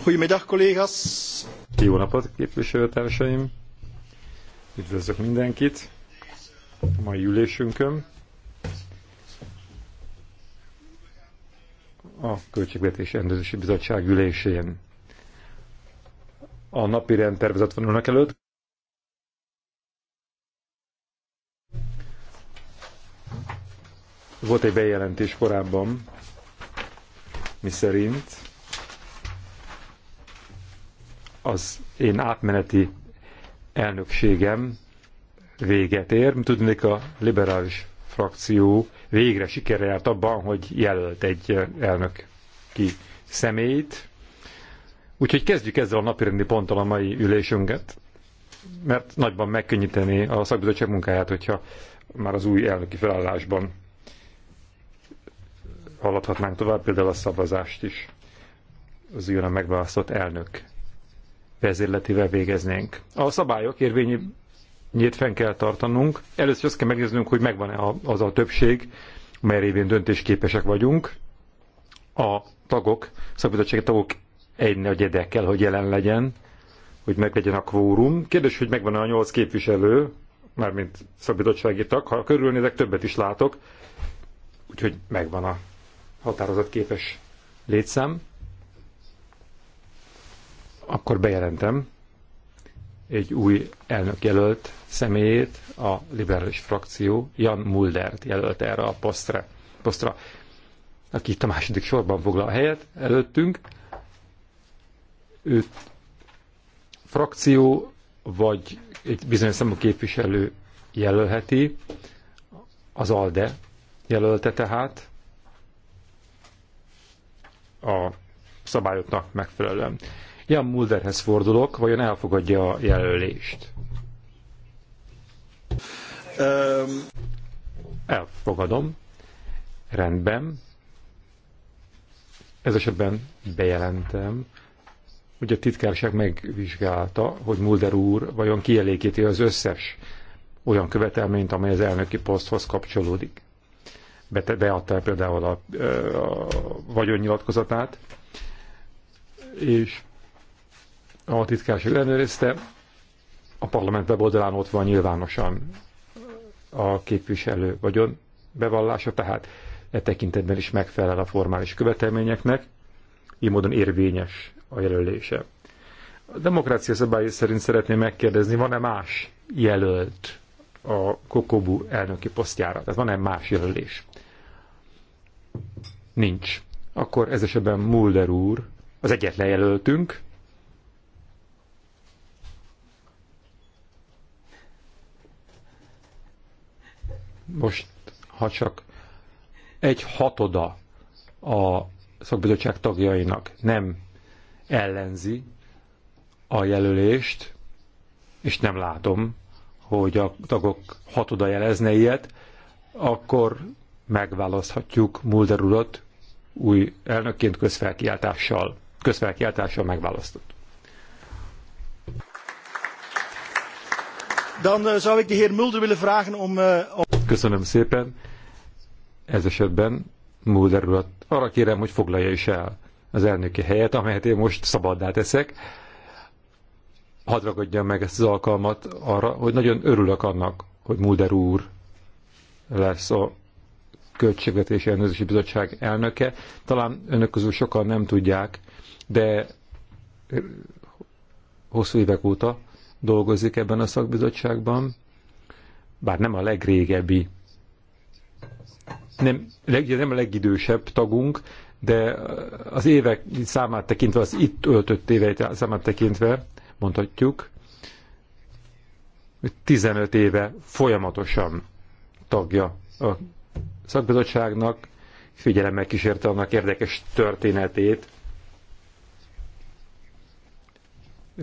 Goedemiddag, collega's. Jó napot, képviselőtársaim. Üdvözlök mindenkit a mai ülésünkön. A Költségvetés Rendezési Bizottság ülésén. A napi rendtervezet van önök előtt. Volt egy bejelentés korábban, mi szerint az én átmeneti elnökségem véget ér. Tudnék a liberális frakció végre sikere járt abban, hogy jelölt egy elnök ki személyt. Úgyhogy kezdjük ezzel a napirendi ponttal a mai ülésünket, mert nagyban megkönnyíteni a szakbizottság munkáját, hogyha már az új elnöki felállásban haladhatnánk tovább, például a szavazást is az újonnan megválasztott elnök vezérletével végeznénk. A szabályok érvényét fenn kell tartanunk. Először azt kell megnéznünk, hogy megvan-e az a többség, mely révén döntésképesek vagyunk. A tagok, szabadsági tagok egy negyede kell, hogy jelen legyen, hogy meglegyen a kvórum. Kérdés, hogy megvan-e a nyolc képviselő, mármint szabadsági tag, ha körülnézek, többet is látok, úgyhogy megvan a határozat képes létszám. Akkor bejelentem egy új elnök jelölt személyét, a liberális frakció Jan Muldert jelölt erre a posztra, posztra aki itt a második sorban foglal a helyet előttünk. Őt frakció vagy egy bizonyos számú képviselő jelölheti, az ALDE jelölte tehát a szabályoknak megfelelően. Jan Mulderhez fordulok, vajon elfogadja a jelölést? Um... Elfogadom. Rendben. Ez esetben bejelentem, hogy a titkárság megvizsgálta, hogy Mulder úr vajon kielégíti az összes olyan követelményt, amely az elnöki poszthoz kapcsolódik. Be, beadta például a, a vagyonnyilatkozatát, és a titkárság ellenőrizte, a parlament weboldalán ott van nyilvánosan a képviselő vagyon bevallása, tehát e tekintetben is megfelel a formális követelményeknek, így módon érvényes a jelölése. A demokrácia szabályai szerint szeretném megkérdezni, van-e más jelölt a Kokobu elnöki posztjára? Tehát van-e más jelölés? Nincs. Akkor ez esetben Mulder úr, az egyetlen jelöltünk, most, ha csak egy hatoda a szakbizottság tagjainak nem ellenzi a jelölést, és nem látom, hogy a tagok hatoda jelezne ilyet, akkor megválaszthatjuk Mulder urat új elnökként közfelkiáltással, közfelkiáltással megválasztott. Dan uh, zou ik de heer Mulder willen vragen om, uh, om... Köszönöm szépen. Ez esetben Mulder urat arra kérem, hogy foglalja is el az elnöki helyet, amelyet én most szabaddá teszek. Hadd ragadjam meg ezt az alkalmat arra, hogy nagyon örülök annak, hogy Mulder úr lesz a Költségvetési Ellenőrzési Bizottság elnöke. Talán önök közül sokan nem tudják, de hosszú évek óta dolgozik ebben a szakbizottságban, bár nem a legrégebbi, nem, ugye nem a legidősebb tagunk, de az évek számát tekintve, az itt öltött éveit számát tekintve, mondhatjuk, 15 éve folyamatosan tagja a szakbizottságnak, figyelemmel kísérte annak érdekes történetét,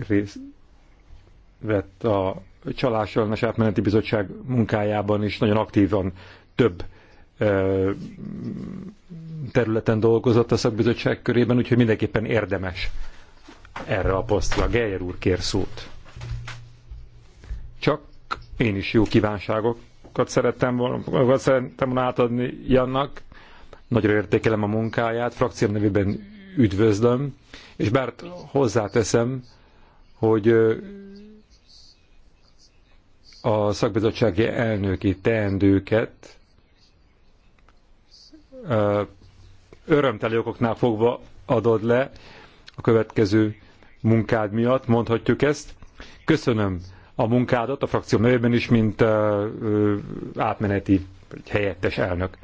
részt vett a csalás ellenes átmeneti bizottság munkájában is nagyon aktívan több területen dolgozott a szakbizottság körében, úgyhogy mindenképpen érdemes erre a posztra. Geyer úr kér szót. Csak én is jó kívánságokat szerettem volna, szerettem volna átadni Jannak. Nagyra értékelem a munkáját, frakcióm nevében üdvözlöm, és bár hozzáteszem, hogy a szakbizottsági elnöki teendőket örömteli okoknál fogva adod le a következő munkád miatt, mondhatjuk ezt. Köszönöm a munkádat a frakció nevében is, mint átmeneti helyettes elnök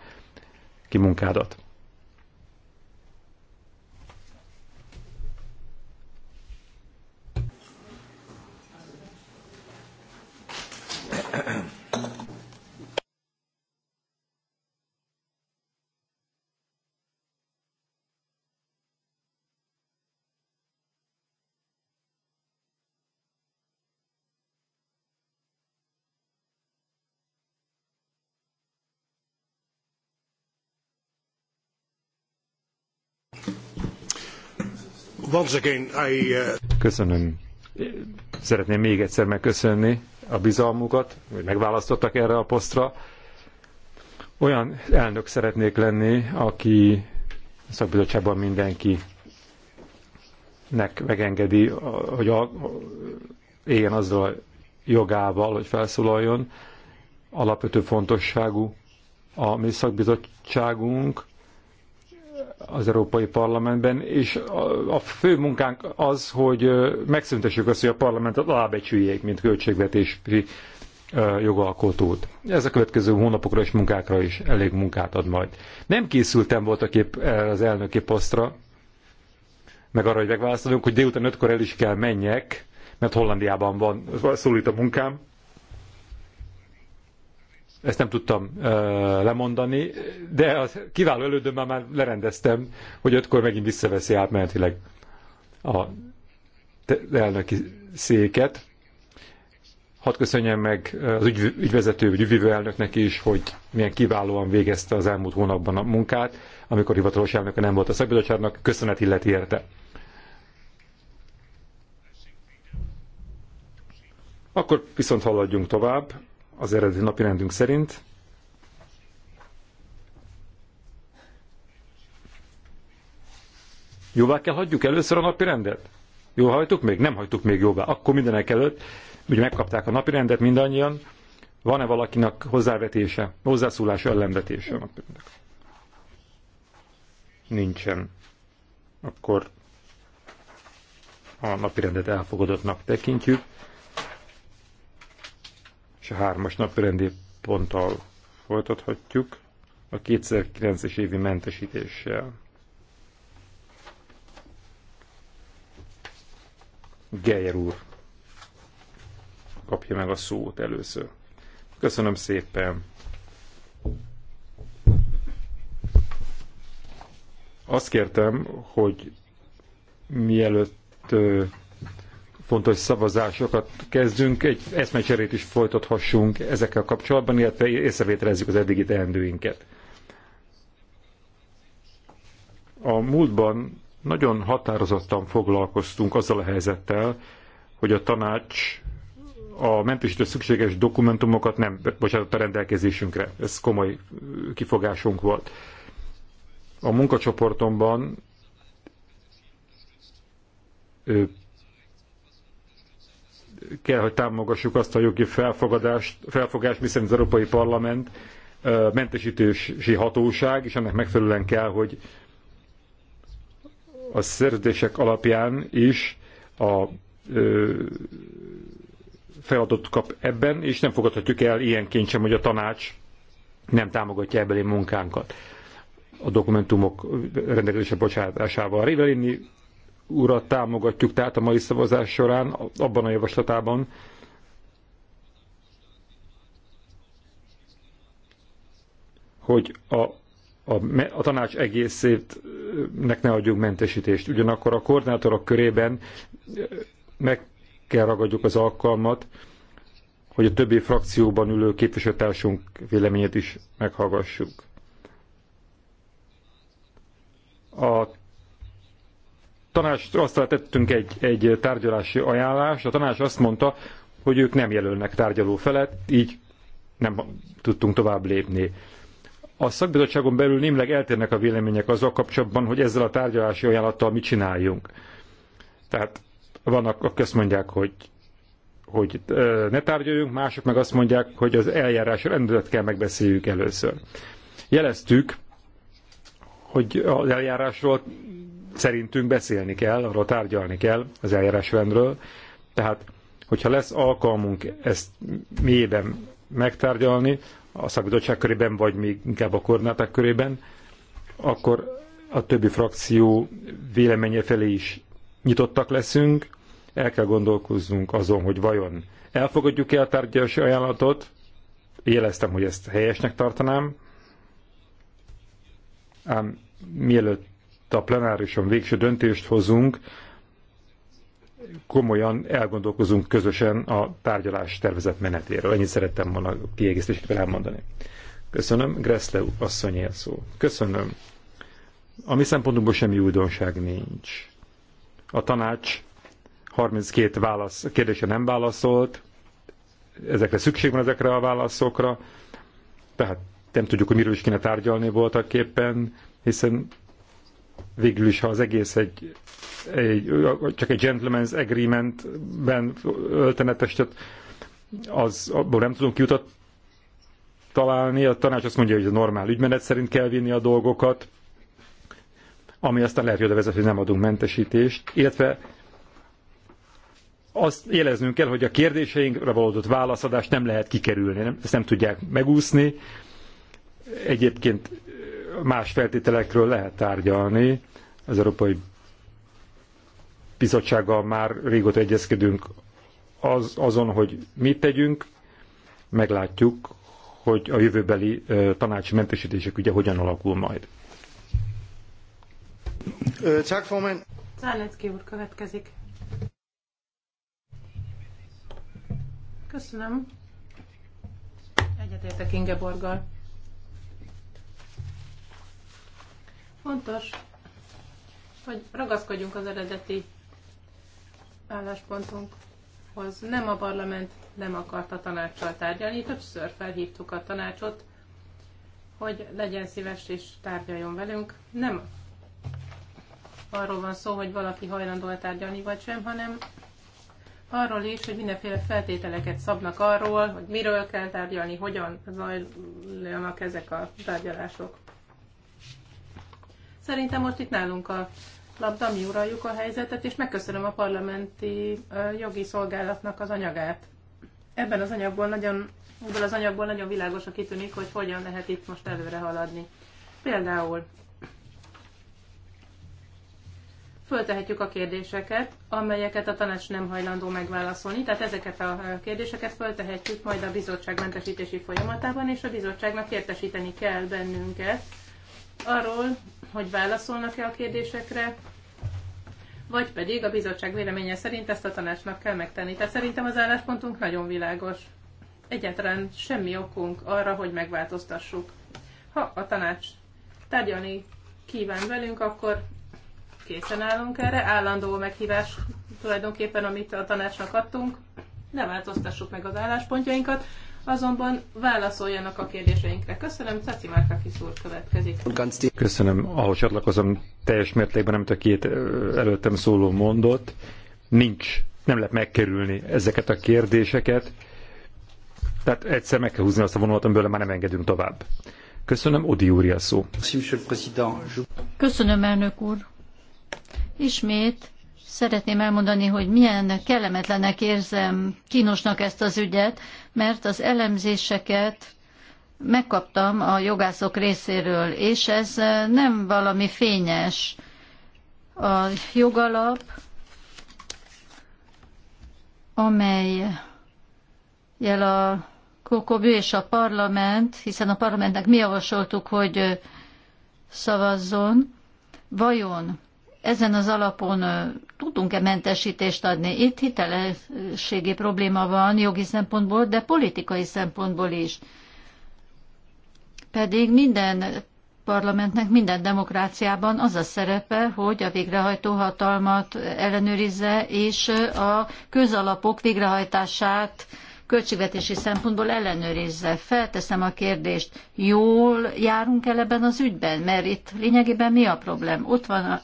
ki munkádat. once again, I, uh... Köszönöm. Szeretném még egyszer megköszönni a bizalmukat, hogy megválasztottak erre a posztra. Olyan elnök szeretnék lenni, aki a szakbizottságban mindenki nek megengedi, hogy éljen azzal a jogával, hogy felszólaljon. Alapvető fontosságú a mi szakbizottságunk, az Európai Parlamentben, és a, fő munkánk az, hogy megszüntessük azt, hogy a parlamentet alábecsüljék, mint költségvetési jogalkotót. Ez a következő hónapokra és munkákra is elég munkát ad majd. Nem készültem voltak épp eh, az elnöki posztra, meg arra, hogy megválasztanunk, hogy délután ötkor el is kell menjek, mert Hollandiában van, szólít a munkám, ezt nem tudtam ö, lemondani, de a kiváló elődömmel már lerendeztem, hogy ötkor megint visszaveszi átmenetileg a elnöki széket. Hadd köszönjem meg az ügy, ügyvezető vagy ügyvívő elnöknek is, hogy milyen kiválóan végezte az elmúlt hónapban a munkát, amikor hivatalos elnöke nem volt a szakbizottságnak, köszönet illeti érte. Akkor viszont haladjunk tovább az eredeti napi rendünk szerint. Jóvá kell hagyjuk először a napi rendet? Jól hajtuk még? Nem hajtuk még jóvá. Akkor mindenek előtt, ugye megkapták a napi rendet mindannyian, van-e valakinek hozzávetése, hozzászólása, ellenvetése a napi Nincsen. Akkor a napi rendet elfogadottnak tekintjük és a hármas napirendi ponttal folytathatjuk a 2009-es évi mentesítéssel. Geyer úr kapja meg a szót először. Köszönöm szépen. Azt kértem, hogy mielőtt fontos szavazásokat kezdünk, egy eszmecserét is folytathassunk ezekkel kapcsolatban, illetve észrevételezzük az eddigi teendőinket. A múltban nagyon határozottan foglalkoztunk azzal a helyzettel, hogy a tanács a mentősítő szükséges dokumentumokat nem bocsánat, a rendelkezésünkre. Ez komoly kifogásunk volt. A munkacsoportomban kell, hogy támogassuk azt a jogi felfogadást, felfogást, miszerint az Európai Parlament mentesítési hatóság, és ennek megfelelően kell, hogy a szerződések alapján is a ö, feladatot kap ebben, és nem fogadhatjuk el ilyenként sem, hogy a tanács nem támogatja ebbeli munkánkat a dokumentumok rendelkezésre bocsátásával. Rivelini urat támogatjuk tehát a mai szavazás során abban a javaslatában, hogy a, a, a tanács egészétnek ne adjunk mentesítést. Ugyanakkor a koordinátorok körében meg kell ragadjuk az alkalmat, hogy a többi frakcióban ülő képviselőtársunk véleményét is meghallgassuk. A tanácsra tettünk egy, egy tárgyalási ajánlást, a tanács azt mondta, hogy ők nem jelölnek tárgyaló felet, így nem tudtunk tovább lépni. A szakbizottságon belül némleg eltérnek a vélemények azzal kapcsolatban, hogy ezzel a tárgyalási ajánlattal mit csináljunk. Tehát vannak, akik azt mondják, hogy hogy ne tárgyaljunk, mások meg azt mondják, hogy az eljárás rendet kell megbeszéljük először. Jeleztük, hogy az eljárásról szerintünk beszélni kell, arról tárgyalni kell az eljárásrendről. Tehát, hogyha lesz alkalmunk ezt mélyében megtárgyalni, a szakbizottság körében, vagy még inkább a koordináták körében, akkor a többi frakció véleménye felé is nyitottak leszünk, el kell gondolkoznunk azon, hogy vajon elfogadjuk-e a tárgyalási ajánlatot, jeleztem, hogy ezt helyesnek tartanám, ám mielőtt a plenárison végső döntést hozunk, komolyan elgondolkozunk közösen a tárgyalás tervezett menetéről. Ennyit szerettem volna kiegészítésképpen elmondani. Köszönöm, Greszle asszony szó. Köszönöm. A mi szempontunkból semmi újdonság nincs. A tanács 32 válasz, kérdése nem válaszolt, ezekre szükség van ezekre a válaszokra, tehát nem tudjuk, hogy miről is kéne tárgyalni voltak éppen, hiszen végül is, ha az egész egy, egy csak egy gentleman's agreement-ben öltene testet, az abból nem tudunk kiutat találni. A tanács azt mondja, hogy a normál ügymenet szerint kell vinni a dolgokat, ami aztán lehet, hogy vezet, hogy nem adunk mentesítést, illetve azt éleznünk kell, hogy a kérdéseinkre valódott válaszadást nem lehet kikerülni, nem, ezt nem tudják megúszni. Egyébként más feltételekről lehet tárgyalni. Az Európai Bizottsággal már régóta egyezkedünk az, azon, hogy mit tegyünk, meglátjuk, hogy a jövőbeli tanácsi mentesítések ugye hogyan alakul majd. Tak, formand. Zálecki úr következik. Köszönöm. Egyetértek Ingeborgal. Fontos, hogy ragaszkodjunk az eredeti álláspontunkhoz. Nem a parlament nem akarta tanácssal tárgyalni, többször felhívtuk a tanácsot, hogy legyen szíves és tárgyaljon velünk. Nem arról van szó, hogy valaki hajlandó tárgyalni vagy sem, hanem arról is, hogy mindenféle feltételeket szabnak arról, hogy miről kell tárgyalni, hogyan zajlanak ezek a tárgyalások. Szerintem most itt nálunk a labda, mi uraljuk a helyzetet, és megköszönöm a parlamenti jogi szolgálatnak az anyagát. Ebben az anyagból nagyon, ebből az anyagból nagyon világos, a kitűnik, hogy hogyan lehet itt most előre haladni. Például föltehetjük a kérdéseket, amelyeket a tanács nem hajlandó megválaszolni. Tehát ezeket a kérdéseket föltehetjük majd a bizottság mentesítési folyamatában, és a bizottságnak értesíteni kell bennünket arról, hogy válaszolnak-e a kérdésekre, vagy pedig a bizottság véleménye szerint ezt a tanácsnak kell megtenni. Tehát szerintem az álláspontunk nagyon világos. Egyáltalán semmi okunk arra, hogy megváltoztassuk. Ha a tanács tárgyalni kíván velünk, akkor készen állunk erre. Állandó meghívás tulajdonképpen, amit a tanácsnak adtunk. Ne változtassuk meg az álláspontjainkat, azonban válaszoljanak a kérdéseinkre. Köszönöm, Ceci Márkakis úr következik. Köszönöm, ahhoz csatlakozom teljes mértékben, amit a két előttem szóló mondott. Nincs, nem lehet megkerülni ezeket a kérdéseket. Tehát egyszer meg kell húzni azt a vonalat, amiből már nem engedünk tovább. Köszönöm, Odi úr, a szó. Köszönöm, elnök úr. Ismét szeretném elmondani, hogy milyen kellemetlenek érzem, kínosnak ezt az ügyet, mert az elemzéseket megkaptam a jogászok részéről, és ez nem valami fényes. A jogalap, amely jel a Kokobő és a parlament, hiszen a parlamentnek mi javasoltuk, hogy szavazzon, vajon ezen az alapon tudunk-e mentesítést adni. Itt hitelességi probléma van jogi szempontból, de politikai szempontból is. Pedig minden parlamentnek, minden demokráciában az a szerepe, hogy a végrehajtó hatalmat ellenőrizze, és a közalapok végrehajtását költségvetési szempontból ellenőrizze. Felteszem a kérdést, jól járunk el ebben az ügyben? Mert itt lényegében mi a problém? Ott van a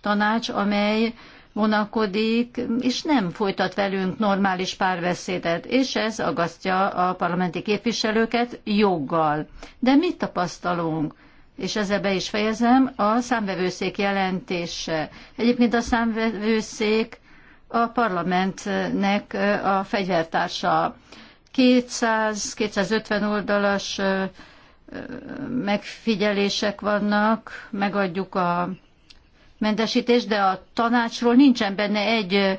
tanács, amely vonakodik, és nem folytat velünk normális párbeszédet, és ez agasztja a parlamenti képviselőket joggal. De mit tapasztalunk? és ezzel be is fejezem, a számvevőszék jelentése. Egyébként a számvevőszék a parlamentnek a fegyvertársa. 200-250 oldalas megfigyelések vannak, megadjuk a mentesítés, de a tanácsról nincsen benne egy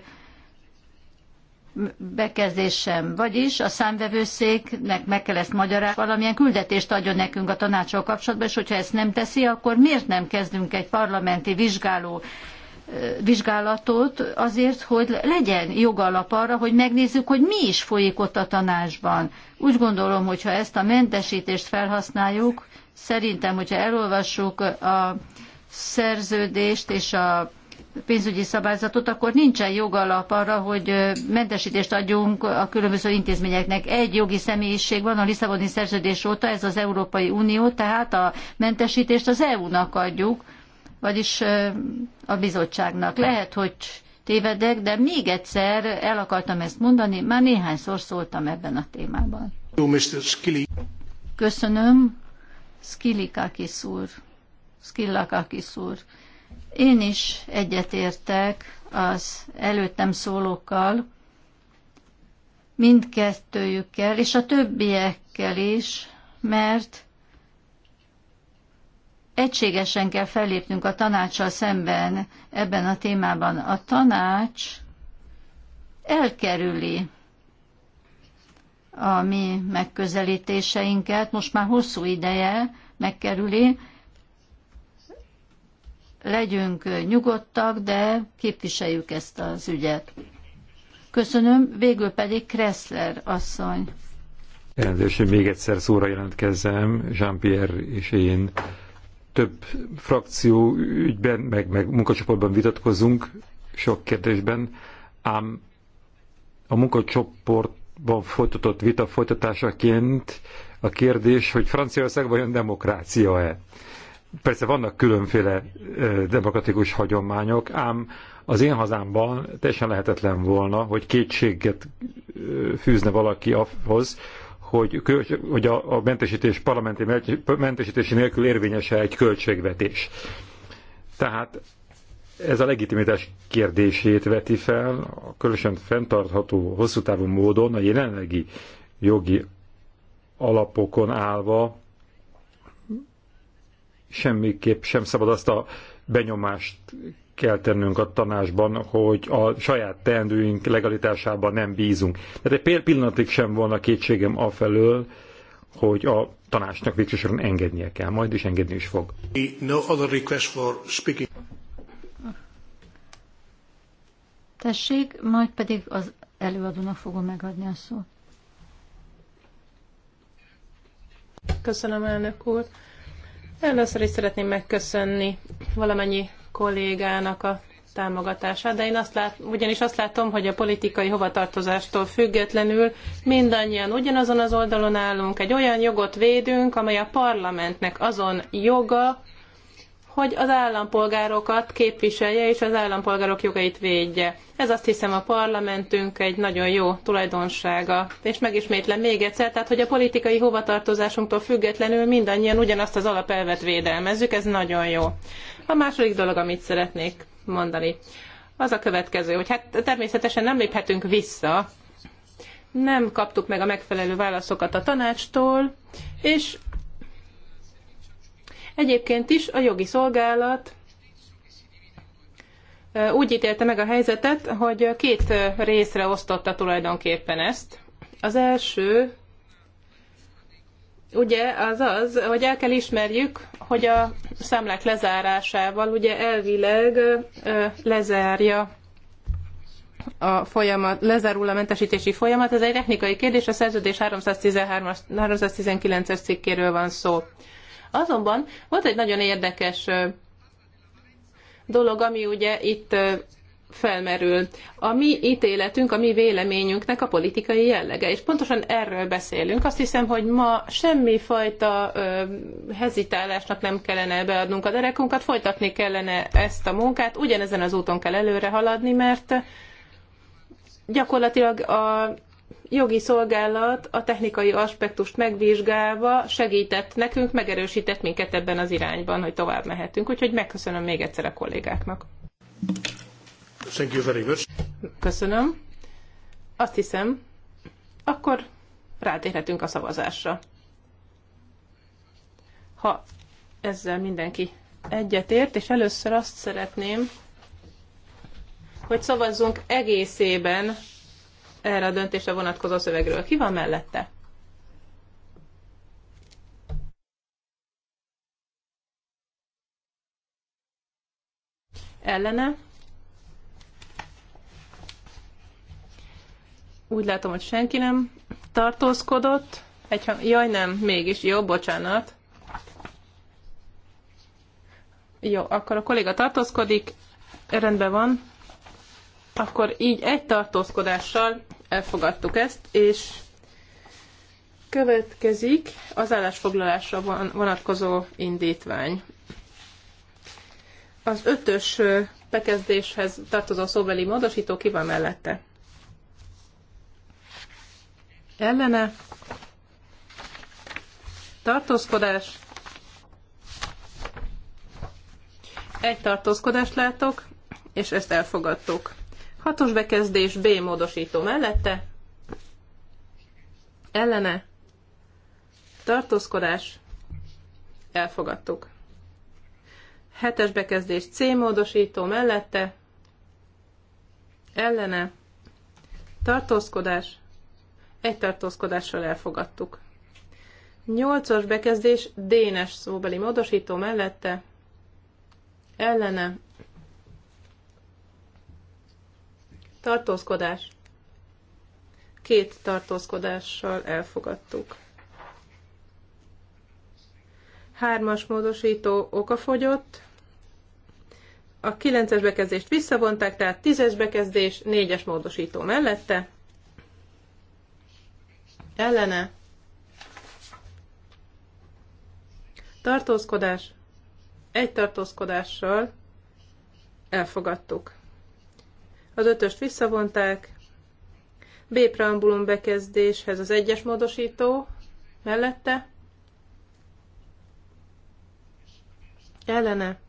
bekezdés sem. Vagyis a számvevőszéknek meg kell ezt magyarázni, valamilyen küldetést adjon nekünk a tanácsol kapcsolatban, és hogyha ezt nem teszi, akkor miért nem kezdünk egy parlamenti vizsgáló vizsgálatot azért, hogy legyen jogalap arra, hogy megnézzük, hogy mi is folyik ott a tanácsban. Úgy gondolom, hogyha ezt a mentesítést felhasználjuk, szerintem, hogyha elolvassuk a szerződést és a pénzügyi szabályzatot, akkor nincsen jogalap arra, hogy mentesítést adjunk a különböző intézményeknek. Egy jogi személyiség van a Lisszaboni szerződés óta, ez az Európai Unió, tehát a mentesítést az EU-nak adjuk, vagyis a bizottságnak. Lehet, hogy tévedek, de még egyszer el akartam ezt mondani, már néhányszor szóltam ebben a témában. Köszönöm, Skilikakis úr. Skillakakis úr. Én is egyetértek az előttem szólókkal, mindkettőjükkel, és a többiekkel is, mert egységesen kell fellépnünk a tanácssal szemben ebben a témában. A tanács elkerüli a mi megközelítéseinket, most már hosszú ideje megkerüli, legyünk nyugodtak, de képviseljük ezt az ügyet. Köszönöm, végül pedig Kressler asszony. Elnézést, hogy még egyszer szóra jelentkezzem, Jean-Pierre és én több frakció ügyben, meg, meg munkacsoportban vitatkozunk sok kérdésben, ám a munkacsoportban folytatott vita folytatásaként a kérdés, hogy Franciaországban jön demokrácia-e. Persze vannak különféle demokratikus hagyományok, ám az én hazámban teljesen lehetetlen volna, hogy kétséget fűzne valaki ahhoz, hogy, hogy a, mentesítés parlamenti mentesítési nélkül érvényes egy költségvetés. Tehát ez a legitimitás kérdését veti fel, a különösen fenntartható, hosszú távú módon a jelenlegi jogi alapokon állva semmiképp sem szabad azt a benyomást kell tennünk a tanásban, hogy a saját teendőink legalitásában nem bízunk. Tehát egy pillanatig sem volna kétségem afelől, hogy a tanácsnak végsősorban engednie kell, majd is engedni is fog. No other request for speaking. Tessék, majd pedig az előadónak fogom megadni a szót. Köszönöm, elnök úr. Először is szeretném megköszönni valamennyi kollégának a támogatását, de én azt lát, ugyanis azt látom, hogy a politikai hovatartozástól függetlenül mindannyian ugyanazon az oldalon állunk, egy olyan jogot védünk, amely a parlamentnek azon joga, hogy az állampolgárokat képviselje és az állampolgárok jogait védje. Ez azt hiszem a parlamentünk egy nagyon jó tulajdonsága. És megismétlem még egyszer, tehát hogy a politikai hovatartozásunktól függetlenül mindannyian ugyanazt az alapelvet védelmezzük, ez nagyon jó. A második dolog, amit szeretnék mondani, az a következő, hogy hát természetesen nem léphetünk vissza, nem kaptuk meg a megfelelő válaszokat a tanácstól, és Egyébként is a jogi szolgálat úgy ítélte meg a helyzetet, hogy két részre osztotta tulajdonképpen ezt. Az első ugye az az, hogy el kell ismerjük, hogy a számlák lezárásával ugye elvileg lezárja a folyamat, lezárul a mentesítési folyamat. Ez egy technikai kérdés, a szerződés 313-as, 319-es cikkéről van szó. Azonban volt egy nagyon érdekes dolog, ami ugye itt felmerül. A mi ítéletünk, a mi véleményünknek a politikai jellege, és pontosan erről beszélünk. Azt hiszem, hogy ma semmifajta fajta hezitálásnak nem kellene beadnunk a derekunkat, folytatni kellene ezt a munkát, ugyanezen az úton kell előre haladni, mert gyakorlatilag a jogi szolgálat a technikai aspektust megvizsgálva segített nekünk, megerősített minket ebben az irányban, hogy tovább mehetünk. Úgyhogy megköszönöm még egyszer a kollégáknak. Thank you very much. Köszönöm. Azt hiszem, akkor rátérhetünk a szavazásra. Ha ezzel mindenki egyetért, és először azt szeretném, hogy szavazzunk egészében erre a döntésre vonatkozó szövegről. Ki van mellette? Ellene? Úgy látom, hogy senki nem tartózkodott. Egy, jaj, nem, mégis. Jó, bocsánat. Jó, akkor a kolléga tartózkodik, rendben van. Akkor így egy tartózkodással elfogadtuk ezt, és következik az állásfoglalásra vonatkozó indítvány. Az ötös bekezdéshez tartozó szóbeli módosító ki van mellette? Ellene? Tartózkodás? Egy tartózkodást látok, és ezt elfogadtuk. Hatos bekezdés B módosító mellette, ellene, tartózkodás, elfogadtuk. Hetes bekezdés C módosító mellette, ellene, tartózkodás, egy tartózkodással elfogadtuk. Nyolcas bekezdés D-es szóbeli módosító mellette, ellene, Tartózkodás. Két tartózkodással elfogadtuk. Hármas módosító okafogyott. A kilences bekezdést visszavonták, tehát tízes bekezdés, négyes módosító mellette. Ellene. Tartózkodás. Egy tartózkodással elfogadtuk. Az ötöst visszavonták. B preambulum bekezdéshez az egyes módosító mellette. Ellene.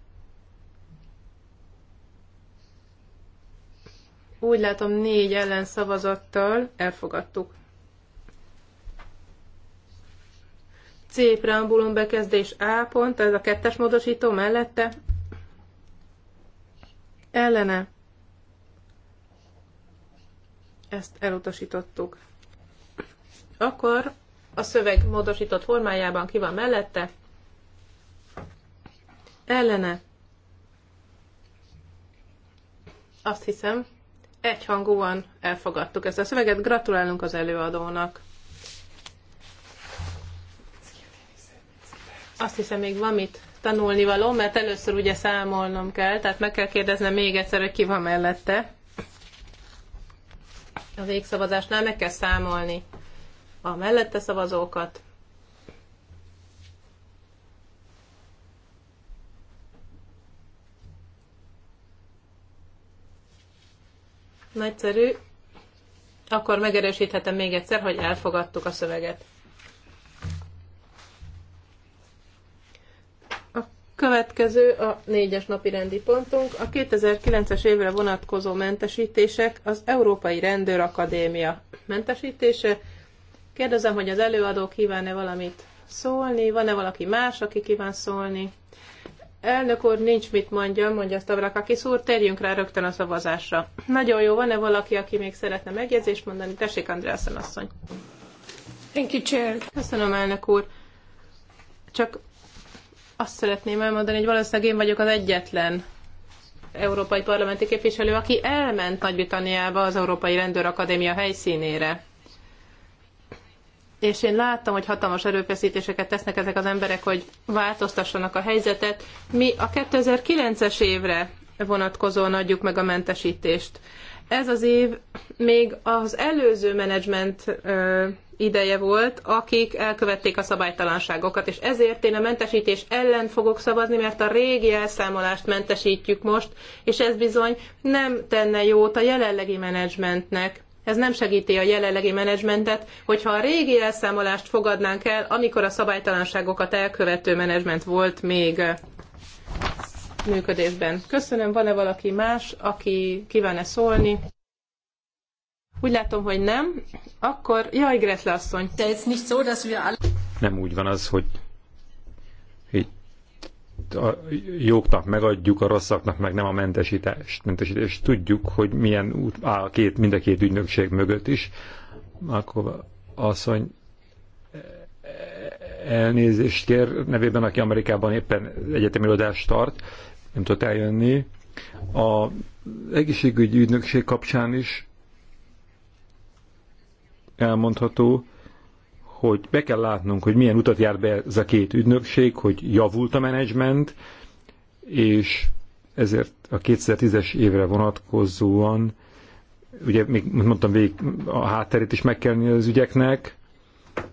Úgy látom, négy ellen szavazattal elfogadtuk. C preambulum bekezdés A pont, ez a kettes módosító mellette. Ellene. Ezt elutasítottuk. Akkor a szöveg módosított formájában ki van mellette? Ellene. Azt hiszem, egyhangúan elfogadtuk ezt a szöveget. Gratulálunk az előadónak. Azt hiszem, még van mit tanulni való, mert először ugye számolnom kell, tehát meg kell kérdeznem még egyszer, hogy ki van mellette a végszavazásnál meg kell számolni a mellette szavazókat, Nagyszerű. Akkor megerősíthetem még egyszer, hogy elfogadtuk a szöveget. Következő a négyes napi rendi pontunk, a 2009-es évre vonatkozó mentesítések, az Európai Rendőr Akadémia mentesítése. Kérdezem, hogy az előadó kíván-e valamit szólni, van-e valaki más, aki kíván szólni? Elnök úr, nincs mit mondjam, mondja azt Avrakakis úr, térjünk rá rögtön a szavazásra. Nagyon jó, van-e valaki, aki még szeretne megjegyzést mondani? Tessék, Andrea asszony. Thank you, Chair. Köszönöm, elnök úr. Csak azt szeretném elmondani, hogy valószínűleg én vagyok az egyetlen európai parlamenti képviselő, aki elment Nagy-Britanniába az Európai Rendőrakadémia helyszínére. És én láttam, hogy hatalmas erőfeszítéseket tesznek ezek az emberek, hogy változtassanak a helyzetet. Mi a 2009-es évre vonatkozóan adjuk meg a mentesítést. Ez az év még az előző menedzsment ideje volt, akik elkövették a szabálytalanságokat, és ezért én a mentesítés ellen fogok szavazni, mert a régi elszámolást mentesítjük most, és ez bizony nem tenne jót a jelenlegi menedzsmentnek. Ez nem segíti a jelenlegi menedzsmentet, hogyha a régi elszámolást fogadnánk el, amikor a szabálytalanságokat elkövető menedzsment volt még működésben. Köszönöm, van-e valaki más, aki kívánne szólni? Úgy látom, hogy nem. Akkor, jaj, Gretle asszony. Nem úgy van az, hogy a jóknak megadjuk, a rosszaknak meg nem a mentesítést. mentesítést. Tudjuk, hogy milyen út áll két, mind a két ügynökség mögött is. Akkor asszony elnézést kér nevében, aki Amerikában éppen egyetemi tart, nem tudott eljönni. A egészségügyi ügynökség kapcsán is elmondható, hogy be kell látnunk, hogy milyen utat jár be ez a két ügynökség, hogy javult a menedzsment, és ezért a 2010-es évre vonatkozóan, ugye még mondtam végig, a hátterét is meg kell az ügyeknek,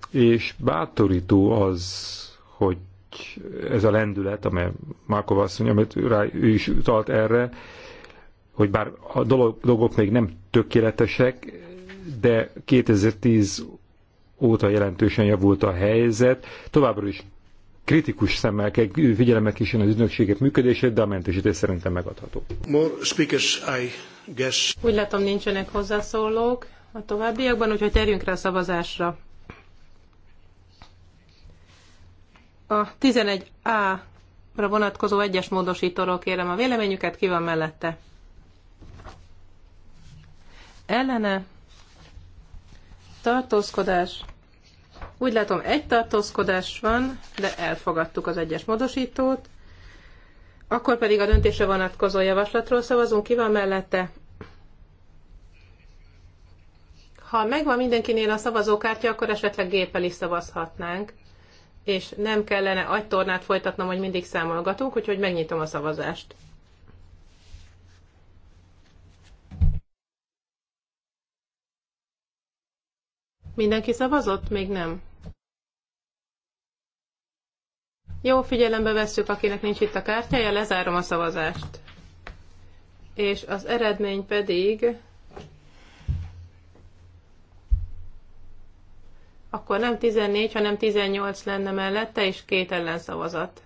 és bátorító az, hogy ez a lendület, amely Markov asszony, amit rá ő is utalt erre, hogy bár a dolog, dolgok még nem tökéletesek, de 2010 óta jelentősen javult a helyzet. Továbbra is kritikus szemmel kell figyelemmel kísérni az ügynökségek működését, de a mentősítés szerintem megadható. More speakers, I guess. Úgy látom, nincsenek hozzászólók a továbbiakban, úgyhogy terjünk rá a szavazásra. A 11A ra vonatkozó egyes módosítóról kérem a véleményüket, ki van mellette? Ellene tartózkodás. Úgy látom, egy tartózkodás van, de elfogadtuk az egyes modosítót. Akkor pedig a döntése vonatkozó javaslatról szavazunk, ki van mellette? Ha megvan mindenkinél a szavazókártya, akkor esetleg géppel is szavazhatnánk, és nem kellene agytornát folytatnom, hogy mindig számolgatunk, úgyhogy megnyitom a szavazást. Mindenki szavazott? Még nem. Jó, figyelembe vesszük, akinek nincs itt a kártyája, lezárom a szavazást. És az eredmény pedig... Akkor nem 14, hanem 18 lenne mellette, és két ellenszavazat.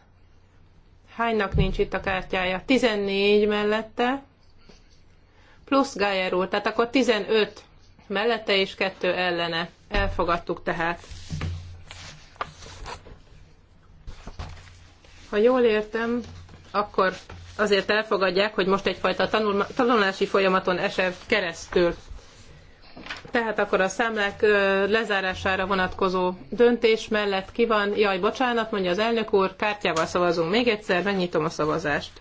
Hánynak nincs itt a kártyája? 14 mellette, plusz Gájer úr, tehát akkor 15 mellette és kettő ellene. Elfogadtuk tehát. Ha jól értem, akkor azért elfogadják, hogy most egyfajta tanul, tanulási folyamaton esel keresztül. Tehát akkor a számlák lezárására vonatkozó döntés mellett ki van, jaj, bocsánat, mondja az elnök úr, kártyával szavazunk még egyszer, megnyitom a szavazást.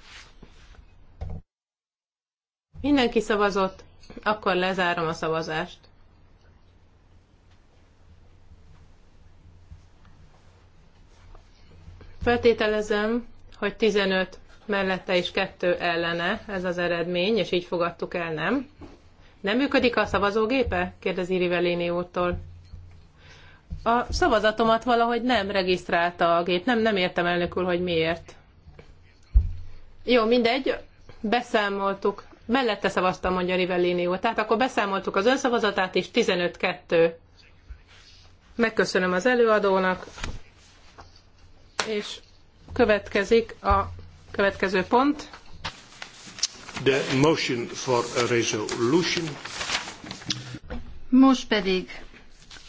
Mindenki szavazott, akkor lezárom a szavazást. Feltételezem, hogy 15 mellette és 2 ellene ez az eredmény, és így fogadtuk el, nem? Nem működik a szavazógépe? kérdezi Rivellini úttól. A szavazatomat valahogy nem regisztrálta a gép. Nem, nem értem elnökül, hogy miért. Jó, mindegy, beszámoltuk. Mellette szavaztam, mondja Rivellini úr. Tehát akkor beszámoltuk az önszavazatát is, 15-2. Megköszönöm az előadónak és következik a következő pont. The motion for a resolution. Most pedig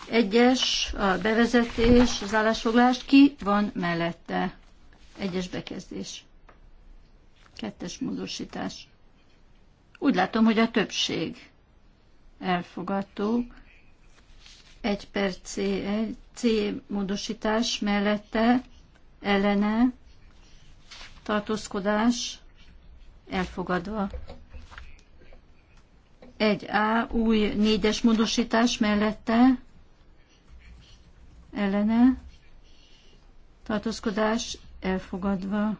egyes, a bevezetés, az állásfoglalás, ki van mellette? Egyes bekezdés. Kettes módosítás. Úgy látom, hogy a többség elfogadtuk. Egy per C, C módosítás mellette ellene tartózkodás elfogadva. 1A új négyes módosítás mellette ellene tartózkodás elfogadva.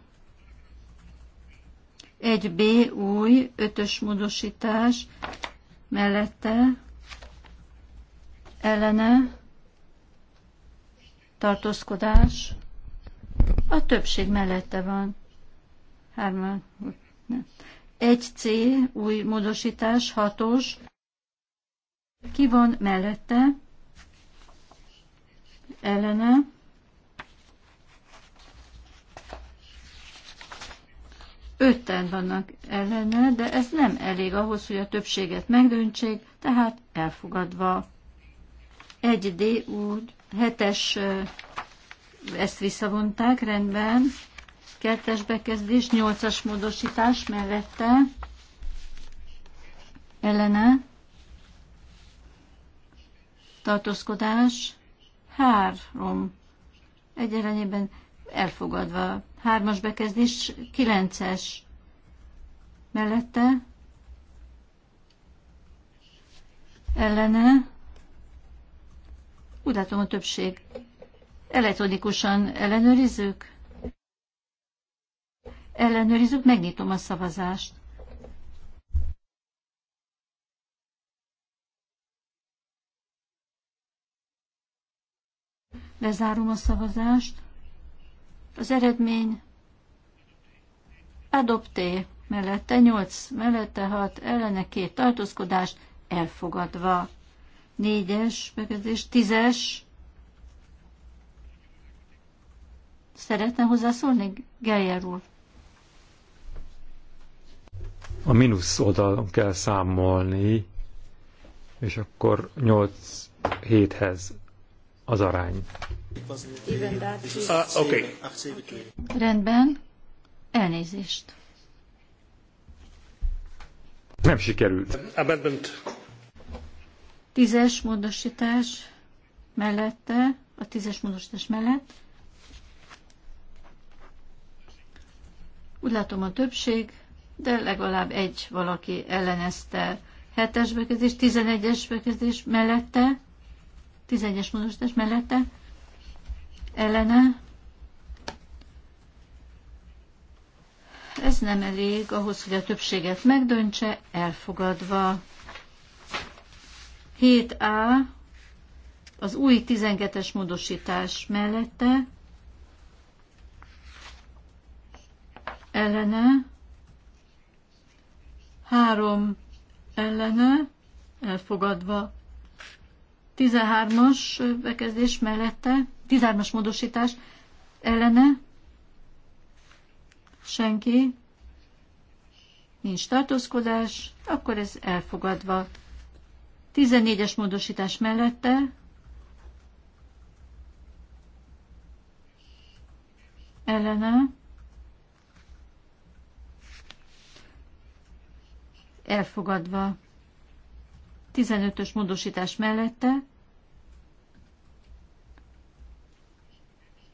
1B új ötös módosítás mellette ellene tartózkodás elfogadva a többség mellette van. Hárman. Egy C, új módosítás, hatos. Ki van mellette? Ellene. Ötten vannak ellene, de ez nem elég ahhoz, hogy a többséget megdöntsék, tehát elfogadva. Egy D úgy, hetes ezt visszavonták, rendben. Kettes bekezdés, nyolcas módosítás mellette, ellene, tartózkodás, három, egy elfogadva. Hármas bekezdés, kilences mellette, ellene, úgy látom a többség Elektronikusan ellenőrizzük? Ellenőrizzük, megnyitom a szavazást. Lezárom a szavazást. Az eredmény adopté mellette 8, mellette 6, ellene 2 tartózkodást elfogadva. 4-es, 10-es, Szeretne hozzászólni, Geyer úr? A mínusz oldalon kell számolni, és akkor 8 hez az arány. Ah, okay. Rendben, elnézést. Nem sikerült. Amendment. Tízes módosítás mellette, a tízes módosítás mellett Úgy látom a többség, de legalább egy valaki ellenezte. 7-es bekezdés, 11-es bekezdés mellette, 11-es módosítás mellette, ellene. Ez nem elég ahhoz, hogy a többséget megdöntse, elfogadva. 7A az új 12-es módosítás mellette, ellene, három ellene, elfogadva. 13-as bekezdés mellette, 13-as módosítás ellene, senki, nincs tartózkodás, akkor ez elfogadva. 14-es módosítás mellette, ellene, elfogadva. 15-ös módosítás mellette,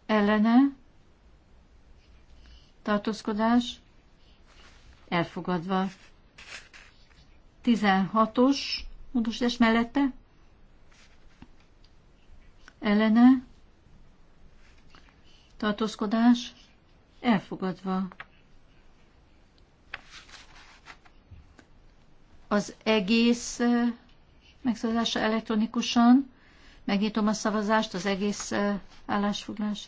ellene, tartózkodás, elfogadva. 16-os módosítás mellette, ellene, tartózkodás, elfogadva. az egész megszavazása elektronikusan. Megnyitom a szavazást, az egész állásfoglás.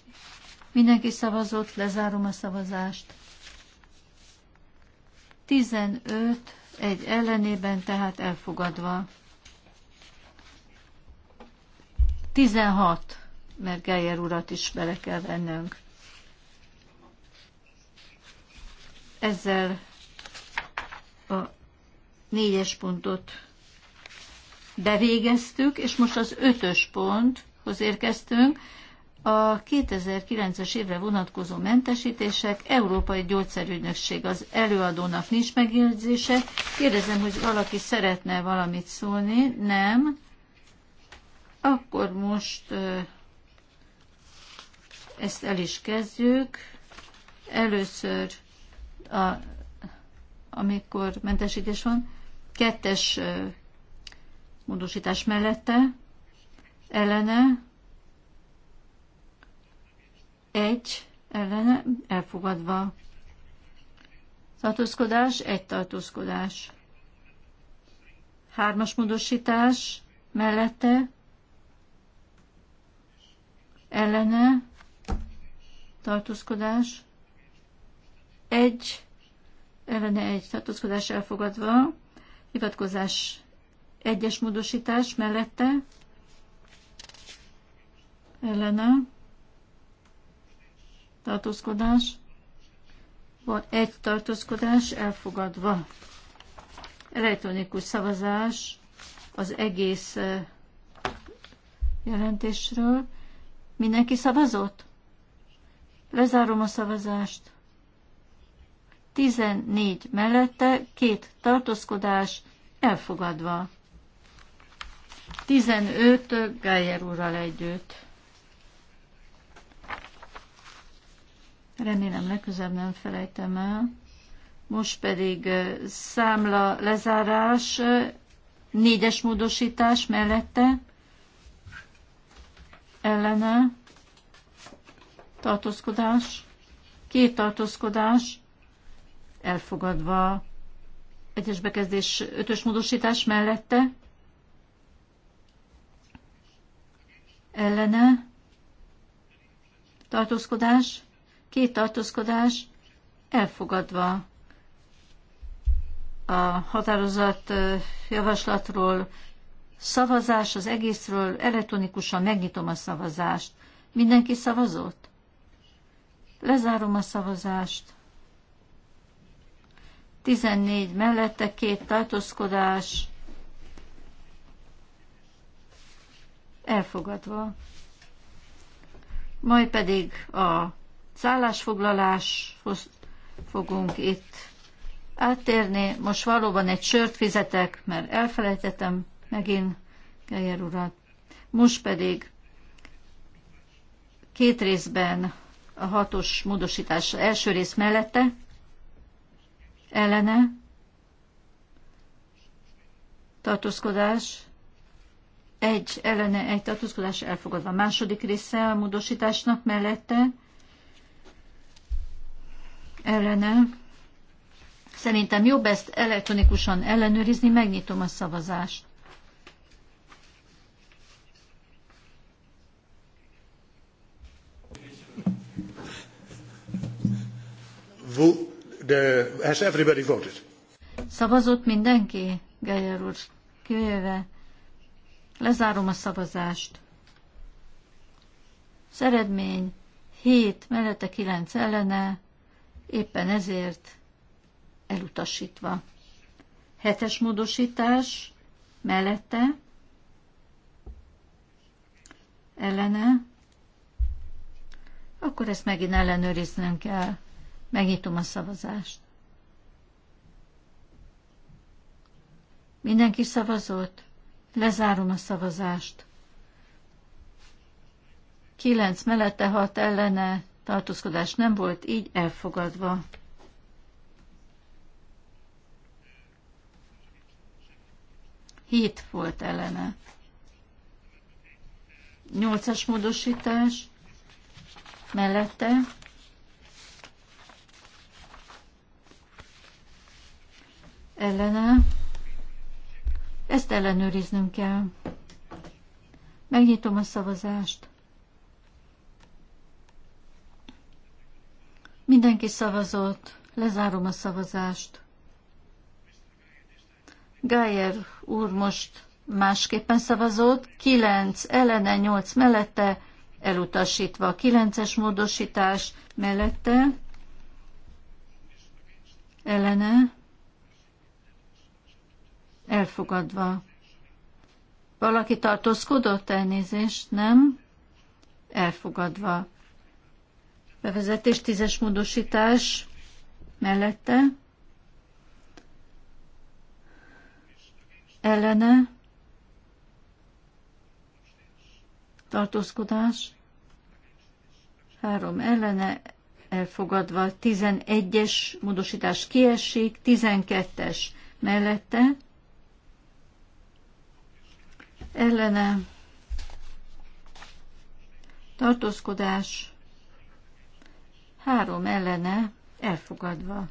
Mindenki szavazott, lezárom a szavazást. 15 egy ellenében, tehát elfogadva. 16, mert Geyer urat is bele kell vennünk. Ezzel a négyes pontot bevégeztük, és most az ötös ponthoz érkeztünk, a 2009-es évre vonatkozó mentesítések, Európai Gyógyszerügynökség az előadónak nincs megjegyzése. Kérdezem, hogy valaki szeretne valamit szólni. Nem. Akkor most ezt el is kezdjük. Először, a, amikor mentesítés van, kettes módosítás mellette, ellene, egy ellene, elfogadva. Tartózkodás, egy tartózkodás. Hármas módosítás mellette, ellene, tartózkodás, egy ellene egy tartózkodás elfogadva, hivatkozás egyes módosítás mellette ellene tartózkodás, van egy tartózkodás elfogadva. Elektronikus szavazás az egész jelentésről. Mindenki szavazott? Lezárom a szavazást. 14 mellette, két tartózkodás elfogadva. 15 Geyer úrral együtt. Remélem legközelebb nem felejtem el. Most pedig számla lezárás, négyes módosítás mellette, ellene, tartózkodás, két tartózkodás, elfogadva. Egyes bekezdés ötös módosítás mellette, ellene, tartózkodás, két tartózkodás, elfogadva. A határozat javaslatról szavazás az egészről, elektronikusan megnyitom a szavazást. Mindenki szavazott? Lezárom a szavazást. 14 mellette, két tartózkodás, elfogadva. Majd pedig a szállásfoglaláshoz fogunk itt áttérni. Most valóban egy sört fizetek, mert elfelejtettem megint Geyer urat. Most pedig két részben a hatos módosítás első rész mellette, ellene tartózkodás, egy ellene egy tartózkodás elfogadva. Második része a módosításnak mellette ellene. Szerintem jobb ezt elektronikusan ellenőrizni, megnyitom a szavazást. Vous the, has everybody voted? Szavazott mindenki, Geyer úr, kivéve. Lezárom a szavazást. Az eredmény 7 mellette 9 ellene, éppen ezért elutasítva. Hetes módosítás mellette, ellene, akkor ezt megint ellenőriznünk kell. Megnyitom a szavazást. Mindenki szavazott? Lezárom a szavazást. Kilenc mellette hat ellene tartózkodás nem volt, így elfogadva. Hét volt ellene. Nyolcas módosítás mellette ellene. Ezt ellenőriznünk kell. Megnyitom a szavazást. Mindenki szavazott. Lezárom a szavazást. Gájer úr most másképpen szavazott. 9 ellene, 8 mellette, elutasítva. 9-es módosítás mellette, ellene, elfogadva. Valaki tartózkodott elnézést, nem? Elfogadva. Bevezetés tízes módosítás mellette. Ellene. Tartózkodás. Három ellene elfogadva. Tizenegyes módosítás kiesik. Tizenkettes mellette ellene tartózkodás, három ellene elfogadva.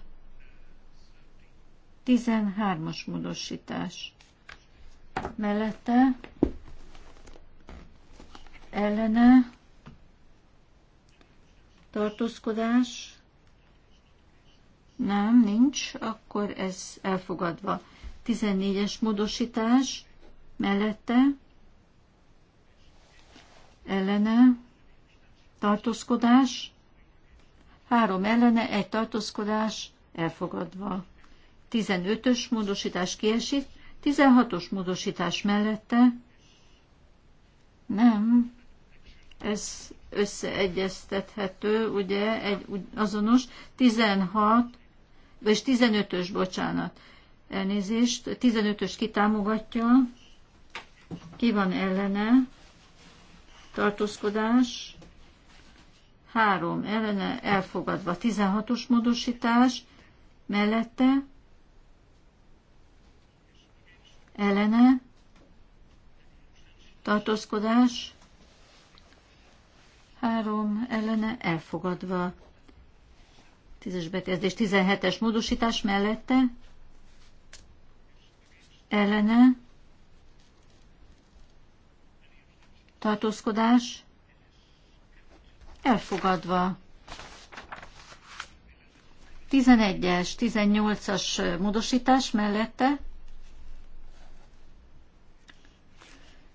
13-as módosítás. Mellette ellene tartózkodás nem, nincs, akkor ez elfogadva. 14-es módosítás mellette, ellene, tartózkodás, három ellene, egy tartózkodás, elfogadva. 15-ös módosítás kiesik, 16-os módosítás mellette, nem, ez összeegyeztethető, ugye, egy azonos, 16, vagy 15-ös, bocsánat, elnézést, 15-ös kitámogatja, ki van ellene? Tartózkodás. három ellene elfogadva. 16-os módosítás mellette. Ellene. Tartózkodás. három ellene elfogadva. 10-es bekezdés, 17-es módosítás mellette. Ellene tartózkodás elfogadva. 11-es, 18-as módosítás mellette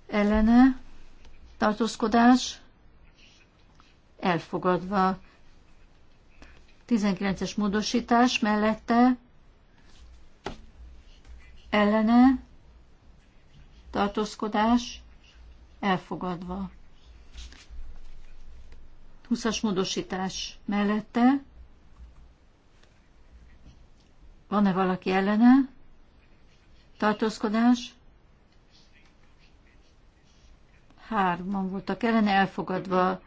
ellene tartózkodás elfogadva. 19-es módosítás mellette ellene tartózkodás elfogadva. 20-as módosítás mellette van-e valaki ellene? Tartózkodás? Hárman voltak ellene, elfogadva.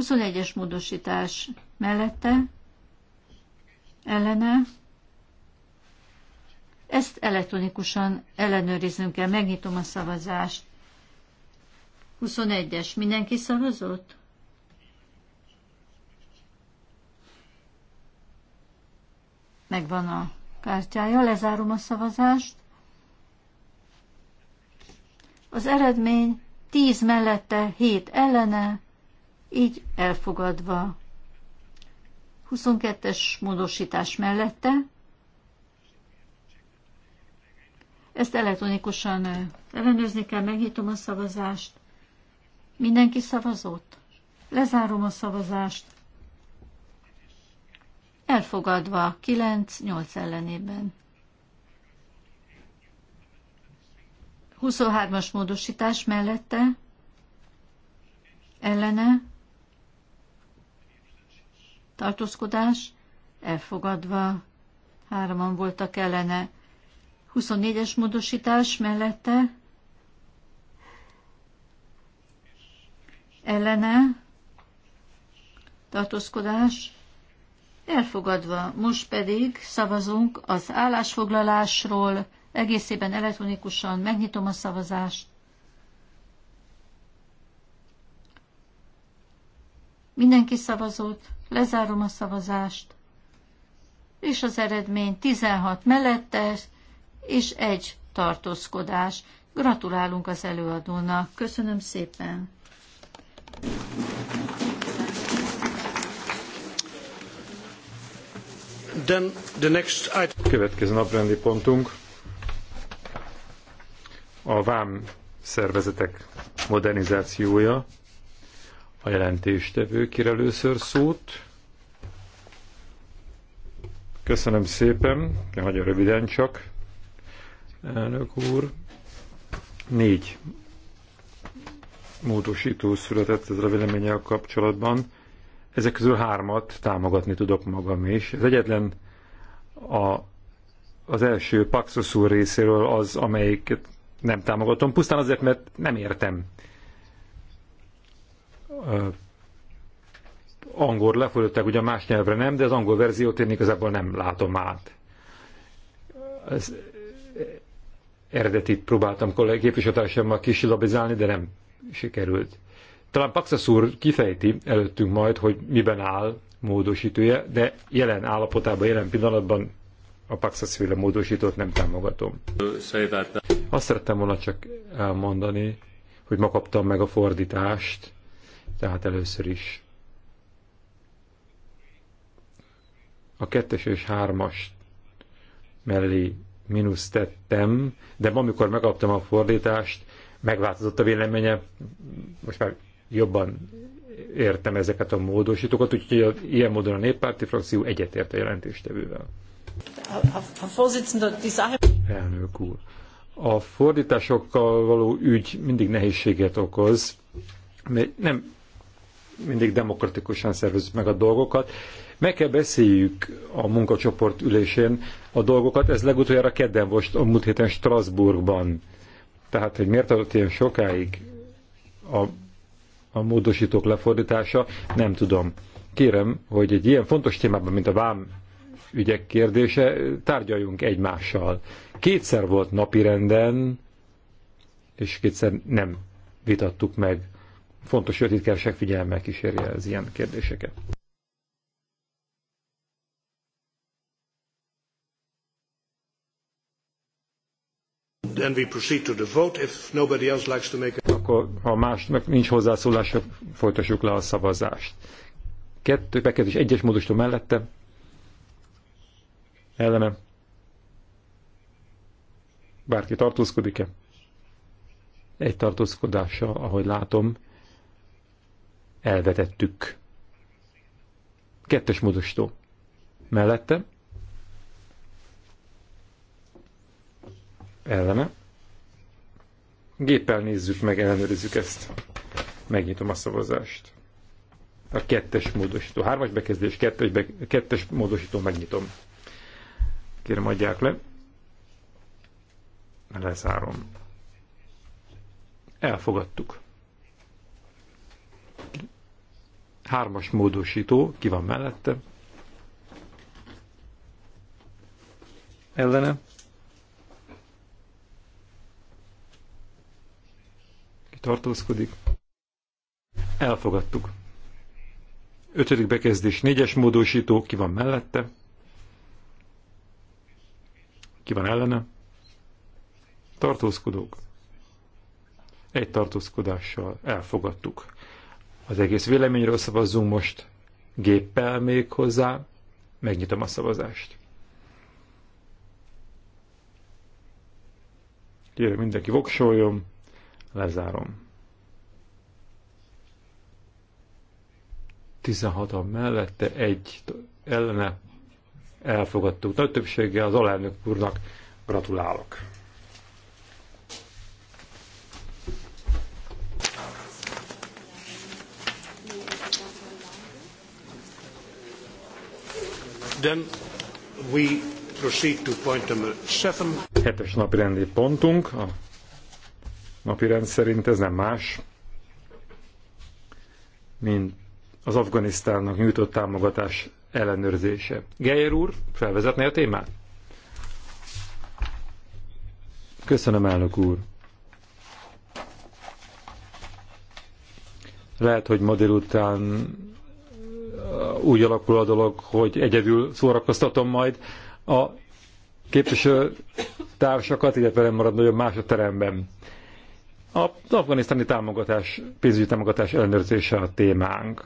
21-es módosítás mellette? Ellene? Ezt elektronikusan ellenőriznünk kell. Megnyitom a szavazást. 21-es. Mindenki szavazott? Megvan a kártyája. Lezárom a szavazást. Az eredmény 10 mellette, 7 ellene, így elfogadva. 22-es módosítás mellette. Ezt elektronikusan Ellenőzni kell, megnyitom a szavazást. Mindenki szavazott? Lezárom a szavazást. Elfogadva 9-8 ellenében. 23-as módosítás mellette, ellene, tartózkodás, elfogadva, hároman voltak ellene. 24-es módosítás mellette, ellene tartózkodás elfogadva. Most pedig szavazunk az állásfoglalásról, egészében elektronikusan megnyitom a szavazást. Mindenki szavazott, lezárom a szavazást, és az eredmény 16 mellettes és egy tartózkodás. Gratulálunk az előadónak. Köszönöm szépen! Then the next item. Következő naprendi pontunk a vám szervezetek modernizációja. A jelentéstevő kér először szót. Köszönöm szépen, nagyon röviden csak. Elnök úr, négy módosító született ezzel a véleménnyel kapcsolatban. Ezek közül hármat támogatni tudok magam is. Az egyetlen a, az első Paxos úr részéről az, amelyiket nem támogatom, pusztán azért, mert nem értem. Uh, angol lefordították, ugye más nyelvre nem, de az angol verziót én igazából nem látom át. Ez eredetit próbáltam kollégi képviselőtársammal kisilabizálni, de nem sikerült. Talán Paxas úr kifejti előttünk majd, hogy miben áll módosítője, de jelen állapotában, jelen pillanatban a Paxas féle módosítót nem támogatom. Azt szerettem volna csak elmondani, hogy ma kaptam meg a fordítást, tehát először is a kettes és hármas mellé mínusz tettem, de amikor megkaptam a fordítást, megváltozott a véleménye, most már jobban értem ezeket a módosítókat, úgyhogy ilyen módon a néppárti frakció egyetért a jelentéstevővel. Elnök úr, a fordításokkal való ügy mindig nehézséget okoz, mert nem mindig demokratikusan szervezzük meg a dolgokat. Meg kell beszéljük a munkacsoport ülésén a dolgokat, ez legutoljára kedden volt a múlt héten Strasbourgban tehát, hogy miért adott ilyen sokáig a, a módosítók lefordítása, nem tudom. Kérem, hogy egy ilyen fontos témában, mint a vám ügyek kérdése, tárgyaljunk egymással. Kétszer volt napirenden, és kétszer nem vitattuk meg. Fontos, hogy a titkárság figyelemmel kísérje az ilyen kérdéseket. then we proceed to the vote. If nobody else likes to make a... Akkor, ha másnak nincs hozzászólás, folytassuk le a szavazást. Kettő, bekezdés egyes módosító mellette. Ellene. Bárki tartózkodik-e? Egy tartózkodása, ahogy látom, elvetettük. Kettes módosító. Mellette ellene. Géppel nézzük meg, ellenőrizzük ezt. Megnyitom a szavazást. A kettes módosító, hármas bekezdés, kettes, be, kettes módosító, megnyitom. Kérem, adják le. Leszárom. Elfogadtuk. Hármas módosító, ki van mellette? Ellene? tartózkodik. Elfogadtuk. Ötödik bekezdés, négyes módosító, ki van mellette? Ki van ellene? Tartózkodók. Egy tartózkodással elfogadtuk. Az egész véleményről szavazzunk most géppel még hozzá. Megnyitom a szavazást. Kérem mindenki voksoljon. Lezárom. 16 a mellette, egy ellene elfogadtuk. Nagy többséggel az alelnök úrnak gratulálok. Then we proceed to point number seven. Hetes napi rendi pontunk, a napirend szerint ez nem más, mint az Afganisztánnak nyújtott támogatás ellenőrzése. Geyer úr, felvezetné a témát? Köszönöm, elnök úr. Lehet, hogy ma délután uh, úgy alakul a dolog, hogy egyedül szórakoztatom majd a képviselő társakat, illetve nem marad nagyon más a teremben. Az afganisztáni támogatás, pénzügyi támogatás ellenőrzése a témánk.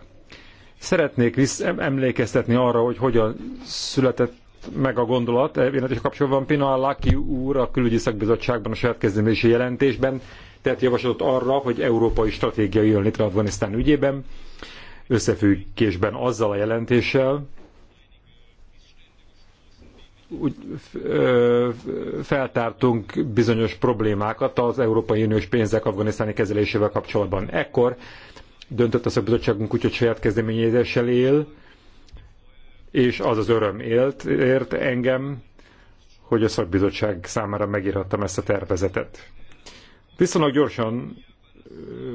Szeretnék emlékeztetni arra, hogy hogyan született meg a gondolat, és kapcsolatban Pina Laki úr a külügyi szakbizottságban a saját kezdeményezési jelentésben tett javaslatot arra, hogy európai stratégia jön létre Afganisztán ügyében, összefüggésben azzal a jelentéssel, úgy feltártunk bizonyos problémákat az Európai Uniós pénzek afganisztáni kezelésével kapcsolatban. Ekkor döntött a szakbizottságunk úgy, hogy saját kezdeményezéssel él, és az az öröm élt, ért engem, hogy a szakbizottság számára megírhattam ezt a tervezetet. Viszonylag gyorsan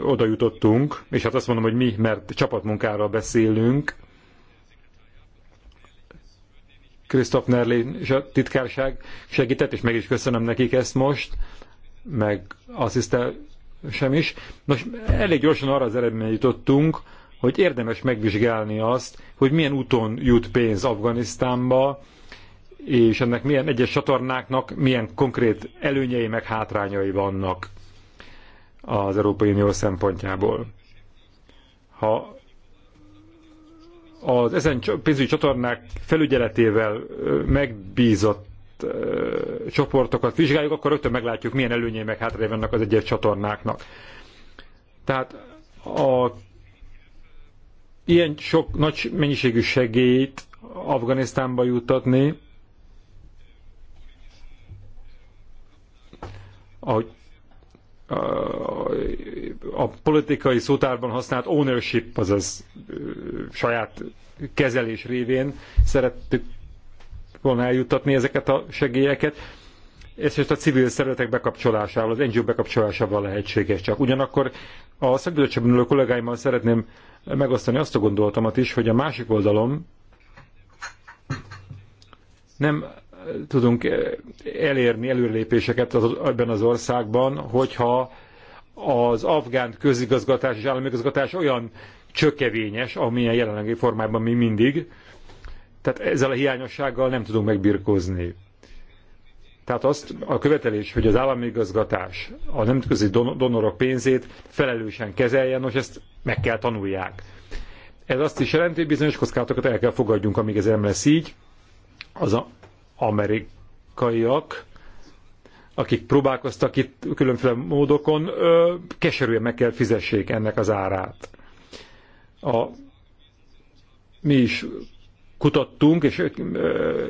oda jutottunk, és hát azt mondom, hogy mi, mert csapatmunkáról beszélünk, Krisztop Nerli titkárság segített, és meg is köszönöm nekik ezt most, meg asszisztel sem is. Nos, elég gyorsan arra az eredményre jutottunk, hogy érdemes megvizsgálni azt, hogy milyen úton jut pénz Afganisztánba, és ennek milyen egyes csatornáknak milyen konkrét előnyei meg hátrányai vannak az Európai Unió szempontjából. Ha az ezen pénzügyi csatornák felügyeletével megbízott csoportokat vizsgáljuk, akkor rögtön meglátjuk, milyen előnyei meg hátrai vannak az egyes csatornáknak. Tehát a, ilyen sok nagy mennyiségű segélyt Afganisztánba juttatni, ahogy a politikai szótárban használt ownership, azaz saját kezelés révén szerettük volna eljuttatni ezeket a segélyeket. Ez a civil szervezetek bekapcsolásával, az NGO bekapcsolásával lehetséges csak. Ugyanakkor a szakbizottságban ülő kollégáimmal szeretném megosztani azt a gondolatomat is, hogy a másik oldalom nem tudunk eh, elérni előrelépéseket az, ebben az országban, hogyha az afgán közigazgatás és közigazgatás olyan csökevényes, amilyen jelenlegi formában mi mindig. Tehát ezzel a hiányossággal nem tudunk megbirkózni. Tehát azt a követelés, hogy az igazgatás a nemzetközi donorok pénzét felelősen kezeljen, most ezt meg kell tanulják. Ez azt is jelenti, hogy bizonyos kockátokat el kell fogadjunk, amíg ez nem lesz így. Az a amerikaiak, akik próbálkoztak itt különféle módokon, ö, keserűen meg kell fizessék ennek az árát. A, mi is kutattunk, és ö,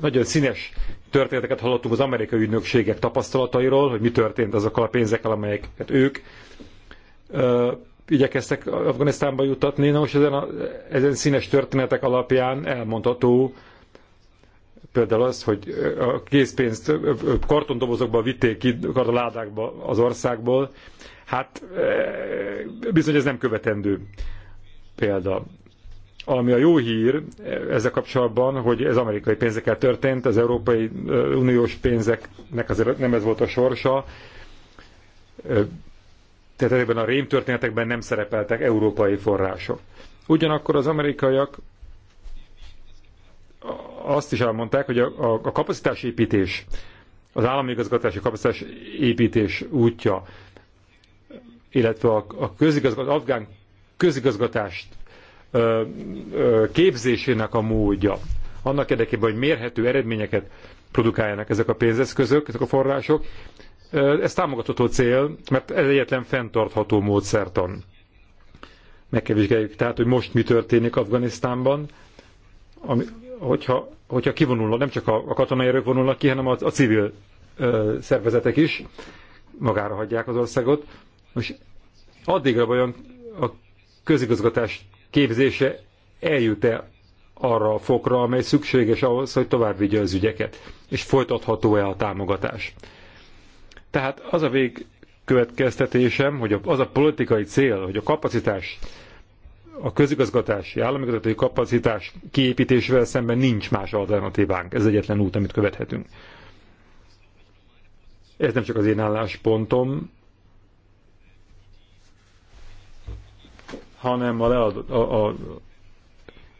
nagyon színes történeteket hallottunk az amerikai ügynökségek tapasztalatairól, hogy mi történt azokkal a pénzekkel, amelyeket ők ö, igyekeztek Afganisztánba jutatni. Na most ezen, a, ezen színes történetek alapján elmondható, például az, hogy a készpénzt kartondobozokba vitték ki, kartoládákba az országból, hát bizony ez nem követendő példa. Ami a jó hír ezzel kapcsolatban, hogy ez amerikai pénzekkel történt, az Európai Uniós pénzeknek azért nem ez volt a sorsa, tehát ebben a rémtörténetekben nem szerepeltek európai források. Ugyanakkor az amerikaiak azt is elmondták, hogy a, a, a kapacitásépítés, az állami igazgatási kapacitás építés útja, illetve a, a közigazgat, afgán közigazgatást ö, ö, képzésének a módja, annak érdekében, hogy mérhető eredményeket produkáljanak ezek a pénzeszközök, ezek a források, ez támogatható cél, mert ez egyetlen fenntartható módszertan. Meg kell vizsgáljuk tehát, hogy most mi történik Afganisztánban, ami, hogyha hogyha kivonulnak, nem csak a, a katonai erők vonulnak ki, hanem a, a civil ö, szervezetek is magára hagyják az országot. Most addigra vajon a közigazgatás képzése eljut-e arra a fokra, amely szükséges ahhoz, hogy tovább vigye az ügyeket, és folytatható-e a támogatás. Tehát az a vég következtetésem, hogy az a politikai cél, hogy a kapacitás a közigazgatási, államigazgatói kapacitás kiépítésével szemben nincs más alternatívánk. Ez egyetlen út, amit követhetünk. Ez nem csak az én álláspontom, hanem a, leadott, a, a,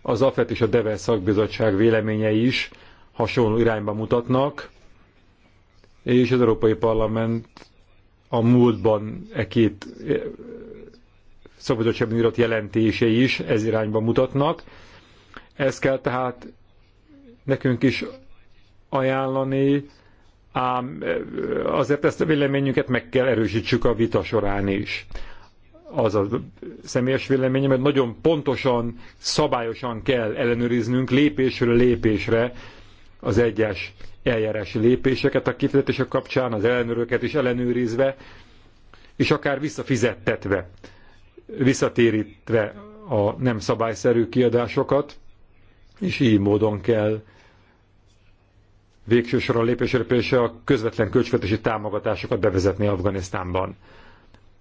az AFET és a DEVE szakbizottság véleményei is hasonló irányba mutatnak, és az Európai Parlament a múltban e két szabadságban írott jelentései is ez irányba mutatnak. Ezt kell tehát nekünk is ajánlani, ám eh, azért ezt a véleményünket meg kell erősítsük a vita során is. Az a személyes véleményem, mert nagyon pontosan, szabályosan kell ellenőriznünk lépésről lépésre az egyes eljárási lépéseket a kifizetések kapcsán, az ellenőröket is ellenőrizve, és akár visszafizettetve visszatérítve a nem szabályszerű kiadásokat, és így módon kell végső soron lépésre a közvetlen költségvetési támogatásokat bevezetni Afganisztánban.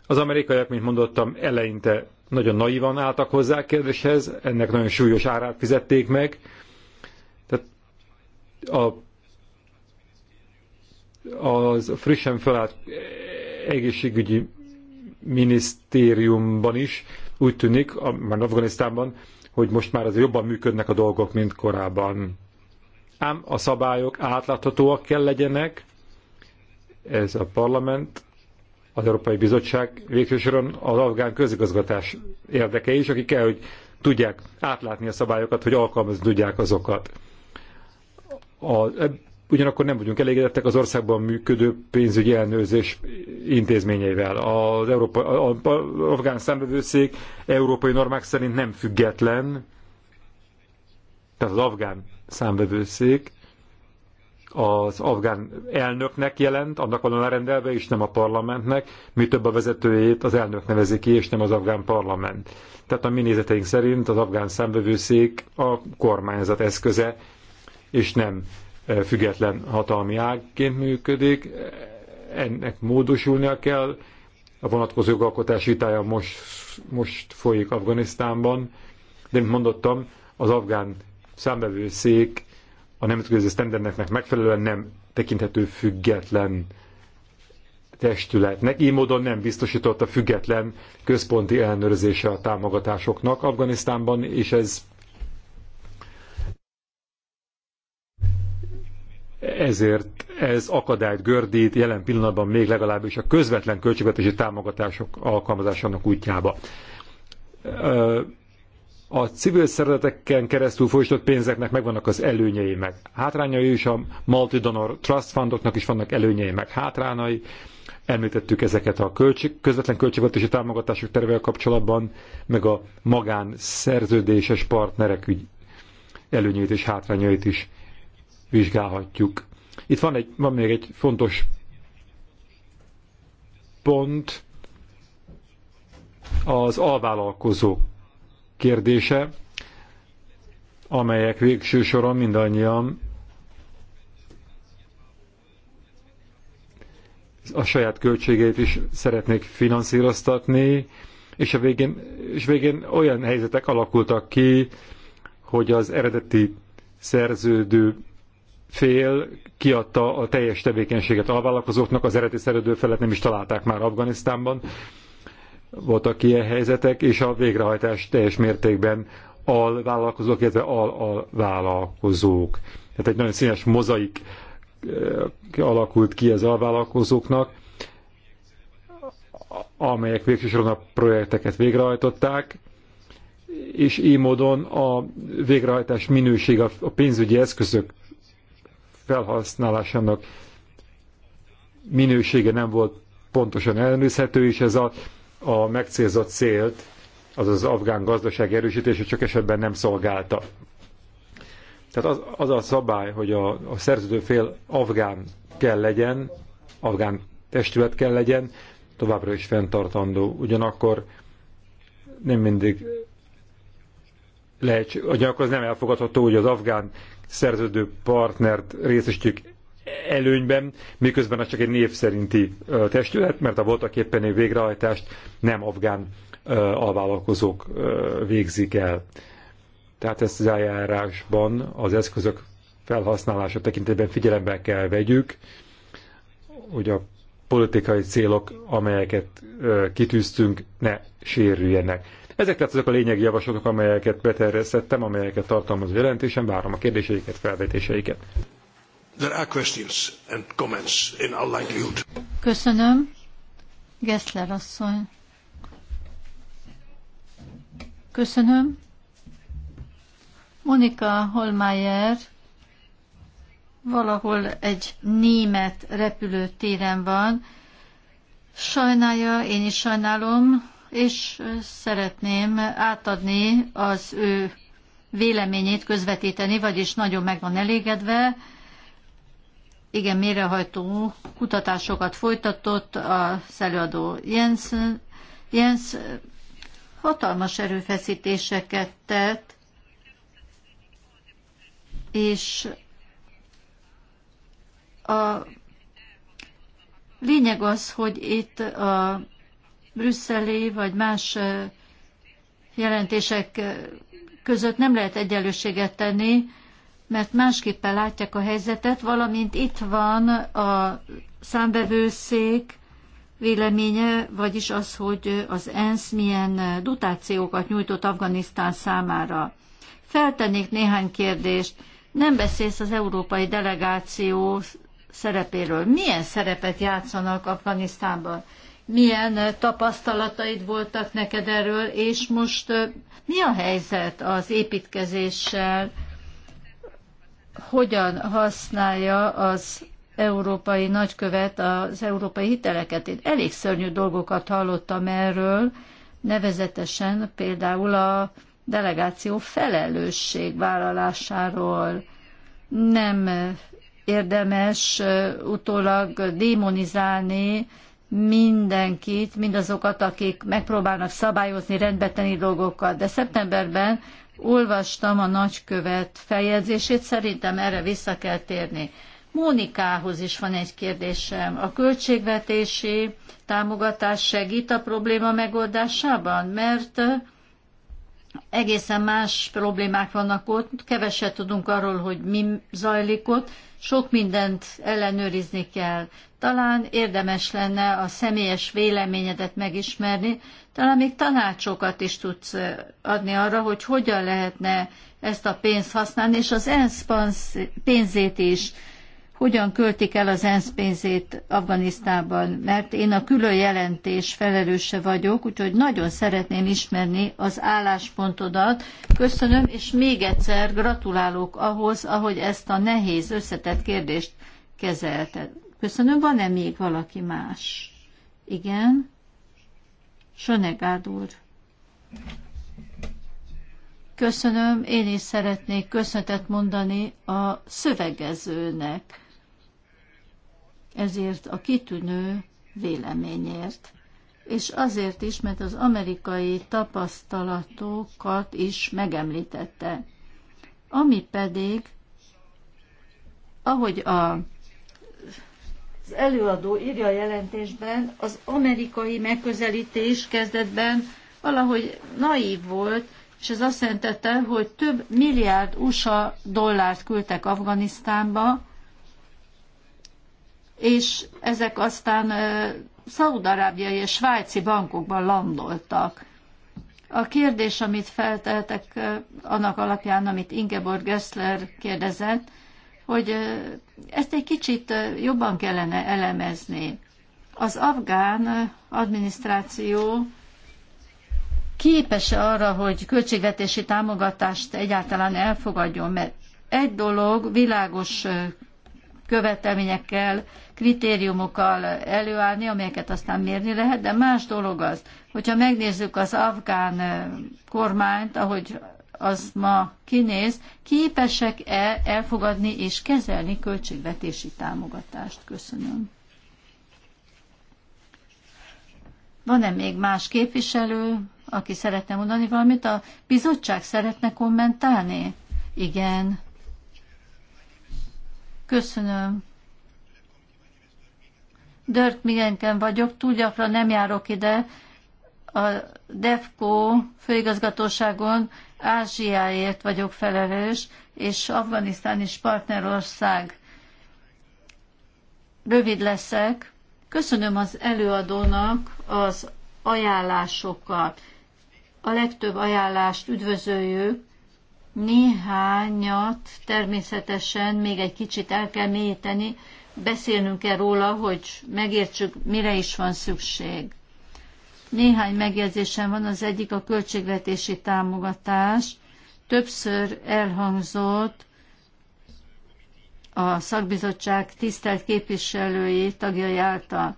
Az amerikaiak, mint mondottam, eleinte nagyon naivan álltak hozzá a kérdéshez, ennek nagyon súlyos árát fizették meg. Tehát a, az frissen felállt egészségügyi minisztériumban is úgy tűnik, már Afganisztánban, hogy most már azért jobban működnek a dolgok, mint korábban. Ám a szabályok átláthatóak kell legyenek, ez a parlament, az Európai Bizottság végsősoron az afgán közigazgatás érdeke is, akik kell, hogy tudják átlátni a szabályokat, hogy alkalmazni tudják azokat. A ugyanakkor nem vagyunk elégedettek az országban működő pénzügyi ellenőrzés intézményeivel. Az, Európa, az afgán számbevőszék európai normák szerint nem független, tehát az afgán számbevőszék az afgán elnöknek jelent, annak van rendelve és nem a parlamentnek, mi több a vezetőjét az elnök nevezi ki, és nem az afgán parlament. Tehát a mi nézeteink szerint az afgán számbevőszék a kormányzat eszköze, és nem független hatalmi ágként működik, ennek módosulnia kell, a vonatkozó jogalkotás vitája most, most folyik Afganisztánban, de mint mondottam, az afgán számbevőszék a nemzetközi sztenderneknek megfelelően nem tekinthető független testületnek, így módon nem biztosította független központi ellenőrzése a támogatásoknak Afganisztánban, és ez ezért ez akadályt gördít jelen pillanatban még legalábbis a közvetlen költségvetési támogatások alkalmazásának útjába. A civil szervezeteken keresztül folyosított pénzeknek megvannak az előnyei meg hátrányai, is a multidonor trust fundoknak is vannak előnyei meg hátrányai. Említettük ezeket a költség, közvetlen költségvetési támogatások tervel kapcsolatban, meg a magánszerződéses partnerek ügy előnyeit és hátrányait is vizsgálhatjuk. Itt van, egy, van még egy fontos pont, az alvállalkozó kérdése, amelyek végső soron mindannyian a saját költségeit is szeretnék finanszíroztatni, és a végén, és végén olyan helyzetek alakultak ki, hogy az eredeti szerződő fél kiadta a teljes tevékenységet alvállalkozóknak, az eredeti felett nem is találták már Afganisztánban. Voltak ilyen helyzetek, és a végrehajtás teljes mértékben alvállalkozók, illetve al-alvállalkozók. Tehát egy nagyon színes mozaik eh, alakult ki az alvállalkozóknak, amelyek végsősorban a projekteket végrehajtották, és így módon a végrehajtás minőség, a pénzügyi eszközök felhasználásának minősége nem volt pontosan ellenőrizhető, és ez a, a megcélzott célt, azaz az afgán gazdaság erősítése csak esetben nem szolgálta. Tehát az, az a szabály, hogy a, a szerződő fél afgán kell legyen, afgán testület kell legyen, továbbra is fenntartandó. Ugyanakkor nem mindig lehet, hogy akkor az nem elfogadható, hogy az afgán szerződő partnert részesítjük előnyben, miközben az csak egy név szerinti testület, mert a voltak éppen egy végrehajtást nem afgán alvállalkozók végzik el. Tehát ezt az eljárásban az eszközök felhasználása tekintetben figyelembe kell vegyük, hogy a politikai célok, amelyeket kitűztünk, ne sérüljenek. Ezek tehát azok a lényegi javaslatok, amelyeket beterjesztettem, amelyeket tartalmaz jelentésem, várom a kérdéseiket, felvetéseiket. There are questions and comments in all likelihood. Köszönöm. Gessler asszony. Köszönöm. Monika Holmeyer valahol egy német repülőtéren van. Sajnálja, én is sajnálom, és szeretném átadni az ő véleményét közvetíteni, vagyis nagyon meg van elégedve. Igen, mérehajtó kutatásokat folytatott a előadó Jens, Jens hatalmas erőfeszítéseket tett, és a lényeg az, hogy itt a brüsszeli vagy más jelentések között nem lehet egyenlőséget tenni, mert másképpen látják a helyzetet, valamint itt van a számvevőszék véleménye, vagyis az, hogy az ENSZ milyen dotációkat nyújtott Afganisztán számára. Feltennék néhány kérdést. Nem beszélsz az európai delegáció szerepéről. Milyen szerepet játszanak Afganisztánban? Milyen eh, tapasztalataid voltak neked erről, és most eh, mi a helyzet az építkezéssel? Hogyan használja az európai nagykövet az európai hiteleket? Én elég szörnyű dolgokat hallottam erről, nevezetesen például a delegáció felelősségvállalásáról. Nem eh, érdemes utólag démonizálni mindenkit, mindazokat, akik megpróbálnak szabályozni, rendbeteni dolgokat. De szeptemberben olvastam a nagykövet feljegyzését, szerintem erre vissza kell térni. Mónikához is van egy kérdésem. A költségvetési támogatás segít a probléma megoldásában? Mert egészen más problémák vannak ott, keveset tudunk arról, hogy mi zajlik ott, sok mindent ellenőrizni kell. Talán érdemes lenne a személyes véleményedet megismerni, talán még tanácsokat is tudsz adni arra, hogy hogyan lehetne ezt a pénzt használni, és az ENSZ pénzét is hogyan költik el az ENSZ pénzét Afganisztánban, mert én a külön jelentés felelőse vagyok, úgyhogy nagyon szeretném ismerni az álláspontodat. Köszönöm, és még egyszer gratulálok ahhoz, ahogy ezt a nehéz, összetett kérdést kezelted. Köszönöm, van-e még valaki más? Igen? Sönegád úr. Köszönöm, én is szeretnék köszönetet mondani a szövegezőnek ezért a kitűnő véleményért, és azért is, mert az amerikai tapasztalatokat is megemlítette. Ami pedig, ahogy a az előadó írja a jelentésben, az amerikai megközelítés kezdetben valahogy naív volt, és ez azt jelentette, hogy több milliárd USA dollárt küldtek Afganisztánba, és ezek aztán Szaudarábiai és svájci bankokban landoltak. A kérdés, amit felteltek annak alapján, amit Ingeborg Gessler kérdezett, hogy ezt egy kicsit jobban kellene elemezni. Az afgán adminisztráció képes -e arra, hogy költségvetési támogatást egyáltalán elfogadjon, mert egy dolog világos követelményekkel, kritériumokkal előállni, amelyeket aztán mérni lehet, de más dolog az, hogyha megnézzük az afgán kormányt, ahogy az ma kinéz, képesek-e elfogadni és kezelni költségvetési támogatást? Köszönöm. Van-e még más képviselő, aki szeretne mondani valamit? A bizottság szeretne kommentálni? Igen. Köszönöm. Dört Migenken vagyok, túl gyakran nem járok ide. A DEFCO főigazgatóságon Ázsiáért vagyok felelős, és Afganisztán is partnerország. Rövid leszek. Köszönöm az előadónak az ajánlásokat. A legtöbb ajánlást üdvözöljük, Néhányat természetesen még egy kicsit el kell mélyíteni, beszélnünk kell róla, hogy megértsük, mire is van szükség. Néhány megjegyzésem van, az egyik a költségvetési támogatás. Többször elhangzott a szakbizottság tisztelt képviselői tagjai által.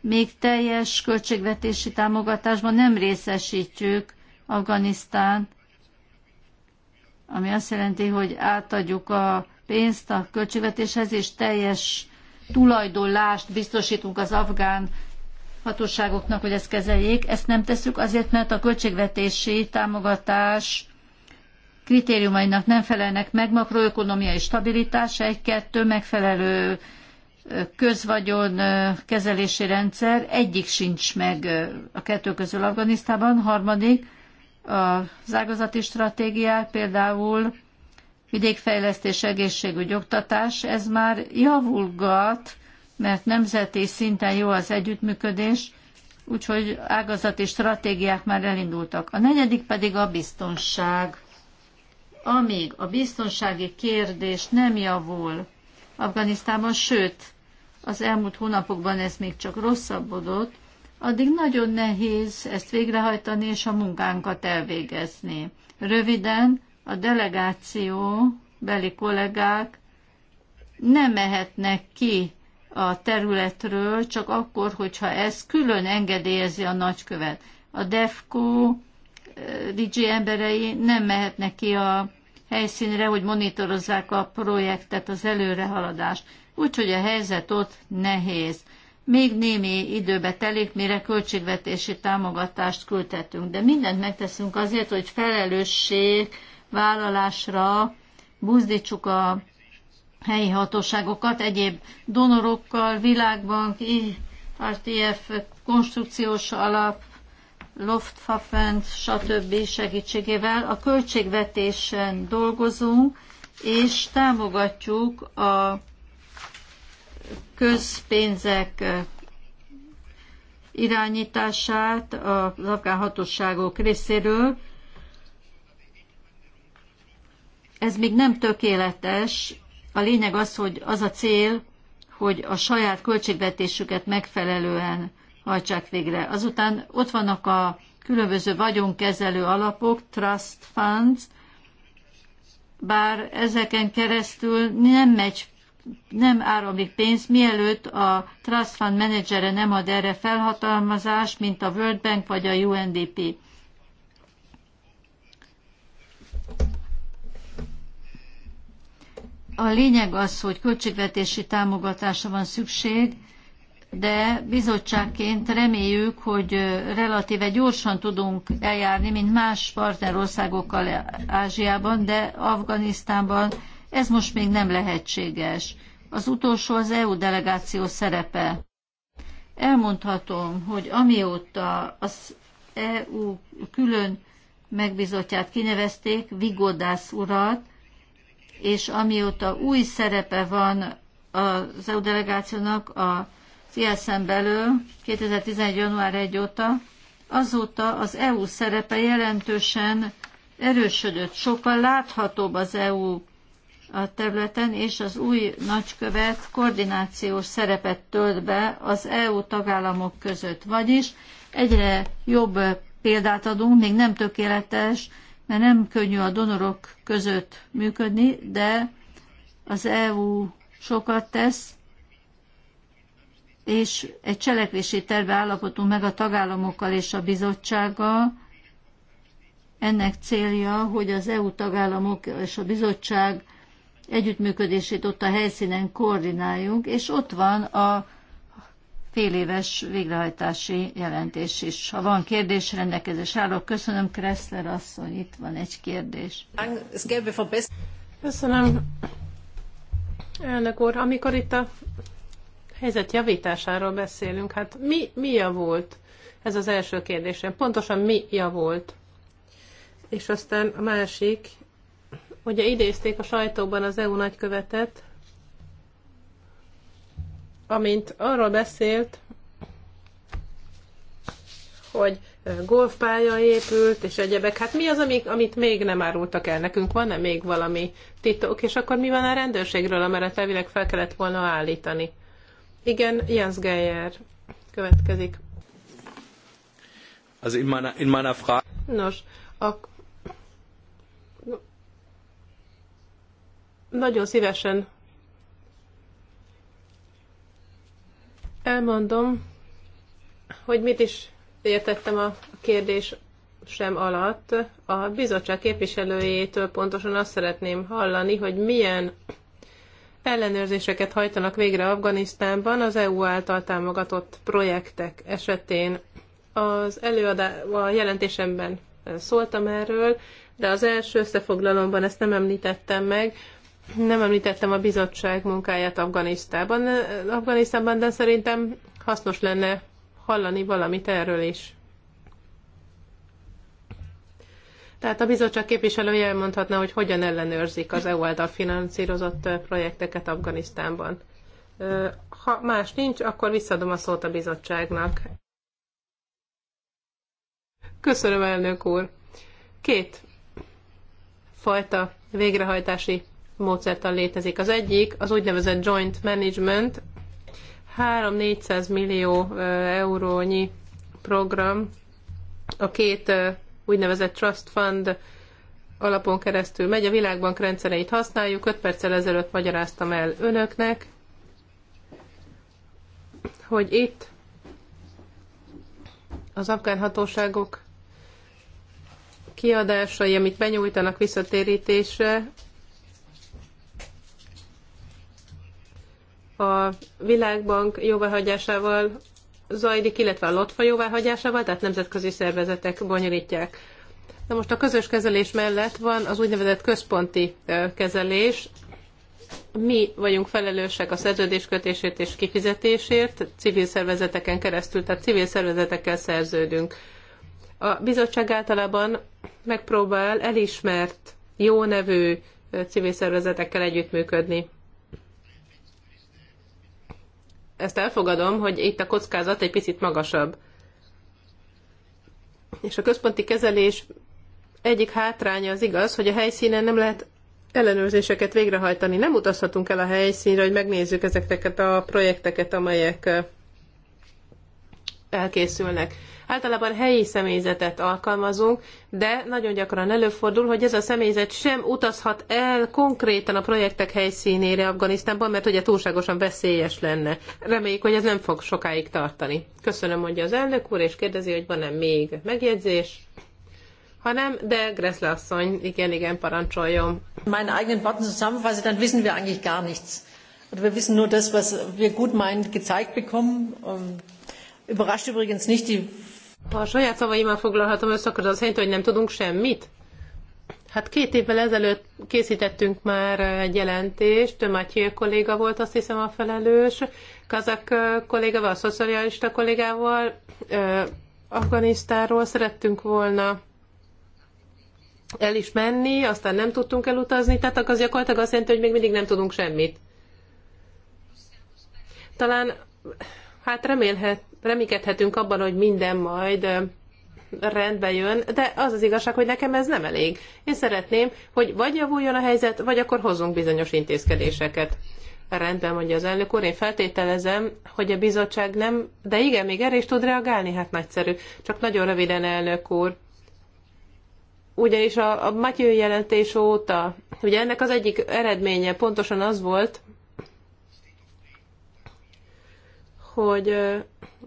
Még teljes költségvetési támogatásban nem részesítjük Afganisztánt, ami azt jelenti, hogy átadjuk a pénzt a költségvetéshez, és teljes tulajdonlást biztosítunk az afgán hatóságoknak, hogy ezt kezeljék. Ezt nem tesszük azért, mert a költségvetési támogatás kritériumainak nem felelnek meg, makroökonomiai stabilitás, egy-kettő megfelelő közvagyon kezelési rendszer, egyik sincs meg a kettő közül Afganisztában, harmadik, az ágazati stratégiák, például vidékfejlesztés, egészségügy, oktatás, ez már javulgat, mert nemzeti szinten jó az együttműködés, úgyhogy ágazati stratégiák már elindultak. A negyedik pedig a biztonság. Amíg a biztonsági kérdés nem javul Afganisztánban, sőt, az elmúlt hónapokban ez még csak rosszabbodott, addig nagyon nehéz ezt végrehajtani és a munkánkat elvégezni. Röviden, a delegáció beli kollégák nem mehetnek ki a területről, csak akkor, hogyha ez külön engedélyezi a nagykövet. A DEFCO eh, DJ emberei nem mehetnek ki a helyszínre, hogy monitorozzák a projektet, az előrehaladást. Úgyhogy a helyzet ott nehéz még némi időbe telik, mire költségvetési támogatást küldhetünk. De mindent megteszünk azért, hogy felelősség vállalásra buzdítsuk a helyi hatóságokat, egyéb donorokkal, világbank, RTF, konstrukciós alap, Luftwaffen, stb. segítségével a költségvetésen dolgozunk, és támogatjuk a közpénzek irányítását az afgán hatóságok részéről. Ez még nem tökéletes. A lényeg az, hogy az a cél, hogy a saját költségvetésüket megfelelően hajtsák végre. Azután ott vannak a különböző vagyonkezelő alapok, trust funds, bár ezeken keresztül nem megy nem áramlik pénz, mielőtt a Trust Fund menedzsere nem ad erre felhatalmazást, mint a World Bank vagy a UNDP. A lényeg az, hogy költségvetési támogatásra van szükség, de bizottságként reméljük, hogy relatíve gyorsan tudunk eljárni, mint más partnerországokkal Ázsiában, de Afganisztánban ez most még nem lehetséges. Az utolsó az EU delegáció szerepe. Elmondhatom, hogy amióta az EU külön megbizotját kinevezték, Vigodász urat, és amióta új szerepe van az EU delegációnak a CSM belől, 2011. január 1 óta, azóta az EU szerepe jelentősen erősödött, sokkal láthatóbb az EU a területen, és az új nagykövet koordinációs szerepet tölt be az EU tagállamok között. Vagyis egyre jobb példát adunk, még nem tökéletes, mert nem könnyű a donorok között működni, de az EU sokat tesz, és egy cselekvési terve állapotunk meg a tagállamokkal és a bizottsággal. Ennek célja, hogy az EU tagállamok és a bizottság együttműködését ott a helyszínen koordináljunk, és ott van a féléves végrehajtási jelentés is. Ha van kérdés, rendelkezés állok. Köszönöm, Kressler asszony, itt van egy kérdés. Köszönöm, elnök úr. Amikor itt a helyzet javításáról beszélünk, hát mi, mi javult? Ez az első kérdésem. Pontosan mi javult? És aztán a másik, Ugye idézték a sajtóban az EU nagykövetet, amint arról beszélt, hogy golfpálya épült, és egyebek. Hát mi az, amik, amit még nem árultak el nekünk? Van-e még valami titok? És akkor mi van a rendőrségről, amire elvileg fel kellett volna állítani? Igen, Jens Geyer következik. Az in meiner, in meiner Frage... Nos, a Nagyon szívesen elmondom, hogy mit is értettem a kérdés sem alatt. A bizottság képviselőjétől pontosan azt szeretném hallani, hogy milyen ellenőrzéseket hajtanak végre Afganisztánban az EU által támogatott projektek esetén. Az előadá, a jelentésemben szóltam erről, de az első összefoglalomban ezt nem említettem meg. Nem említettem a bizottság munkáját Afganisztában, Afganisztában, de szerintem hasznos lenne hallani valamit erről is. Tehát a bizottság képviselője elmondhatná, hogy hogyan ellenőrzik az EU által finanszírozott projekteket Afganisztánban. Ha más nincs, akkor visszadom a szót a bizottságnak. Köszönöm, elnök úr! Két fajta végrehajtási módszertan létezik. Az egyik az úgynevezett joint management, 3-400 millió eurónyi program a két úgynevezett trust fund alapon keresztül megy. A világbank rendszereit használjuk, 5 perccel ezelőtt magyaráztam el önöknek, hogy itt az afgán hatóságok kiadásai, amit benyújtanak visszatérítésre, a Világbank jóváhagyásával zajlik, illetve a LOTFA jóváhagyásával, tehát nemzetközi szervezetek bonyolítják. Na most a közös kezelés mellett van az úgynevezett központi kezelés. Mi vagyunk felelősek a szerződéskötését és kifizetésért civil szervezeteken keresztül, tehát civil szervezetekkel szerződünk. A bizottság általában megpróbál elismert, jó nevű civil szervezetekkel együttműködni ezt elfogadom, hogy itt a kockázat egy picit magasabb. És a központi kezelés egyik hátránya az igaz, hogy a helyszínen nem lehet ellenőrzéseket végrehajtani. Nem utazhatunk el a helyszínre, hogy megnézzük ezeket a projekteket, amelyek eh, elkészülnek. Általában helyi személyzetet alkalmazunk, de nagyon gyakran előfordul, hogy ez a személyzet sem utazhat el konkrétan a projektek helyszínére Afganisztánban, mert ugye túlságosan veszélyes lenne. Reméljük, hogy ez nem fog sokáig tartani. Köszönöm, mondja az elnök úr, és kérdezi, hogy van-e még megjegyzés. Ha nem, de Gressle asszony, igen, igen, parancsoljon. Meinen eigenen Worten zusammenfasse, dann wissen wir eigentlich gar nichts. Oder wir wissen nur das, was wir gut meinen, gezeigt bekommen. Ähm, überrascht übrigens nicht die ha a saját szavaimmal foglalhatom össze, akkor az szerint, hogy nem tudunk semmit? Hát két évvel ezelőtt készítettünk már egy jelentést, Matyél kolléga volt azt hiszem a felelős, kazak kollégával, a szocialista kollégával, Afganisztáról szerettünk volna el is menni, aztán nem tudtunk elutazni, tehát az gyakorlatilag azt jelenti, hogy még mindig nem tudunk semmit. Talán hát remélhet, reménykedhetünk abban, hogy minden majd rendbe jön, de az az igazság, hogy nekem ez nem elég. Én szeretném, hogy vagy javuljon a helyzet, vagy akkor hozzunk bizonyos intézkedéseket. Rendben, mondja az elnök úr, én feltételezem, hogy a bizottság nem, de igen, még erre is tud reagálni, hát nagyszerű. Csak nagyon röviden, elnök úr. Ugyanis a, a Matyő jelentés óta, ugye ennek az egyik eredménye pontosan az volt, hogy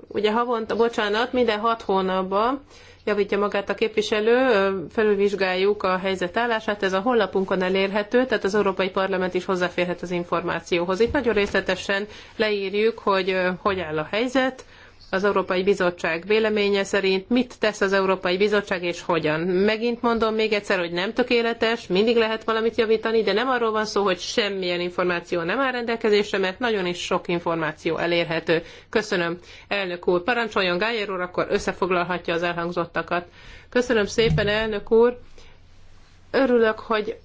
ugye havonta, bocsánat, minden hat hónapban javítja magát a képviselő, felülvizsgáljuk a helyzet állását, ez a honlapunkon elérhető, tehát az Európai Parlament is hozzáférhet az információhoz. Itt nagyon részletesen leírjuk, hogy hogy áll a helyzet, az Európai Bizottság véleménye szerint, mit tesz az Európai Bizottság és hogyan. Megint mondom még egyszer, hogy nem tökéletes, mindig lehet valamit javítani, de nem arról van szó, hogy semmilyen információ nem áll rendelkezésre, mert nagyon is sok információ elérhető. Köszönöm, elnök úr. Parancsoljon Gájer úr, akkor összefoglalhatja az elhangzottakat. Köszönöm szépen, elnök úr. Örülök, hogy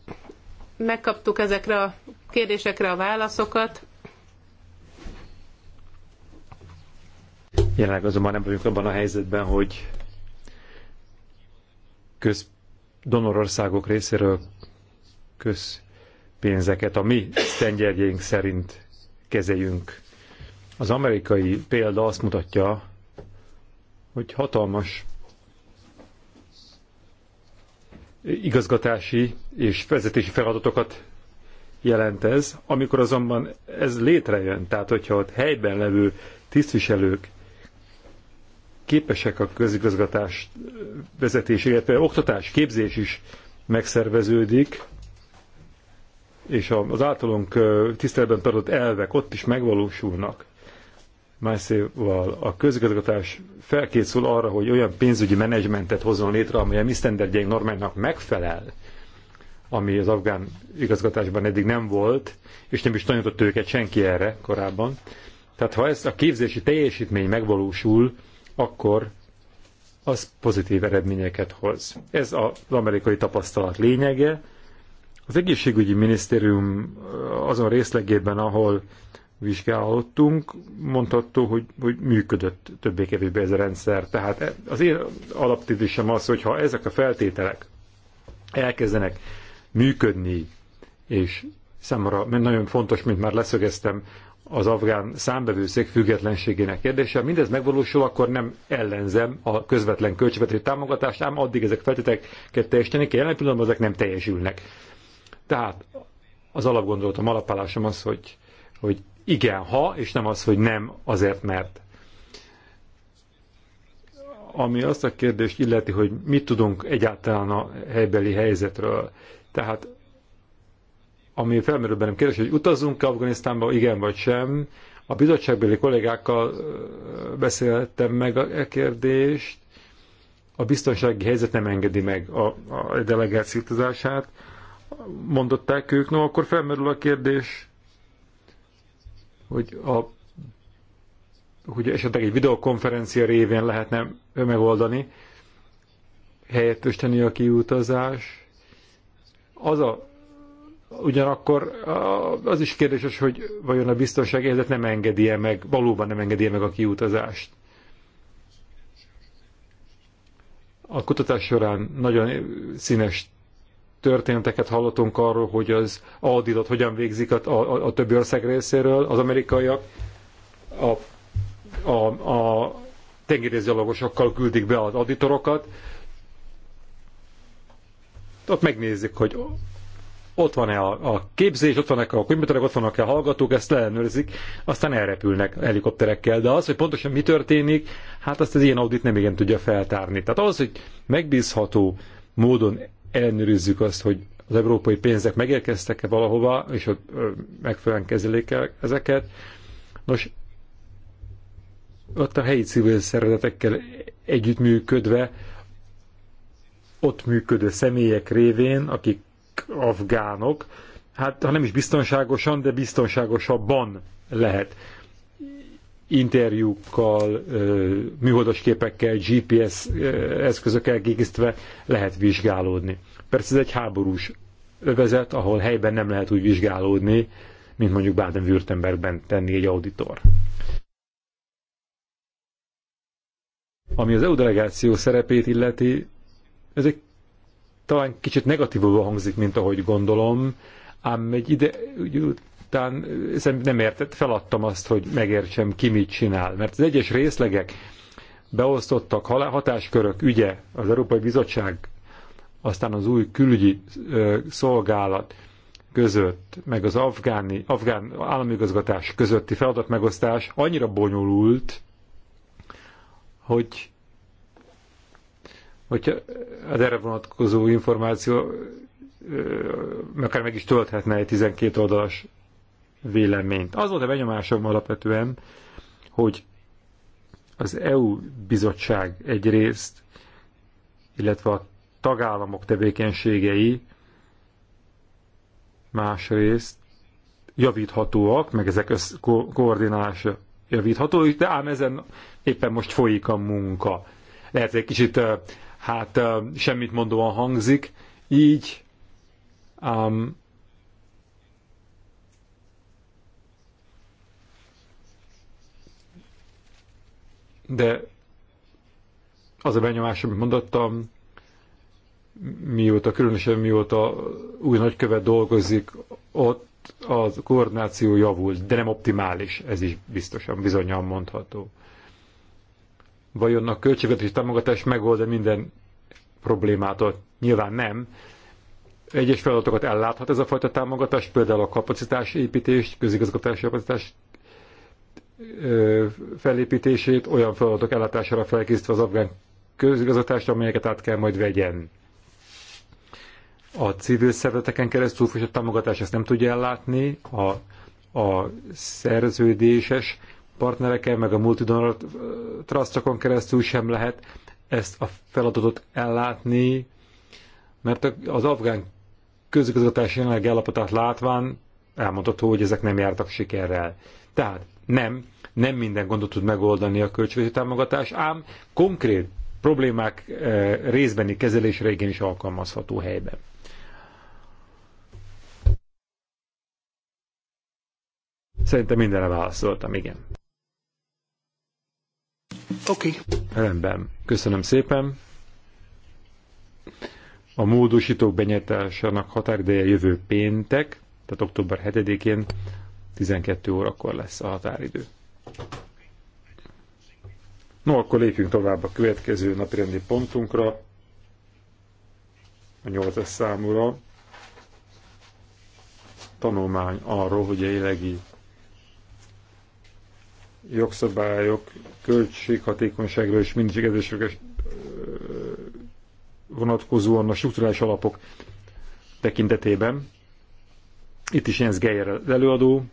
megkaptuk ezekre a kérdésekre a válaszokat Jelenleg azonban nem vagyunk abban a helyzetben, hogy köz donorországok részéről közpénzeket a mi tengerjeink szerint kezeljünk. Az amerikai példa azt mutatja, hogy hatalmas igazgatási és vezetési feladatokat jelent ez, amikor azonban ez létrejön, tehát hogyha ott helyben levő tisztviselők képesek a közigazgatás vezetés, illetve oktatás, képzés is megszerveződik, és az általunk tiszteletben tartott elvek ott is megvalósulnak. Másszéval a közigazgatás felkészül arra, hogy olyan pénzügyi menedzsmentet hozzon létre, amely a mi sztenderdjeink normáknak megfelel, ami az afgán igazgatásban eddig nem volt, és nem is tanított őket senki erre korábban. Tehát ha ez a képzési teljesítmény megvalósul, akkor az pozitív eredményeket hoz. Ez az amerikai tapasztalat lényege. Az egészségügyi minisztérium azon részlegében, ahol vizsgálódtunk, mondható, hogy, hogy működött többé-kevésbé ez a rendszer. Tehát e- az én alaptízisem az, hogy ha ezek a feltételek elkezdenek működni, és számomra nagyon fontos, mint már leszögeztem, az afgán számbevőszék függetlenségének kérdése. Ha mindez megvalósul, akkor nem ellenzem a közvetlen költségvetési támogatást, ám addig ezek feltételeket teljesíteni kell, jelen pillanatban ezek nem teljesülnek. Tehát az alapgondolatom, alapállásom az, hogy, hogy igen, ha, és nem az, hogy nem, azért mert. Ami azt a kérdést illeti, hogy mit tudunk egyáltalán a helybeli helyzetről. Tehát ami felmerül bennem kérdés, hogy utazunk-e Afganisztánba, igen vagy sem. A bizottságbeli kollégákkal beszéltem meg a e kérdést. A biztonsági helyzet nem engedi meg a, a delegáció utazását. Mondották ők, no akkor felmerül a kérdés, hogy a hogy esetleg egy videokonferencia révén lehetne megoldani, helyettősteni a kiutazás. Az a Ugyanakkor az is kérdéses, hogy vajon a biztonsági helyzet nem engedi -e meg, valóban nem engedi -e meg a kiutazást. A kutatás során nagyon színes történeteket hallottunk arról, hogy az auditot hogyan végzik a, a, a többi ország részéről, az amerikaiak a, a, a tengerészgyalogosokkal küldik be az auditorokat, ott megnézik, hogy ott van-e a, a képzés, ott vannak -e a könyvbetegek, ott vannak-e a hallgatók, ezt leellenőrzik, aztán elrepülnek helikopterekkel. De az, hogy pontosan mi történik, hát azt az ilyen audit nem igen tudja feltárni. Tehát az, hogy megbízható módon ellenőrizzük azt, hogy az európai pénzek megérkeztek-e valahova, és ott megfelelően kezelik -e ezeket. Nos, ott a helyi civil szervezetekkel együttműködve, ott működő személyek révén, akik afgánok, hát ha nem is biztonságosan, de biztonságosabban lehet interjúkkal, műholdas képekkel, GPS eszközökkel kikisztve lehet vizsgálódni. Persze ez egy háborús övezet, ahol helyben nem lehet úgy vizsgálódni, mint mondjuk Baden-Württembergben tenni egy auditor. Ami az EU delegáció szerepét illeti, ez egy talán kicsit negatívabban hangzik, mint ahogy gondolom, ám egy ide úgy, után nem értett, feladtam azt, hogy megértsem, ki mit csinál. Mert az egyes részlegek beosztottak hatáskörök, ügye, az Európai Bizottság, aztán az új külügyi ö, szolgálat között, meg az afgáni, afgán államigazgatás közötti feladatmegosztás annyira bonyolult, hogy hogyha az erre vonatkozó információ akár meg is tölthetne egy 12 oldalas véleményt. Az volt a benyomásom alapvetően, hogy az EU bizottság egyrészt, illetve a tagállamok tevékenységei másrészt javíthatóak, meg ezek a koordinálása javítható, de ám ezen éppen most folyik a munka. Lehet, hogy egy kicsit hát semmit mondóan hangzik, így um, de az a benyomás, amit mondottam, mióta, különösen mióta új nagykövet dolgozik, ott az koordináció javult, de nem optimális, ez is biztosan, bizonyan mondható. Vajon a költségvetési támogatás megold-e minden problémától? Nyilván nem. Egyes feladatokat elláthat ez a fajta támogatás, például a kapacitásépítést, közigazgatási kapacitás felépítését, olyan feladatok ellátására felkészítve az afgán közigazgatást, amelyeket át kell majd vegyen. A civil szervezeteken keresztül a támogatás ezt nem tudja ellátni, a, a szerződéses partnerekkel, meg a multidonor trustokon keresztül sem lehet ezt a feladatot ellátni, mert az afgán közigazgatási jelenlegi állapotát látván elmondható, hogy ezek nem jártak sikerrel. Tehát nem, nem minden gondot tud megoldani a költségvetési támogatás, ám konkrét problémák eh, részbeni kezelésre igenis alkalmazható helyben. Szerintem mindenre válaszoltam, igen. Oké. Okay. Rendben. Köszönöm szépen. A módosítók benyetásának határideje jövő péntek, tehát október 7-én 12 órakor lesz a határidő. No, akkor lépjünk tovább a következő napirendi pontunkra, a 8-es számúra. Tanulmány arról, hogy a élegi jogszabályok költséghatékonyságra és minőségedésre vonatkozóan a struktúrális alapok tekintetében. Itt is Jens Geyer előadó.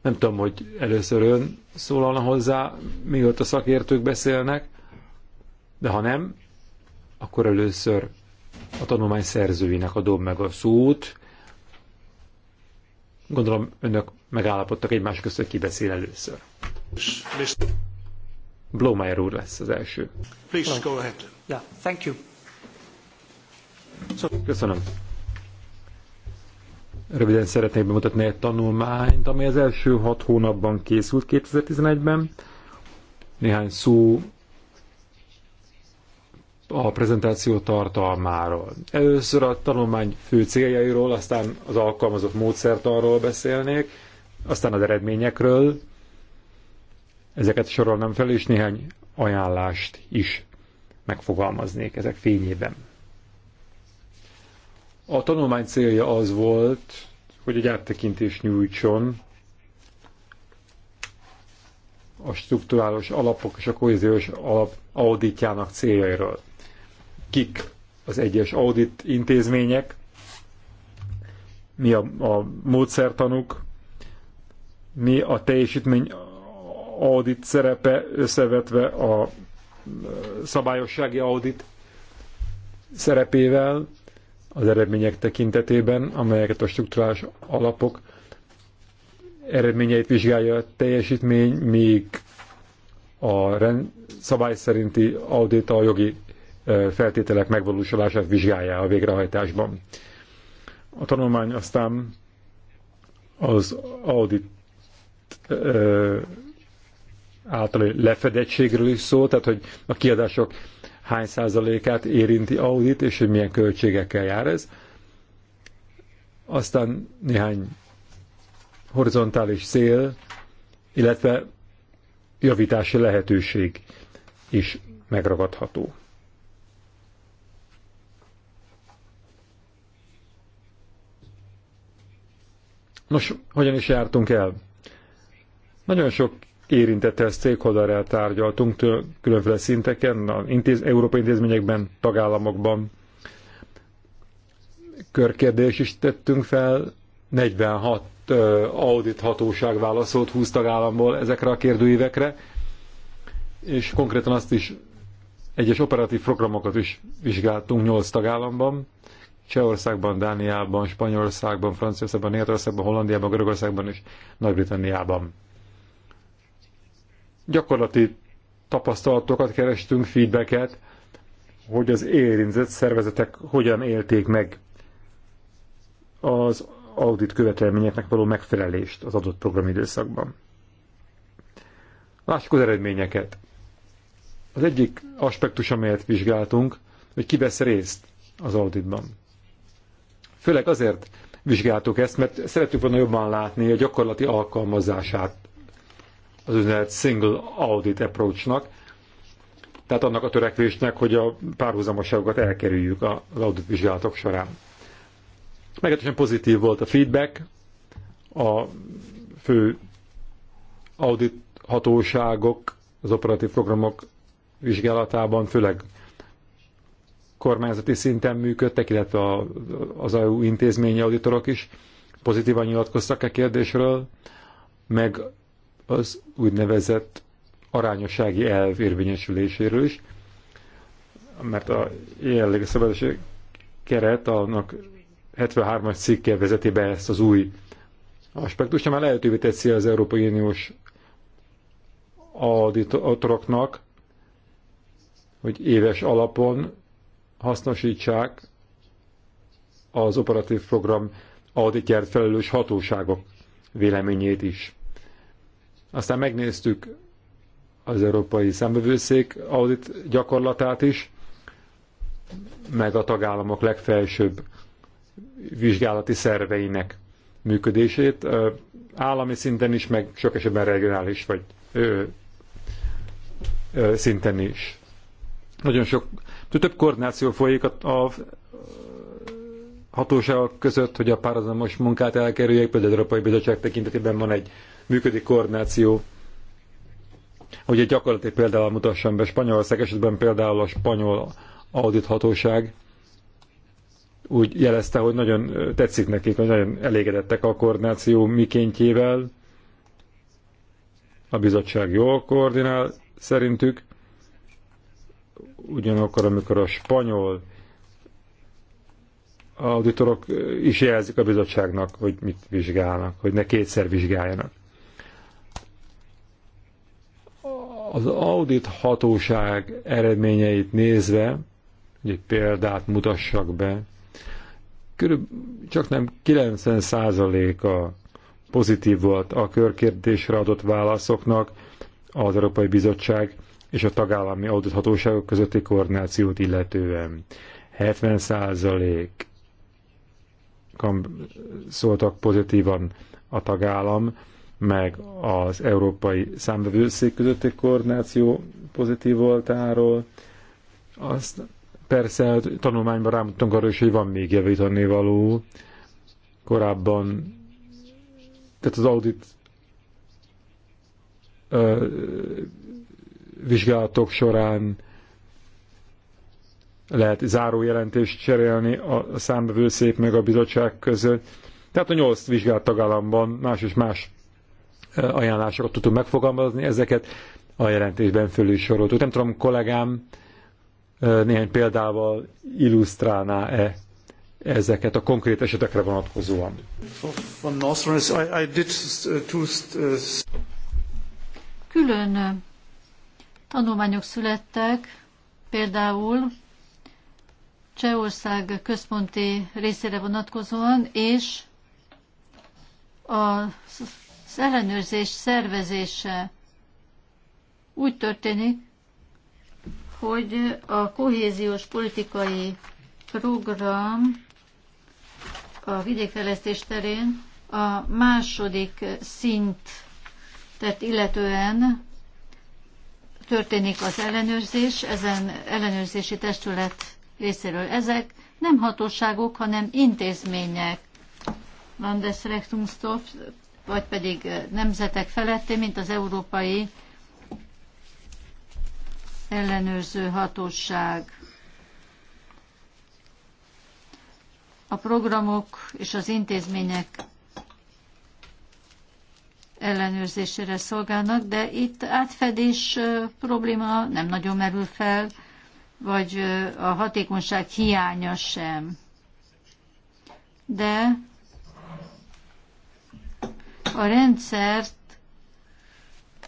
Nem tudom, hogy először ön szólalna hozzá, ott a szakértők beszélnek, de ha nem, akkor először a tanulmány szerzőinek adom meg a szót. Gondolom önök megállapodtak egymás között, hogy ki beszél először. Blomeyer úr lesz az első. Please go ahead. Yeah, thank you. So... Köszönöm. Röviden szeretnék bemutatni egy tanulmányt, ami az első hat hónapban készült 2011-ben. Néhány szó a prezentáció tartalmáról. Először a tanulmány fő céljairól, aztán az alkalmazott módszertanról beszélnék, aztán az eredményekről, ezeket sorolnám fel, és néhány ajánlást is megfogalmaznék ezek fényében. A tanulmány célja az volt, hogy egy áttekintést nyújtson a struktúrális alapok és a kohéziós alap auditjának céljairól. Kik az egyes audit intézmények, mi a, a módszertanuk, mi a teljesítmény audit szerepe összevetve a szabályossági audit szerepével az eredmények tekintetében, amelyeket a strukturális alapok eredményeit vizsgálja a teljesítmény, míg a rend, szabály szerinti audit a jogi feltételek megvalósulását vizsgálja a végrehajtásban. A tanulmány aztán az audit ö, általi lefedettségről is szó, tehát hogy a kiadások hány százalékát érinti audit, és hogy milyen költségekkel jár ez. Aztán néhány horizontális cél, illetve javítási lehetőség is megragadható. Nos, hogyan is jártunk el? Nagyon sok érintettel stakeholderrel tárgyaltunk különféle szinteken, az intéz, európai intézményekben, tagállamokban. Körkérdés is tettünk fel, 46 audit hatóság válaszolt 20 tagállamból ezekre a kérdőívekre, és konkrétan azt is egyes operatív programokat is vizsgáltunk 8 tagállamban, Csehországban, Dániában, Spanyolországban, Franciaországban, Németországban, Hollandiában, Görögországban és Nagy-Britanniában. Gyakorlati tapasztalatokat kerestünk, feedbacket, hogy az érintett szervezetek hogyan élték meg az audit követelményeknek való megfelelést az adott programidőszakban. Lássuk az eredményeket. Az egyik aspektus, amelyet vizsgáltunk, hogy ki vesz részt az auditban. Főleg azért vizsgáltuk ezt, mert szerettük volna jobban látni a gyakorlati alkalmazását az üzenet single audit approachnak, tehát annak a törekvésnek, hogy a párhuzamoságokat elkerüljük az audit vizsgálatok során. Meglehetősen pozitív volt a feedback, a fő audit hatóságok az operatív programok vizsgálatában, főleg kormányzati szinten működtek, illetve az EU intézményi auditorok is pozitívan nyilatkoztak a e kérdésről, meg az úgynevezett arányossági elv érvényesüléséről is, mert a jelenleg a keret annak 73-as cikke vezeti be ezt az új aspektust, már lehetővé teszi az Európai Uniós auditoroknak, hogy éves alapon hasznosítsák az operatív program auditjárt felelős hatóságok véleményét is. Aztán megnéztük az Európai Szembevőszék audit gyakorlatát is, meg a tagállamok legfelsőbb vizsgálati szerveinek működését, állami szinten is, meg sok esetben regionális vagy ö, ö, szinten is. Nagyon sok, több koordináció folyik a, a hatóságok között, hogy a párhuzamos munkát elkerüljék, például az Európai Bizottság tekintetében van egy működik koordináció. Hogy egy gyakorlati példával mutassam be, Spanyolország esetben például a spanyol audithatóság úgy jelezte, hogy nagyon tetszik nekik, hogy nagyon elégedettek a koordináció mikéntjével. A bizottság jól koordinál szerintük. Ugyanakkor, amikor a spanyol auditorok is jelzik a bizottságnak, hogy mit vizsgálnak, hogy ne kétszer vizsgáljanak. Az audit hatóság eredményeit nézve, hogy egy példát mutassak be, körül csak nem 90%-a pozitív volt a körkérdésre adott válaszoknak az Európai Bizottság és a tagállami hatóságok közötti koordinációt illetően. 70% szóltak pozitívan a tagállam, meg az Európai Számvevőszék közötti koordináció pozitív voltáról. Azt persze hát tanulmányban rámutunk arra is, hogy van még javítani való. Korábban, tehát az audit ö, vizsgálatok során lehet zárójelentést cserélni a számbevőszék meg a bizottság között. Tehát a nyolc vizsgált tagállamban más és más ajánlásokat tudtunk megfogalmazni, ezeket a jelentésben fölül soroltuk. Nem tudom, kollégám néhány példával illusztrálná-e ezeket a konkrét esetekre vonatkozóan. Uh, uh, Külön uh, tanulmányok születtek, például Csehország központi részére vonatkozóan, és a az ellenőrzés szervezése úgy történik, hogy a kohéziós politikai program a vidékfejlesztés terén a második szint, tehát illetően történik az ellenőrzés, ezen ellenőrzési testület részéről. Ezek nem hatóságok, hanem intézmények. Landesrechnungshof vagy pedig nemzetek feletti, mint az európai ellenőrző hatóság. A programok és az intézmények ellenőrzésére szolgálnak, de itt átfedés probléma nem nagyon merül fel, vagy a hatékonyság hiánya sem. De a rendszert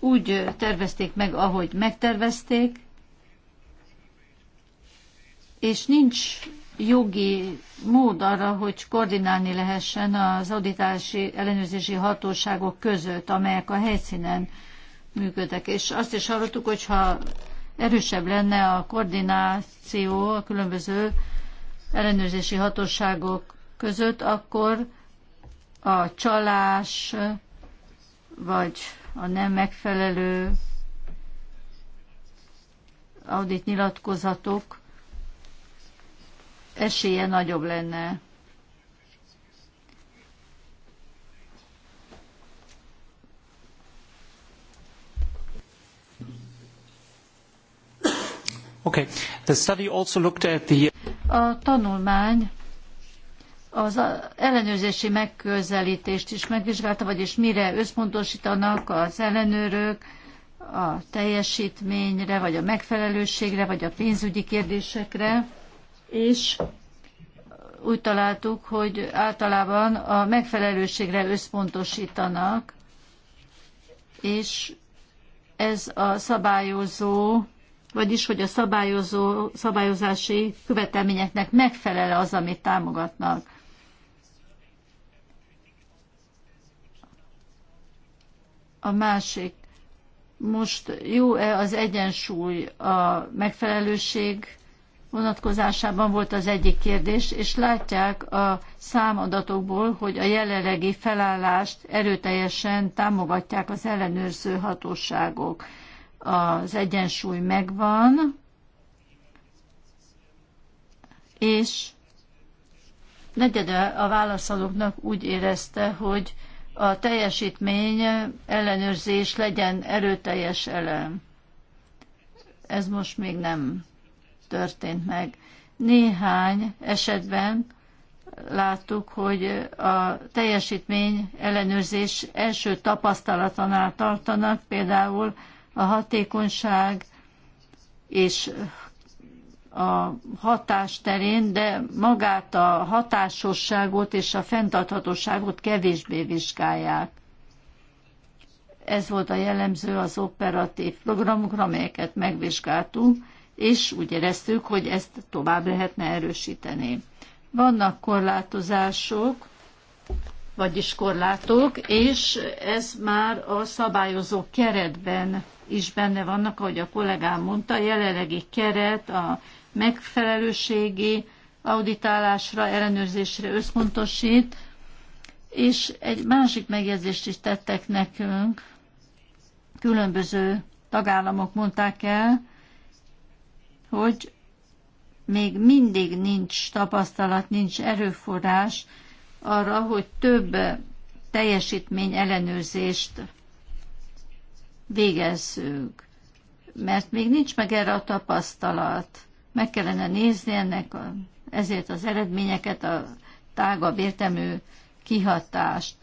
úgy tervezték meg, ahogy megtervezték, és nincs jogi mód arra, hogy koordinálni lehessen az auditási ellenőrzési hatóságok között, amelyek a helyszínen működtek. És azt is hallottuk, hogyha erősebb lenne a koordináció a különböző ellenőrzési hatóságok között, akkor a csalás, vagy a nem megfelelő audit nyilatkozatok esélye nagyobb lenne. Okay. The study also looked at the... A tanulmány az ellenőrzési megközelítést is megvizsgálta, vagyis mire összpontosítanak az ellenőrök a teljesítményre, vagy a megfelelőségre, vagy a pénzügyi kérdésekre, és úgy találtuk, hogy általában a megfelelőségre összpontosítanak, és ez a szabályozó, vagyis hogy a szabályozó, szabályozási követelményeknek megfelel az, amit támogatnak. a másik. Most jó-e az egyensúly a megfelelőség vonatkozásában volt az egyik kérdés, és látják a számadatokból, hogy a jelenlegi felállást erőteljesen támogatják az ellenőrző hatóságok. Az egyensúly megvan, és negyede a válaszolóknak úgy érezte, hogy a teljesítmény ellenőrzés legyen erőteljes elem. Ez most még nem történt meg. Néhány esetben láttuk, hogy a teljesítmény ellenőrzés első tapasztalatanál tartanak, például a hatékonyság és a hatás terén, de magát a hatásosságot és a fenntarthatóságot kevésbé vizsgálják. Ez volt a jellemző az operatív programokra, amelyeket megvizsgáltunk, és úgy éreztük, hogy ezt tovább lehetne erősíteni. Vannak korlátozások, vagyis korlátok, és ez már a szabályozó keretben is benne vannak, ahogy a kollégám mondta, a jelenlegi keret a megfelelőségi auditálásra, ellenőrzésre összpontosít, és egy másik megjegyzést is tettek nekünk, különböző tagállamok mondták el, hogy még mindig nincs tapasztalat, nincs erőforrás arra, hogy több teljesítmény ellenőrzést végezzünk, mert még nincs meg erre a tapasztalat. Meg kellene nézni ennek a, ezért az eredményeket, a tágabb értelmű kihatást.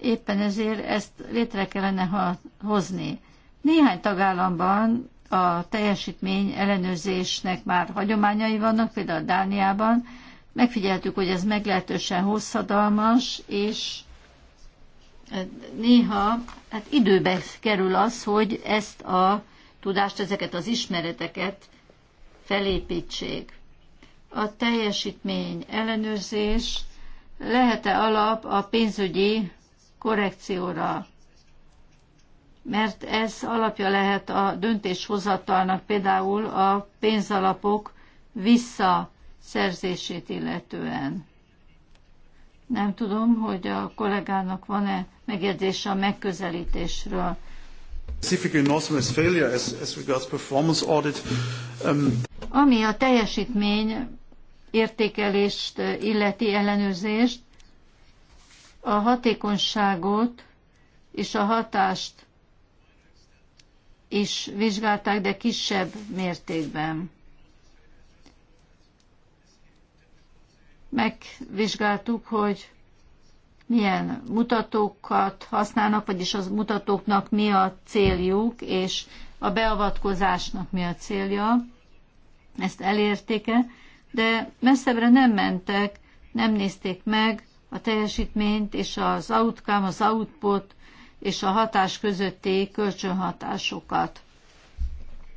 Éppen ezért ezt létre kellene hozni. Néhány tagállamban a teljesítmény ellenőrzésnek már hagyományai vannak, például Dániában. Megfigyeltük, hogy ez meglehetősen hosszadalmas, és e, néha hát időbe kerül az, hogy ezt a tudást, ezeket az ismereteket felépítsék. A teljesítmény ellenőrzés lehet-e alap a pénzügyi korrekcióra? Mert ez alapja lehet a döntéshozatalnak például a pénzalapok visszaszerzését illetően. Nem tudom, hogy a kollégának van-e megjegyzése a megközelítésről. Specifically North Westphalia as, as regards performance audit. Um... Ami a teljesítmény értékelést uh, illeti ellenőrzést, a hatékonyságot és a hatást is vizsgálták, de kisebb mértékben. Megvizsgáltuk, hogy milyen mutatókat használnak, vagyis az mutatóknak mi a céljuk, és a beavatkozásnak mi a célja. Ezt elérték de messzebbre nem mentek, nem nézték meg a teljesítményt és az outcome, az output és a hatás közötti kölcsönhatásokat.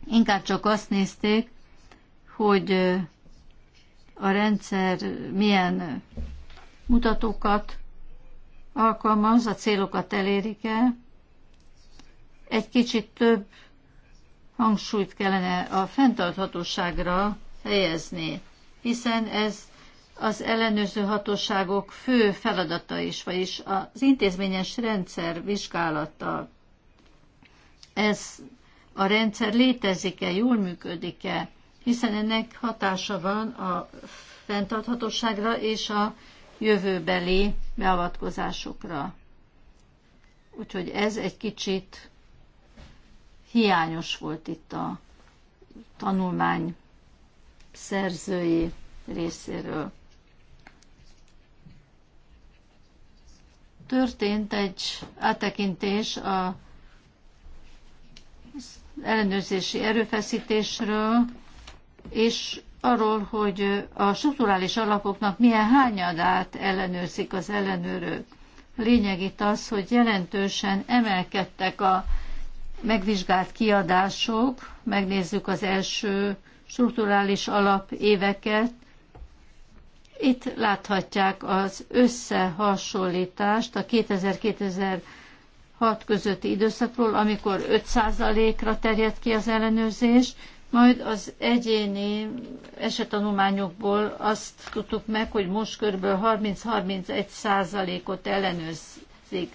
Inkább csak azt nézték, hogy a rendszer milyen mutatókat alkalmaz, a célokat elérik-e. Egy kicsit több hangsúlyt kellene a fenntarthatóságra helyezni, hiszen ez az ellenőrző hatóságok fő feladata is, vagyis az intézményes rendszer vizsgálata. Ez a rendszer létezik-e, jól működik-e, hiszen ennek hatása van a fenntarthatóságra és a jövőbeli beavatkozásokra. Úgyhogy ez egy kicsit hiányos volt itt a tanulmány szerzői részéről. Történt egy áttekintés a ellenőrzési erőfeszítésről, és arról, hogy a strukturális alapoknak milyen hányadát ellenőrzik az ellenőrök. A lényeg itt az, hogy jelentősen emelkedtek a megvizsgált kiadások, megnézzük az első strukturális alap éveket. Itt láthatják az összehasonlítást a 2000-2006 közötti időszakról, amikor 5%-ra terjedt ki az ellenőrzés, majd az egyéni esetanulmányokból azt tudtuk meg, hogy most kb. 30-31 százalékot ellenőrzik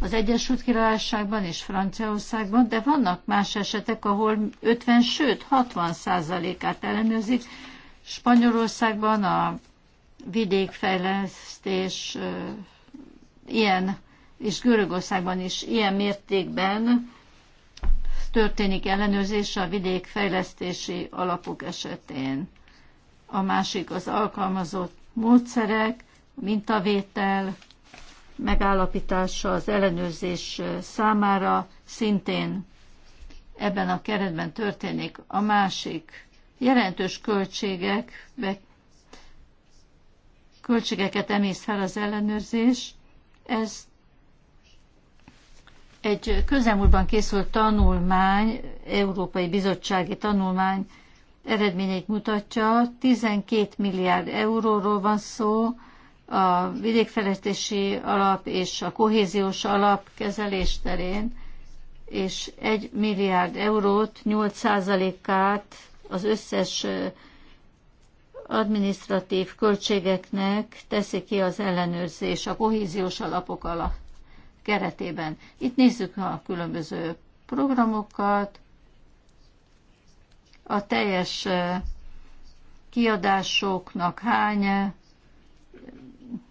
az Egyesült Királyságban és Franciaországban, de vannak más esetek, ahol 50, sőt 60 százalékát ellenőrzik. Spanyolországban a vidékfejlesztés ilyen, és Görögországban is ilyen mértékben történik ellenőrzés a vidék fejlesztési alapok esetén. A másik az alkalmazott módszerek, mintavétel, megállapítása az ellenőrzés számára szintén ebben a keretben történik. A másik jelentős költségek, költségeket emész fel az ellenőrzés, ezt egy közelmúltban készült tanulmány, Európai Bizottsági Tanulmány eredményeit mutatja. 12 milliárd euróról van szó, a vidékfejlesztési alap és a kohéziós alap kezelés terén, és 1 milliárd eurót, 8%-át az összes administratív költségeknek teszi ki az ellenőrzés a kohéziós alapok alatt keretében. Itt nézzük a különböző programokat, a teljes kiadásoknak hány,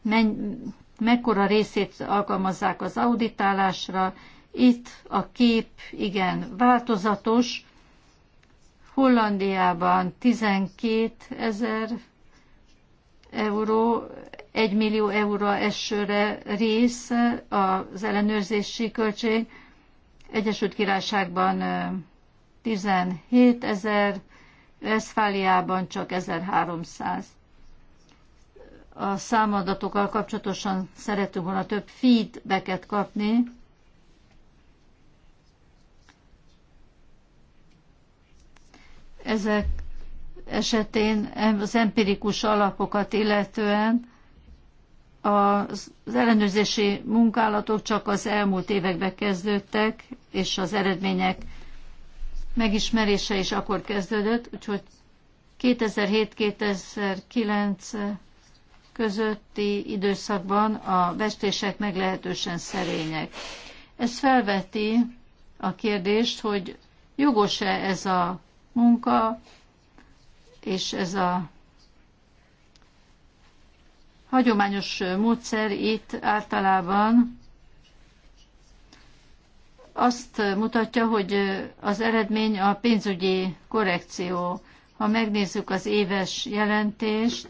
menny, mekkora részét alkalmazzák az auditálásra. Itt a kép igen változatos. Hollandiában 12 ezer euró, 1 millió euró esőre rész az ellenőrzési költség, Egyesült Királyságban 17 ezer, Eszfáliában csak 1300. A számadatokkal kapcsolatosan szeretünk volna több feedbacket kapni, ezek esetén az empirikus alapokat illetően az ellenőrzési munkálatok csak az elmúlt években kezdődtek, és az eredmények megismerése is akkor kezdődött, úgyhogy 2007-2009 közötti időszakban a vestések meglehetősen szerények. Ez felveti a kérdést, hogy jogos-e ez a munka és ez a hagyományos módszer itt általában azt mutatja, hogy az eredmény a pénzügyi korrekció. Ha megnézzük az éves jelentést,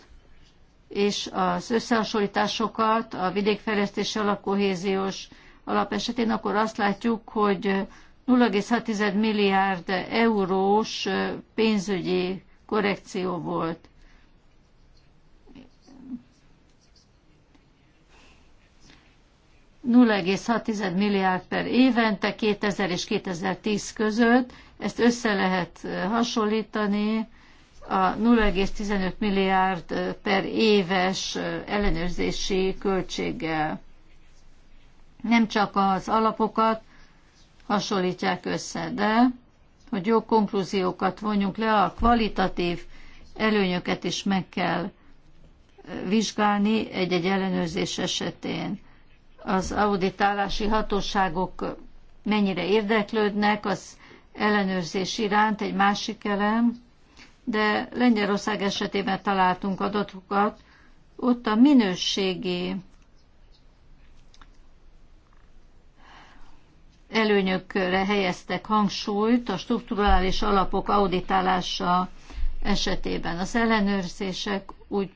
és az összehasonlításokat a vidékfejlesztési alapkohéziós alap esetén, akkor azt látjuk, hogy 0,6 milliárd eurós pénzügyi korrekció volt. 0,6 milliárd per évente 2000 és 2010 között. Ezt össze lehet hasonlítani a 0,15 milliárd per éves ellenőrzési költséggel. Nem csak az alapokat hasonlítják össze, de hogy jó konklúziókat vonjunk le, a kvalitatív előnyöket is meg kell vizsgálni egy-egy ellenőrzés esetén az auditálási hatóságok mennyire érdeklődnek az ellenőrzés iránt, egy másik elem, de Lengyelország esetében találtunk adatokat, ott a minőségi előnyökre helyeztek hangsúlyt a strukturális alapok auditálása esetében. Az ellenőrzések úgy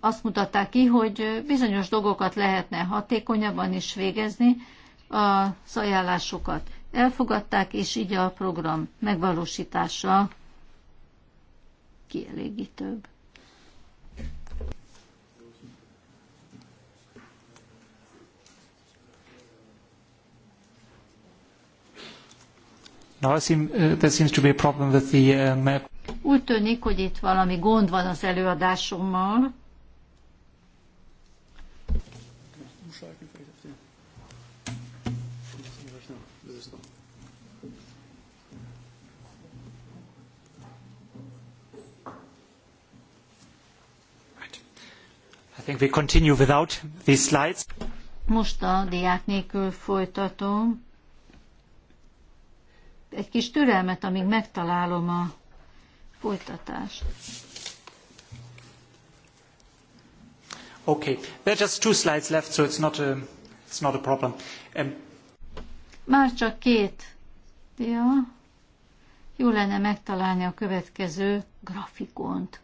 azt mutatták ki, hogy bizonyos dolgokat lehetne hatékonyabban is végezni, az ajánlásokat elfogadták, és így a program megvalósítása kielégítőbb. Now I seem, uh, there seems to be a problem with the uh, map. Úgy tűnik, hogy itt valami gond van az előadásommal. think we continue without these slides. Most a diák nélkül folytatom. Egy kis türelmet, amíg megtalálom a folytatást. Okay, there are just two slides left, so it's not a, it's not a problem. Um, Már csak két. Ja. Jó lenne megtalálni a következő grafikont.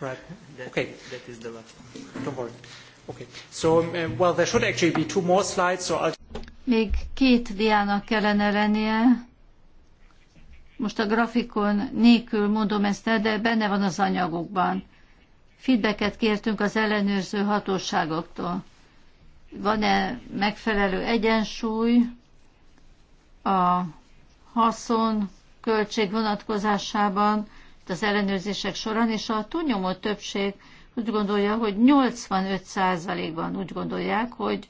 Right. That, okay. That is the last one. Don't worry. Okay. So, um, well, there should actually be two more slides, so I'll... Még két diának kellene lennie. Most a grafikon nélkül mondom ezt el, de benne van az anyagokban. Feedbacket kértünk az ellenőrző hatóságoktól. Van-e megfelelő egyensúly a haszon költség vonatkozásában, az ellenőrzések során, és a túlnyomó többség úgy gondolja, hogy 85%-ban úgy gondolják, hogy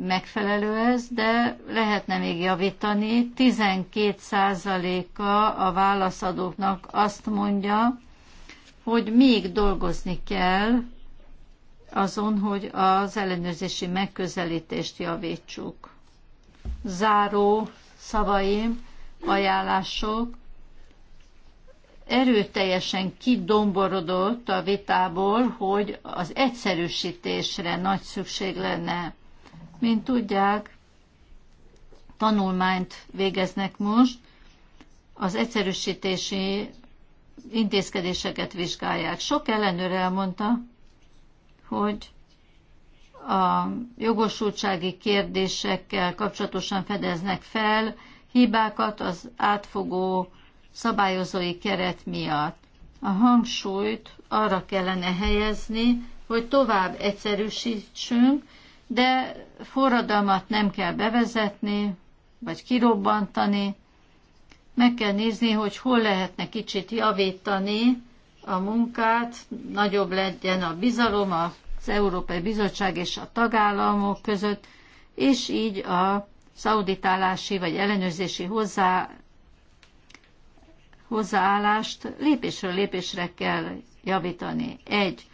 megfelelő ez, de lehetne még javítani. 12%-a a válaszadóknak azt mondja, hogy még dolgozni kell azon, hogy az ellenőrzési megközelítést javítsuk. Záró szavaim, ajánlások erőteljesen kidomborodott a vitából, hogy az egyszerűsítésre nagy szükség lenne. Mint tudják, tanulmányt végeznek most, az egyszerűsítési intézkedéseket vizsgálják. Sok ellenőr elmondta, hogy a jogosultsági kérdésekkel kapcsolatosan fedeznek fel hibákat az átfogó szabályozói keret miatt. A hangsúlyt arra kellene helyezni, hogy tovább egyszerűsítsünk, de forradalmat nem kell bevezetni, vagy kirobbantani. Meg kell nézni, hogy hol lehetne kicsit javítani a munkát, nagyobb legyen a bizalom az Európai Bizottság és a tagállamok között, és így a szauditálási vagy ellenőrzési hozzá hozzáállást lépésről lépésre kell javítani. Egy,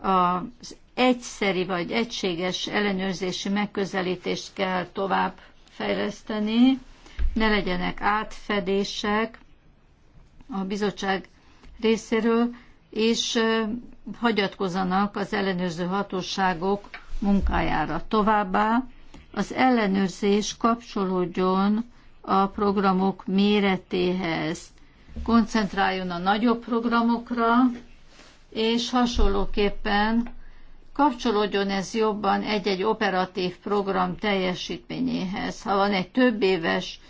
az egyszeri vagy egységes ellenőrzési megközelítést kell tovább fejleszteni, ne legyenek átfedések a bizottság részéről, és hagyatkozanak az ellenőrző hatóságok munkájára. Továbbá az ellenőrzés kapcsolódjon a programok méretéhez, koncentráljon a nagyobb programokra, és hasonlóképpen kapcsolódjon ez jobban egy-egy operatív program teljesítményéhez. Ha van egy több éves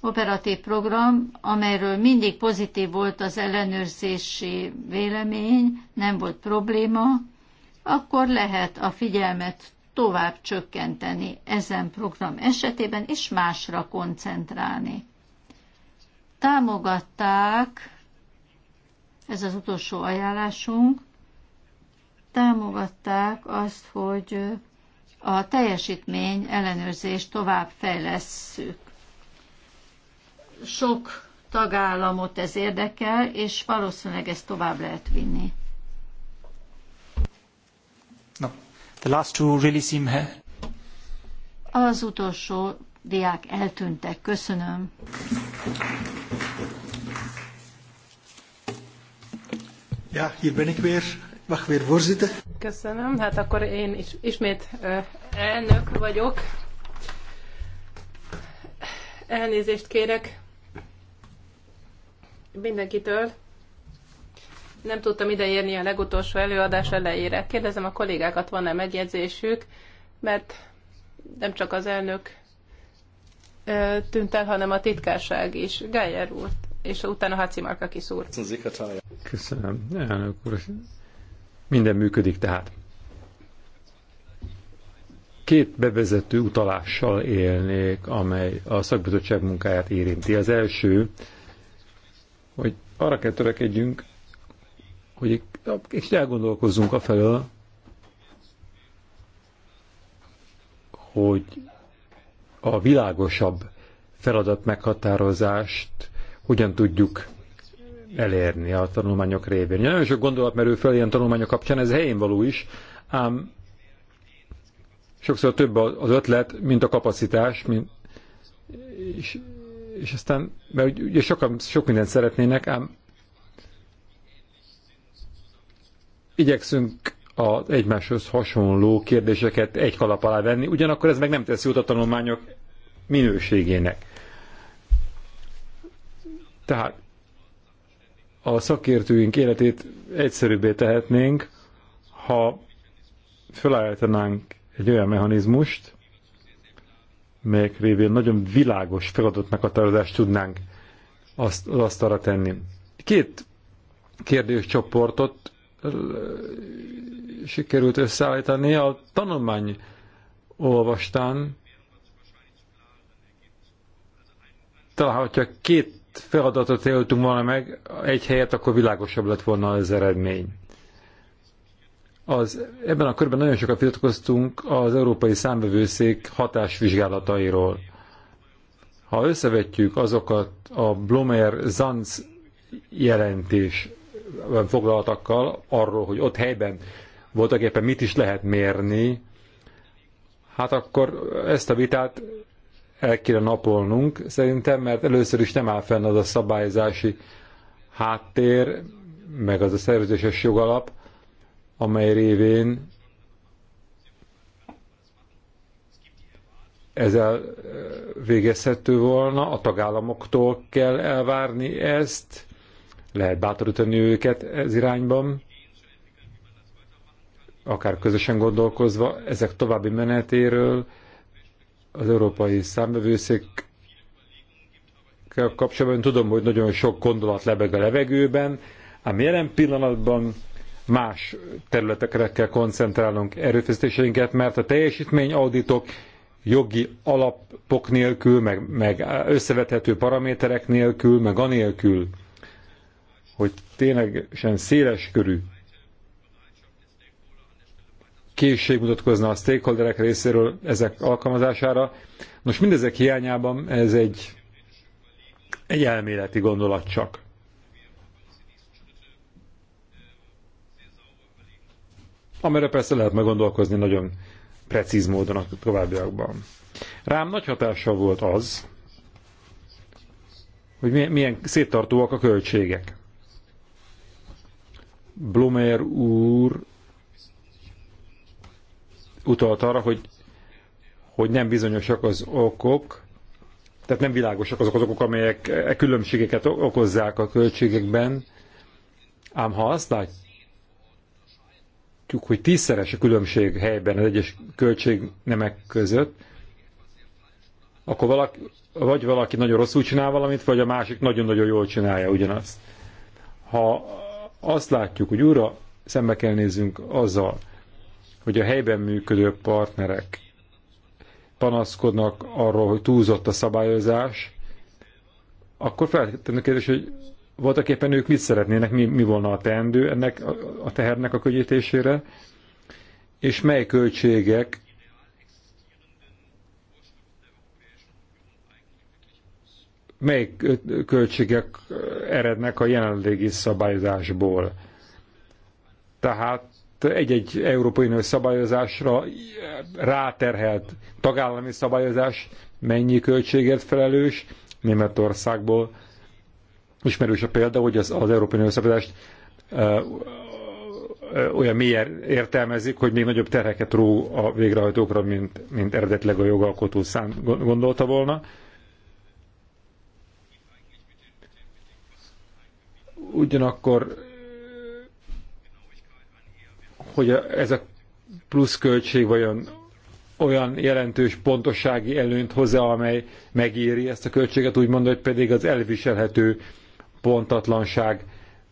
operatív program, amelyről mindig pozitív volt az ellenőrzési vélemény, nem volt probléma, akkor lehet a figyelmet tovább csökkenteni ezen program esetében, és másra koncentrálni támogatták, ez az utolsó ajánlásunk, támogatták azt, hogy a teljesítmény ellenőrzést tovább fejlesszük. Sok tagállamot ez érdekel, és valószínűleg ezt tovább lehet vinni. No. The last two really seem... Az utolsó diák eltűntek. Köszönöm. Ja, hier ben ik weer. Mag weer voorzitter. Köszönöm. Hát akkor én is, ismét elnök vagyok. Elnézést kérek mindenkitől. Nem tudtam ideérni a legutolsó előadás elejére. Kérdezem a kollégákat, van-e megjegyzésük, mert nem csak az elnök tűnt el, hanem a titkárság is. Geyer úr, és utána Haci Marka kiszúr. Köszönöm, elnök úr. Minden működik tehát. Két bevezető utalással élnék, amely a szakbizottság munkáját érinti. Az első, hogy arra kell törekedjünk, hogy és elgondolkozzunk felől, hogy a világosabb feladat meghatározást hogyan tudjuk elérni a tanulmányok révén. Nagyon sok gondolat merül fel ilyen tanulmányok kapcsán, ez helyén való is, ám sokszor több az ötlet, mint a kapacitás, mint, és, és aztán, mert ugye sokan sok mindent szeretnének, ám igyekszünk az egymáshoz hasonló kérdéseket egy kalap alá venni, ugyanakkor ez meg nem tesz jót a tanulmányok minőségének. Tehát a szakértőink életét egyszerűbbé tehetnénk, ha felállítanánk egy olyan mechanizmust, melyek révén nagyon világos feladat meghatározást tudnánk azt, az asztalra tenni. Két kérdéscsoportot sikerült összeállítani a tanulmány olvastán talán, hogyha két feladatot éltünk volna meg egy helyet, akkor világosabb lett volna az eredmény. Az, ebben a körben nagyon sokat vitatkoztunk az Európai Számbevőszék hatásvizsgálatairól. Ha összevetjük azokat a Blomer-Zanz jelentés foglaltakkal arról, hogy ott helyben voltak éppen mit is lehet mérni, hát akkor ezt a vitát el kéne napolnunk szerintem, mert először is nem áll fenn az a szabályzási háttér, meg az a szerződéses jogalap, amely révén ezzel végezhető volna, a tagállamoktól kell elvárni ezt, lehet bátorítani őket ez irányban, akár közösen gondolkozva, ezek további menetéről az európai számbevőszék kapcsolatban tudom, hogy nagyon sok gondolat lebeg a levegőben, ám jelen pillanatban más területekre kell koncentrálnunk erőfeszítéseinket, mert a teljesítmény auditok jogi alapok nélkül, meg, meg összevethető paraméterek nélkül, meg anélkül, hogy ténylegesen széles körű készség mutatkozna a stakeholderek részéről ezek alkalmazására. Nos, mindezek hiányában ez egy, egy elméleti gondolat csak. amire persze lehet meggondolkozni nagyon precíz módon a továbbiakban. Rám nagy hatással volt az, hogy milyen, milyen széttartóak a költségek. Blumer úr utalt arra, hogy, hogy nem bizonyosak az okok, tehát nem világosak azok az okok, amelyek e különbségeket okozzák a költségekben, ám ha azt látjuk, hogy tízszeres a különbség helyben az egyes költségnemek között, akkor valaki, vagy valaki nagyon rosszul csinál valamit, vagy a másik nagyon-nagyon jól csinálja ugyanazt. Ha azt látjuk, hogy újra szembe kell nézzünk azzal, hogy a helyben működő partnerek panaszkodnak arról, hogy túlzott a szabályozás, akkor feltettem a kérdés, hogy voltak éppen ők mit szeretnének, mi, mi volna a teendő ennek a, a tehernek a kögyítésére, és mely költségek mely költségek erednek a jelenlegi szabályozásból. Tehát egy-egy Európai nő szabályozásra ráterhelt tagállami szabályozás mennyi költséget felelős. Németországból ismerős a példa, hogy az, az Európai nő szabályozást ö, ö, olyan mélyen értelmezik, hogy még nagyobb terheket ró a végrehajtókra, mint, mint eredetileg a jogalkotó szám gondolta volna. Ugyanakkor, hogy ez a költség vajon olyan jelentős pontossági előnyt hozzá, amely megéri ezt a költséget, úgymond, hogy pedig az elviselhető pontatlanság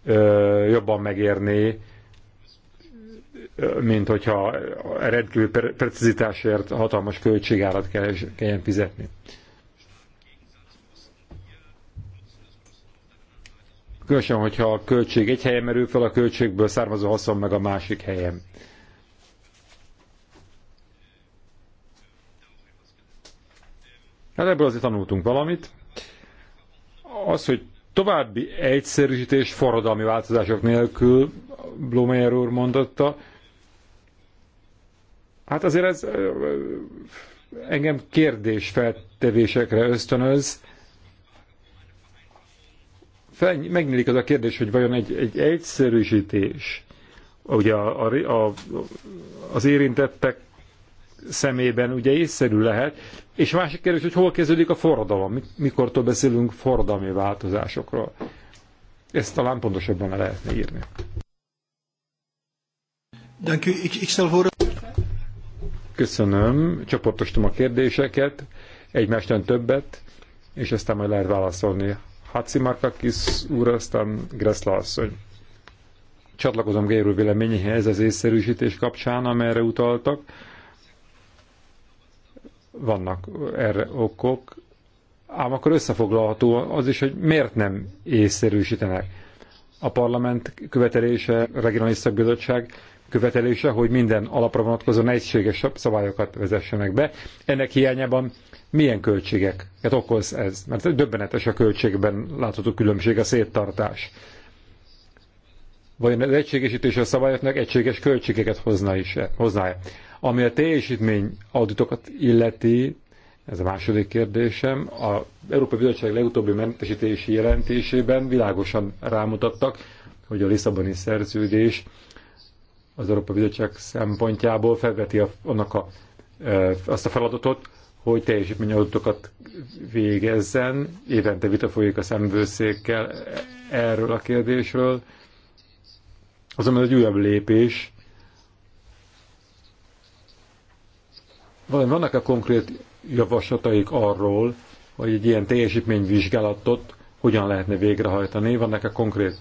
ö, jobban megérné, mint hogyha rendkívül precizitásért hatalmas költségárat kelljen fizetni. Különösen, hogyha a költség egy helyen merül fel, a költségből származó haszon meg a másik helyen. Hát ebből azért tanultunk valamit. Az, hogy további egyszerűsítés forradalmi változások nélkül, Blumeyer úr mondotta, hát azért ez engem kérdés feltevésekre ösztönöz, megnyílik az a kérdés, hogy vajon egy, egy egyszerűsítés ugye a, a, a, az érintettek szemében ugye észszerű lehet, és másik kérdés, hogy hol kezdődik a forradalom, mikor beszélünk forradalmi változásokról. Ezt talán pontosabban le lehetne írni. Köszönöm, csoportosítom a kérdéseket, egymástán többet, és aztán majd lehet válaszolni, Hacimakakis úr, aztán Greszla asszony. Csatlakozom Gérő véleményéhez az észszerűsítés kapcsán, amelyre utaltak. Vannak erre okok, ám akkor összefoglalható az is, hogy miért nem észszerűsítenek. A parlament követelése, a regionális szakbizottság követelése, hogy minden alapra vonatkozó egységes szabályokat vezessenek be. Ennek hiányában milyen költségeket hát okoz ez? Mert döbbenetes a költségben látható különbség a széttartás. Vajon az egységesítés a szabályoknak egységes költségeket hozna is -e, hozná -e? Ami a teljesítmény auditokat illeti, ez a második kérdésem, a Európai Bizottság legutóbbi mentesítési jelentésében világosan rámutattak, hogy a Lisszaboni szerződés az Európai Bizottság szempontjából felveti a, annak a, e, azt a feladatot, hogy teljesítményadatokat végezzen. Évente vita folyik a szemvőszékkel erről a kérdésről. Azonban egy újabb lépés. Vannak a konkrét javaslataik arról, hogy egy ilyen teljesítményvizsgálatot hogyan lehetne végrehajtani? Vannak a konkrét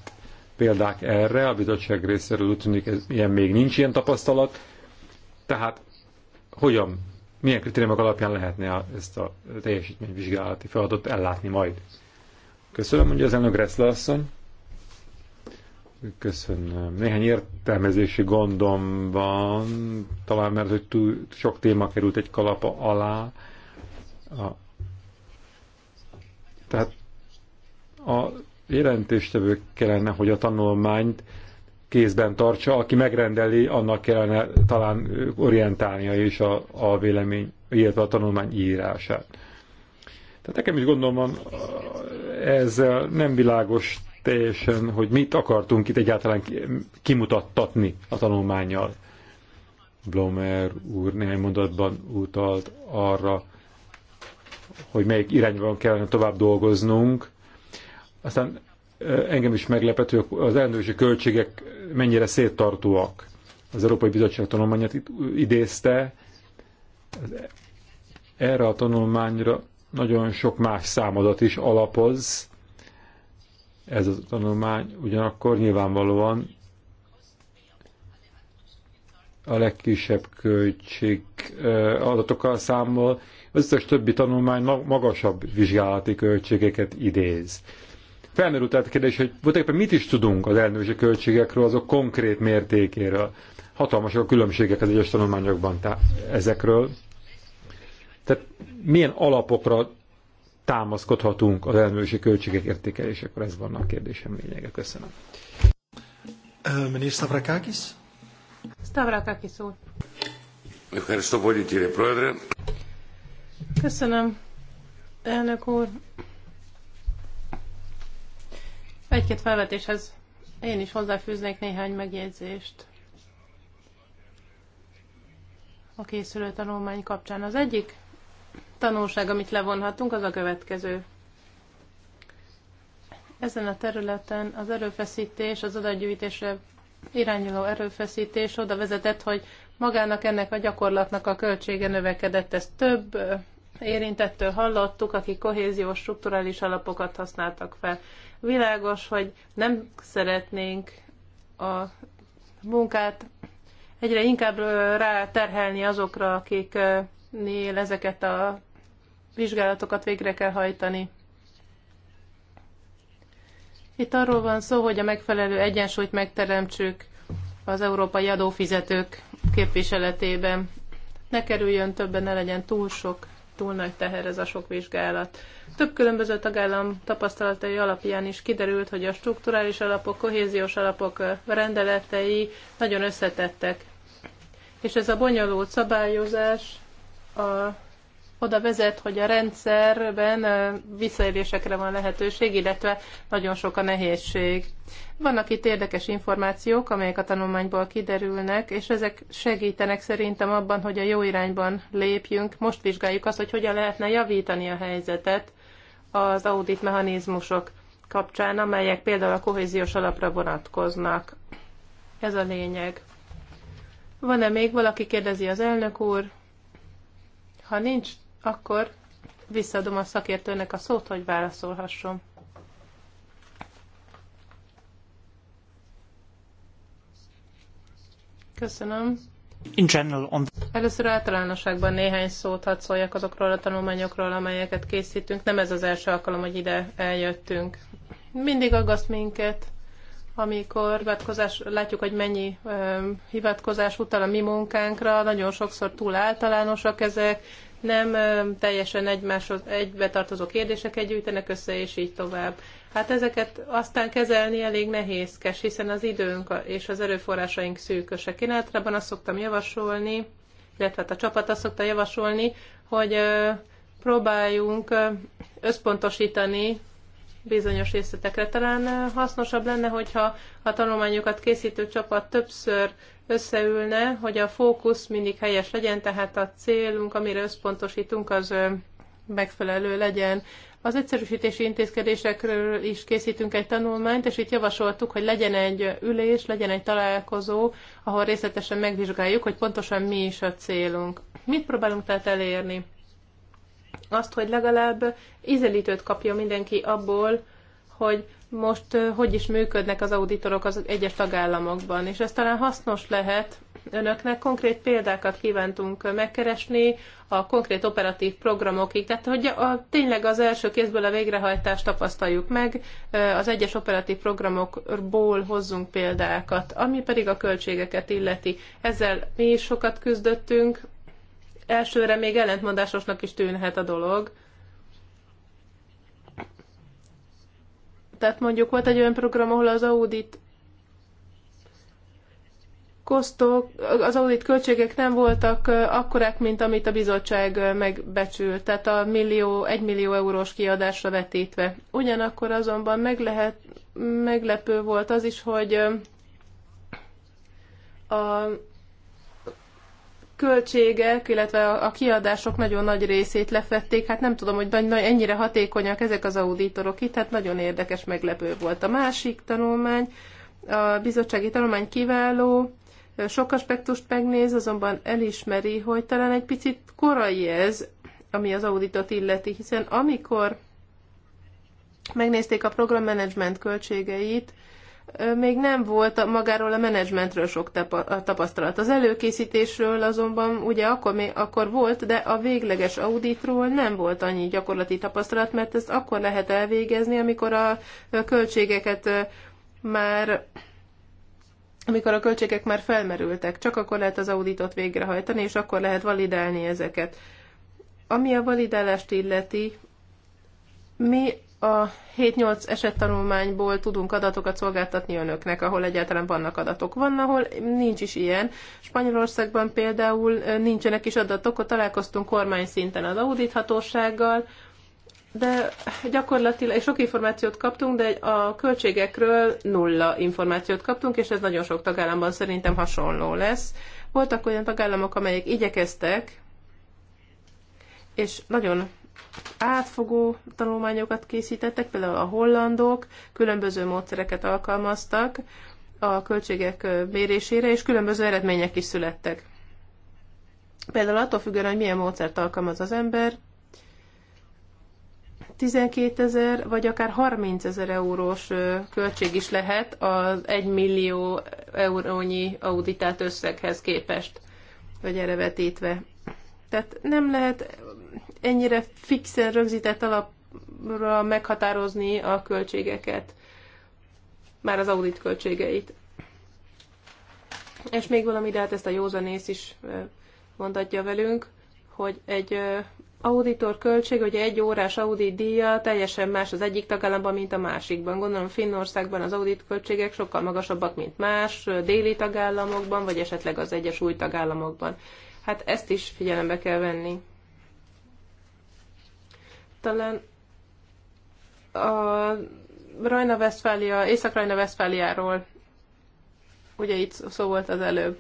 példák erre? A bizottság részéről úgy tűnik, ez, ilyen még nincs ilyen tapasztalat. Tehát hogyan milyen kritériumok alapján lehetne ezt a teljesítményvizsgálati feladatot ellátni majd. Köszönöm, hogy az elnök Reszle asszony. Köszönöm. Néhány értelmezési gondom van, talán mert hogy túl sok téma került egy kalapa alá. A, tehát a jelentéstevők kellene, hogy a tanulmányt kézben tartsa, aki megrendeli, annak kellene talán orientálnia is a, a vélemény, illetve a tanulmány írását. Tehát nekem is gondolom van, ezzel nem világos teljesen, hogy mit akartunk itt egyáltalán kimutattatni a tanulmányjal. Blomer úr néhány mondatban utalt arra, hogy melyik irányban kellene tovább dolgoznunk. Aztán engem is meglepető az elnökségi költségek mennyire széttartóak. Az Európai Bizottság tanulmányát idézte, erre a tanulmányra nagyon sok más számadat is alapoz. Ez a tanulmány ugyanakkor nyilvánvalóan a legkisebb költség adatokkal számol, az összes többi tanulmány magasabb vizsgálati költségeket idéz. Felmerült a kérdés, hogy éppen mit is tudunk az elnőzsi költségekről, azok konkrét mértékéről. Hatalmasak a különbségek az egyes tanulmányokban tehát ezekről. Tehát milyen alapokra támaszkodhatunk az elnőzsi költségek értékelésekor? Ez van a kérdésem lényege. Köszönöm. Minister Stavrakakis? Stavrakakis úr. Köszönöm, elnök úr. Egy-két felvetéshez én is hozzáfűznék néhány megjegyzést a készülő tanulmány kapcsán. Az egyik tanulság, amit levonhatunk, az a következő. Ezen a területen az erőfeszítés, az adatgyűjtésre irányuló erőfeszítés oda vezetett, hogy magának ennek a gyakorlatnak a költsége növekedett. Ezt több érintettől hallottuk, akik kohéziós, strukturális alapokat használtak fel. Világos, hogy nem szeretnénk a munkát egyre inkább ráterhelni azokra, akiknél ezeket a vizsgálatokat végre kell hajtani. Itt arról van szó, hogy a megfelelő egyensúlyt megteremtsük az európai adófizetők képviseletében. Ne kerüljön többen, ne legyen túl sok túl nagy teher ez a sok vizsgálat. Több különböző tagállam tapasztalatai alapján is kiderült, hogy a strukturális alapok, kohéziós alapok rendeletei nagyon összetettek. És ez a bonyolult szabályozás a, oda vezet, hogy a rendszerben visszaélésekre van lehetőség, illetve nagyon sok a nehézség. Vannak itt érdekes információk, amelyek a tanulmányból kiderülnek, és ezek segítenek szerintem abban, hogy a jó irányban lépjünk. Most vizsgáljuk azt, hogy hogyan lehetne javítani a helyzetet az audit mechanizmusok kapcsán, amelyek például a kohéziós alapra vonatkoznak. Ez a lényeg. Van-e még valaki, kérdezi az elnök úr? Ha nincs, akkor visszadom a szakértőnek a szót, hogy válaszolhasson. Köszönöm. In general on... Először általánosságban néhány szót hadd szóljak azokról a tanulmányokról, amelyeket készítünk. Nem ez az első alkalom, hogy ide eljöttünk. Mindig aggaszt minket, amikor hivatkozás, látjuk, hogy mennyi ö, hivatkozás utal a mi munkánkra, nagyon sokszor túl általánosak ezek, nem teljesen egymáshoz tartozó kérdéseket gyűjtenek össze, és így tovább. Hát ezeket aztán kezelni elég nehézkes, hiszen az időnk és az erőforrásaink szűkösek. Én általában azt szoktam javasolni, illetve hát a csapat azt szokta javasolni, hogy próbáljunk összpontosítani bizonyos részletekre. Talán hasznosabb lenne, hogyha a tanulmányokat készítő csapat többször összeülne, hogy a fókusz mindig helyes legyen, tehát a célunk, amire összpontosítunk, az megfelelő legyen. Az egyszerűsítési intézkedésekről is készítünk egy tanulmányt, és itt javasoltuk, hogy legyen egy ülés, legyen egy találkozó, ahol részletesen megvizsgáljuk, hogy pontosan mi is a célunk. Mit próbálunk tehát elérni? azt, hogy legalább ízelítőt kapja mindenki abból, hogy most hogy is működnek az auditorok az egyes tagállamokban. És ez talán hasznos lehet önöknek. Konkrét példákat kívántunk megkeresni a konkrét operatív programokig. Tehát, hogy a, tényleg az első kézből a végrehajtást tapasztaljuk meg, az egyes operatív programokból hozzunk példákat. Ami pedig a költségeket illeti. Ezzel mi is sokat küzdöttünk, elsőre még ellentmondásosnak is tűnhet a dolog. Tehát mondjuk volt egy olyan program, ahol az audit kosztok, az audit költségek nem voltak akkorák, mint amit a bizottság megbecsült, tehát a millió, egy millió eurós kiadásra vetítve. Ugyanakkor azonban meg lehet, meglepő volt az is, hogy a költségek, illetve a kiadások nagyon nagy részét lefették. Hát nem tudom, hogy nagy, ennyire hatékonyak ezek az auditorok itt, hát nagyon érdekes, meglepő volt. A másik tanulmány, a bizottsági tanulmány kiváló, sok aspektust megnéz, azonban elismeri, hogy talán egy picit korai ez, ami az auditot illeti, hiszen amikor megnézték a programmenedzsment költségeit, még nem volt magáról a menedzsmentről sok tapasztalat. Az előkészítésről azonban ugye akkor, még, akkor volt, de a végleges auditról nem volt annyi gyakorlati tapasztalat, mert ezt akkor lehet elvégezni, amikor a költségeket már amikor a költségek már felmerültek, csak akkor lehet az auditot végrehajtani, és akkor lehet validálni ezeket. Ami a validálást illeti, mi a 7-8 esettanulmányból tudunk adatokat szolgáltatni önöknek, ahol egyáltalán vannak adatok. Van, ahol nincs is ilyen. Spanyolországban például nincsenek is adatok, ott találkoztunk kormány szinten az audíthatósággal, de gyakorlatilag sok információt kaptunk, de a költségekről nulla információt kaptunk, és ez nagyon sok tagállamban szerintem hasonló lesz. Voltak olyan tagállamok, amelyek igyekeztek, és nagyon átfogó tanulmányokat készítettek, például a hollandok különböző módszereket alkalmaztak a költségek mérésére, és különböző eredmények is születtek. Például attól függően, hogy milyen módszert alkalmaz az ember, 12 ezer, vagy akár 30 ezer eurós költség is lehet az 1 millió eurónyi auditált összeghez képest, vagy erre vetítve. Tehát nem lehet ennyire fixen rögzített alapra meghatározni a költségeket, már az audit költségeit. És még valami, de hát ezt a józanész is mondatja velünk, hogy egy auditor költség, hogy egy órás audit díja teljesen más az egyik tagállamban, mint a másikban. Gondolom Finnországban az audit költségek sokkal magasabbak, mint más déli tagállamokban, vagy esetleg az egyes új tagállamokban. Hát ezt is figyelembe kell venni talán a Rajna-Veszfália, Észak-Rajna-Veszfáliáról, ugye itt szó volt az előbb.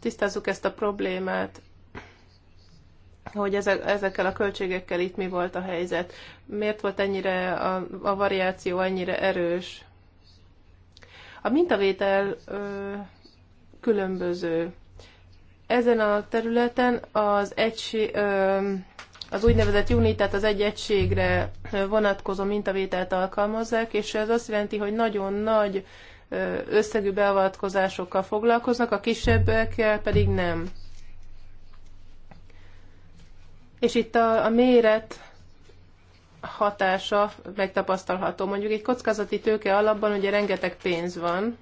Tisztázzuk ezt a problémát, hogy ezekkel a költségekkel itt mi volt a helyzet. Miért volt ennyire a, a variáció ennyire erős? A mintavétel ö, különböző. Ezen a területen az egység, ö, az úgynevezett unit, tehát az egy egységre vonatkozó mintavételt alkalmazzák, és ez azt jelenti, hogy nagyon nagy összegű beavatkozásokkal foglalkoznak, a kisebbekkel pedig nem. És itt a, a méret hatása megtapasztalható. Mondjuk egy kockázati tőke alapban ugye rengeteg pénz van,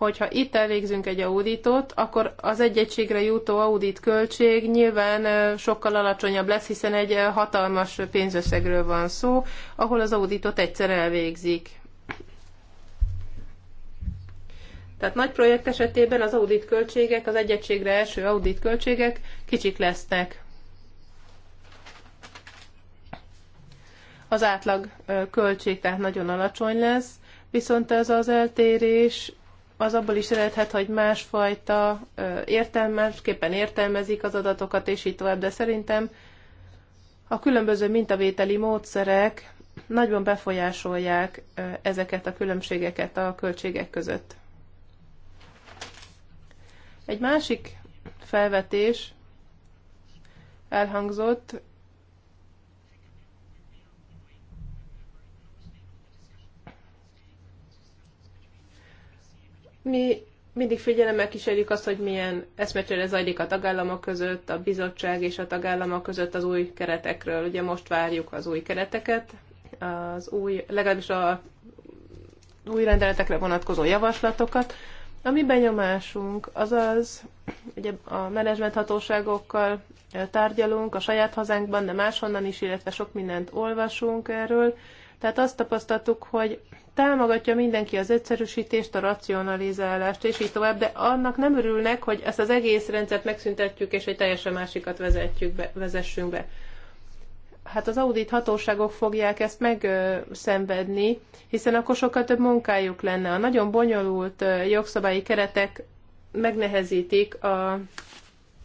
hogyha itt elvégzünk egy auditot, akkor az egy egységre jutó audit költség nyilván sokkal alacsonyabb lesz, hiszen egy hatalmas pénzösszegről van szó, ahol az auditot egyszer elvégzik. Tehát nagy projekt esetében az audit költségek, az egy egységre első audit költségek kicsik lesznek. Az átlag költség tehát nagyon alacsony lesz, viszont ez az eltérés az abból is eredhet, hogy másfajta értelmesképpen értelmezik az adatokat, és így tovább, de szerintem a különböző mintavételi módszerek nagyban befolyásolják ezeket a különbségeket a költségek között. Egy másik felvetés elhangzott, Mi mindig figyelemmel kísérjük azt, hogy milyen eszmecsere zajlik a tagállamok között, a bizottság és a tagállamok között az új keretekről. Ugye most várjuk az új kereteket, az új, legalábbis a új rendeletekre vonatkozó javaslatokat. A mi benyomásunk az az, ugye a menedzsment hatóságokkal tárgyalunk a saját hazánkban, de máshonnan is, illetve sok mindent olvasunk erről, tehát azt tapasztaltuk, hogy támogatja mindenki az egyszerűsítést, a racionalizálást, és így tovább, de annak nem örülnek, hogy ezt az egész rendszert megszüntetjük, és egy teljesen másikat vezetjük be, vezessünk be. Hát az audit hatóságok fogják ezt megszenvedni, hiszen akkor sokkal több munkájuk lenne. A nagyon bonyolult jogszabályi keretek megnehezítik a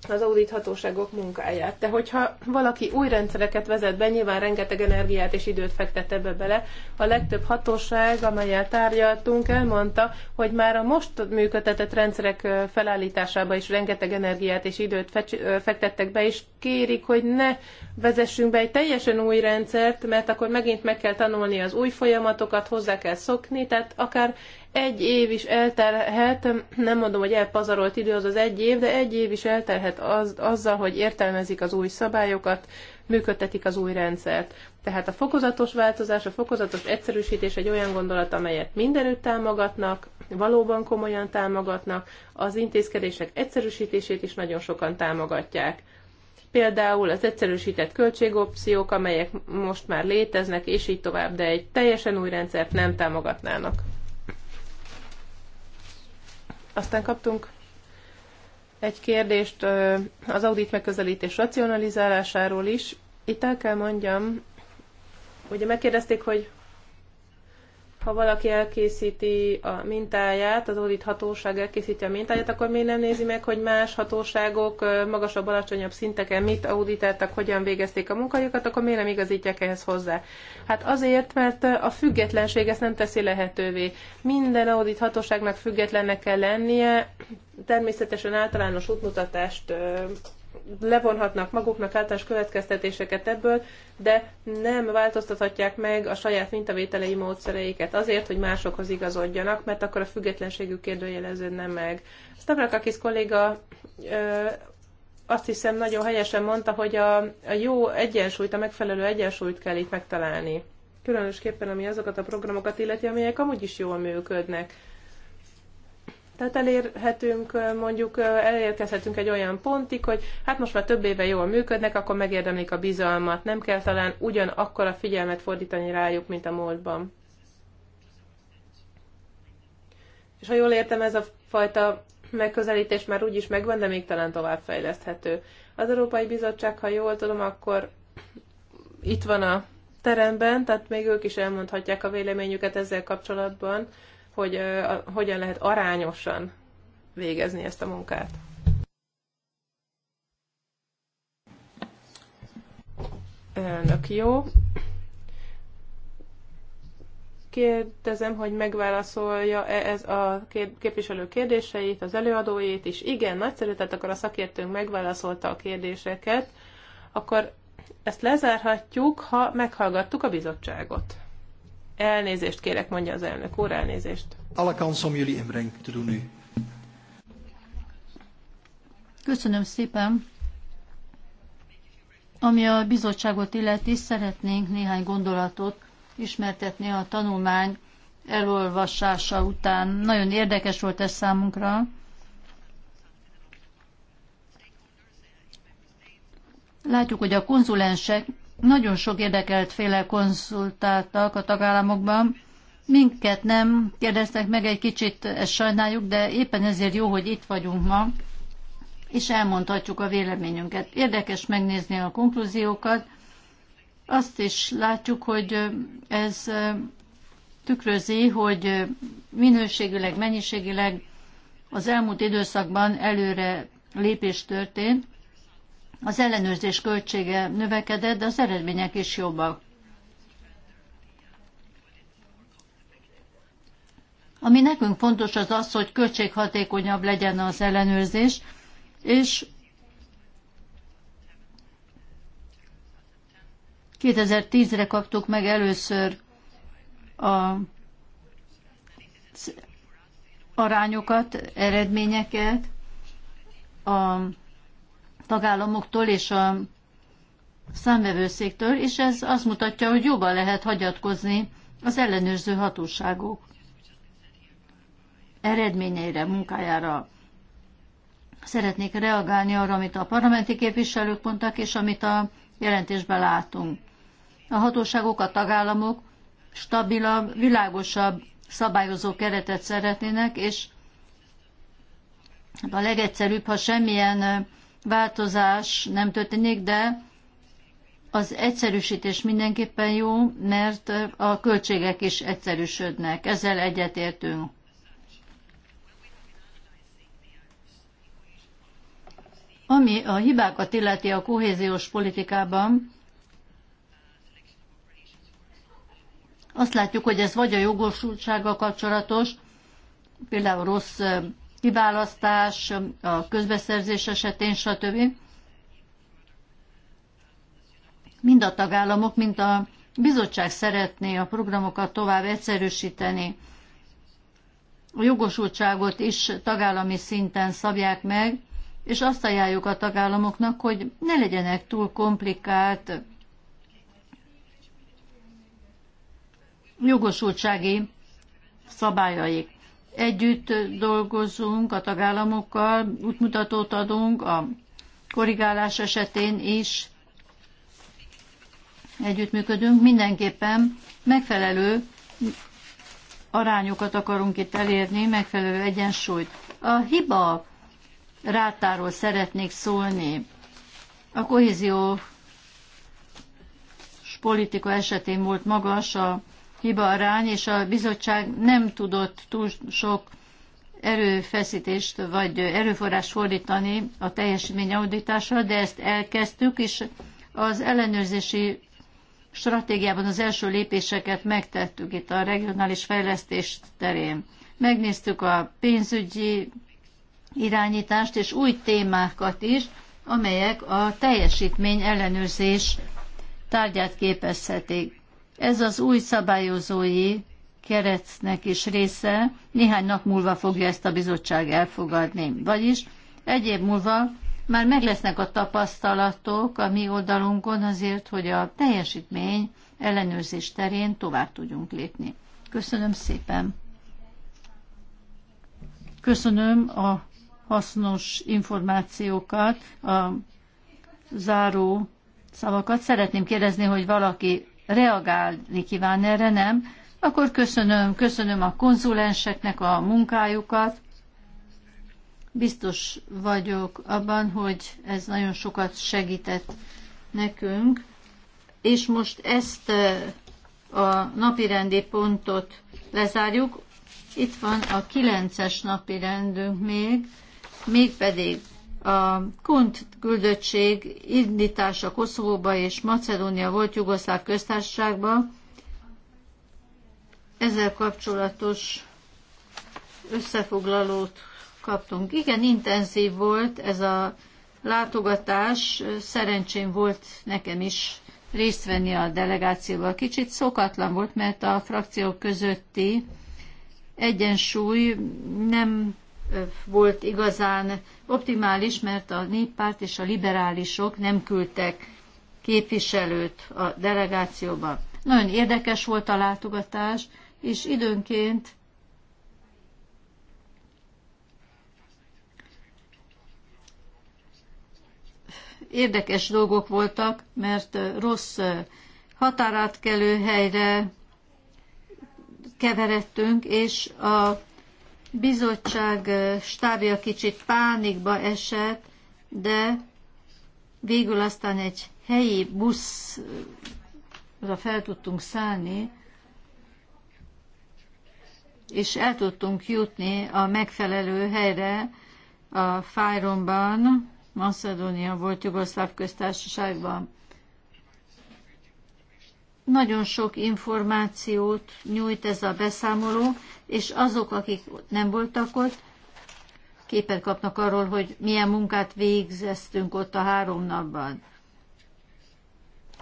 az audíthatóságok munkáját. De hogyha valaki új rendszereket vezet be, nyilván rengeteg energiát és időt fektet ebbe bele. A legtöbb hatóság, amelyel tárgyaltunk, elmondta, hogy már a most működtetett rendszerek felállításába is rengeteg energiát és időt fektettek be, és kérik, hogy ne vezessünk be egy teljesen új rendszert, mert akkor megint meg kell tanulni az új folyamatokat, hozzá kell szokni, tehát akár egy év is eltelhet, nem mondom, hogy elpazarolt idő az az egy év, de egy év is eltelhet az, azzal, hogy értelmezik az új szabályokat, működtetik az új rendszert. Tehát a fokozatos változás, a fokozatos egyszerűsítés egy olyan gondolat, amelyet mindenütt támogatnak, valóban komolyan támogatnak, az intézkedések egyszerűsítését is nagyon sokan támogatják. Például az egyszerűsített költségopciók, amelyek most már léteznek, és így tovább, de egy teljesen új rendszert nem támogatnának. Aztán kaptunk egy kérdést az audit megközelítés racionalizálásáról is. Itt el kell mondjam, ugye megkérdezték, hogy ha valaki elkészíti a mintáját, az audit hatóság elkészíti a mintáját, akkor miért nem nézi meg, hogy más hatóságok magasabb, alacsonyabb szinteken mit auditáltak, hogyan végezték a munkájukat, akkor miért nem igazítják ehhez hozzá? Hát azért, mert a függetlenség ezt nem teszi lehetővé. Minden audit hatóságnak függetlennek kell lennie, természetesen általános útmutatást levonhatnak maguknak általános következtetéseket ebből, de nem változtathatják meg a saját mintavételei módszereiket azért, hogy másokhoz igazodjanak, mert akkor a függetlenségük kérdőjeleződne meg. Stavrakakis kolléga ö, azt hiszem nagyon helyesen mondta, hogy a, a jó egyensúlyt, a megfelelő egyensúlyt kell itt megtalálni. Különösképpen, ami azokat a programokat illeti, amelyek amúgy is jól működnek tehát elérhetünk, mondjuk elérkezhetünk egy olyan pontig, hogy hát most már több éve jól működnek, akkor megérdemlik a bizalmat. Nem kell talán ugyanakkor a figyelmet fordítani rájuk, mint a múltban. És ha jól értem, ez a fajta megközelítés már úgyis megvan, de még talán továbbfejleszthető. Az Európai Bizottság, ha jól tudom, akkor itt van a teremben, tehát még ők is elmondhatják a véleményüket ezzel kapcsolatban, hogy hogyan lehet arányosan végezni ezt a munkát. Elnök, jó. Kérdezem, hogy megválaszolja-e ez a képviselő kérdéseit, az előadóit is. Igen, nagyszerű, tehát akkor a szakértőnk megválaszolta a kérdéseket. Akkor ezt lezárhatjuk, ha meghallgattuk a bizottságot. Elnézést kérek, mondja az elnök úr, elnézést. Alle kans om jullie inbreng te doen nu. Köszönöm szépen. Ami a bizottságot illeti, szeretnénk néhány gondolatot ismertetni a tanulmány elolvasása után. Nagyon érdekes volt ez számunkra. Látjuk, hogy a konzulensek nagyon sok érdekelt féle konzultáltak a tagállamokban, Minket nem kérdeztek meg, egy kicsit ezt sajnáljuk, de éppen ezért jó, hogy itt vagyunk ma, és elmondhatjuk a véleményünket. Érdekes megnézni a konklúziókat. Azt is látjuk, hogy ez tükrözi, hogy minőségileg, mennyiségileg az elmúlt időszakban előre lépés történt, az ellenőrzés költsége növekedett, de az eredmények is jobbak. Ami nekünk fontos az az, hogy költséghatékonyabb legyen az ellenőrzés, és 2010-re kaptuk meg először a arányokat, eredményeket, a tagállamoktól és a számvevőszéktől, és ez azt mutatja, hogy jobban lehet hagyatkozni az ellenőrző hatóságok eredményeire, munkájára. Szeretnék reagálni arra, amit a parlamenti képviselők mondtak, és amit a jelentésben látunk. A hatóságok, a tagállamok stabilabb, világosabb szabályozó keretet szeretnének, és hát a legegyszerűbb, ha semmilyen változás nem történik, de az egyszerűsítés mindenképpen jó, mert a költségek is egyszerűsödnek. Ezzel egyetértünk. Ami a hibákat illeti a kohéziós politikában, azt látjuk, hogy ez vagy a jogosultsággal kapcsolatos, például rossz kiválasztás, a közbeszerzés esetén, stb. Mind a tagállamok, mint a bizottság szeretné a programokat tovább egyszerűsíteni. A jogosultságot is tagállami szinten szabják meg, és azt ajánljuk a tagállamoknak, hogy ne legyenek túl komplikált jogosultsági szabályaik. Együtt dolgozunk a tagállamokkal, útmutatót adunk a korrigálás esetén is együttműködünk, mindenképpen megfelelő arányokat akarunk itt elérni, megfelelő egyensúlyt. A hiba rátáról szeretnék szólni. A kohéziós politika esetén volt magas a hibaarány, és a bizottság nem tudott túl sok erőfeszítést vagy erőforrás fordítani a teljesítmény auditásra, de ezt elkezdtük, és az ellenőrzési stratégiában az első lépéseket megtettük itt a regionális fejlesztés terén. Megnéztük a pénzügyi irányítást és új témákat is, amelyek a teljesítmény ellenőrzés tárgyát képezhetik. Ez az új szabályozói keretnek is része, néhány nap múlva fogja ezt a bizottság elfogadni. Vagyis egy év múlva már meg lesznek a tapasztalatok a mi oldalunkon azért, hogy a teljesítmény ellenőrzés terén tovább tudjunk lépni. Köszönöm szépen! Köszönöm a hasznos információkat, a záró szavakat. Szeretném kérdezni, hogy valaki reagálni kíván erre, nem? Akkor köszönöm, köszönöm a konzulenseknek a munkájukat. Biztos vagyok abban, hogy ez nagyon sokat segített nekünk. És most ezt eh, a napirendi pontot lezárjuk. Itt van a kilences napi rendünk még, mégpedig a Kunt küldöttség indítása Koszovóba és Macedónia volt Jugoszláv köztársaságba. Ezzel kapcsolatos összefoglalót kaptunk. Igen, intenzív volt ez a látogatás. Szerencsém volt nekem is részt venni a delegációval. Kicsit szokatlan volt, mert a frakciók közötti egyensúly nem volt igazán optimális, mert a néppárt és a liberálisok nem küldtek képviselőt a delegációba. Nagyon érdekes volt a látogatás, és időnként érdekes dolgok voltak, mert rossz határátkelő helyre keveredtünk, és a bizottság stábja kicsit pánikba esett, de végül aztán egy helyi buszra fel tudtunk szállni, és el tudtunk jutni a megfelelő helyre a Fájronban, Macedónia volt Jugoszláv köztársaságban. Nagyon sok információt nyújt ez a beszámoló, és azok, akik nem voltak ott, képet kapnak arról, hogy milyen munkát végeztünk ott a három napban.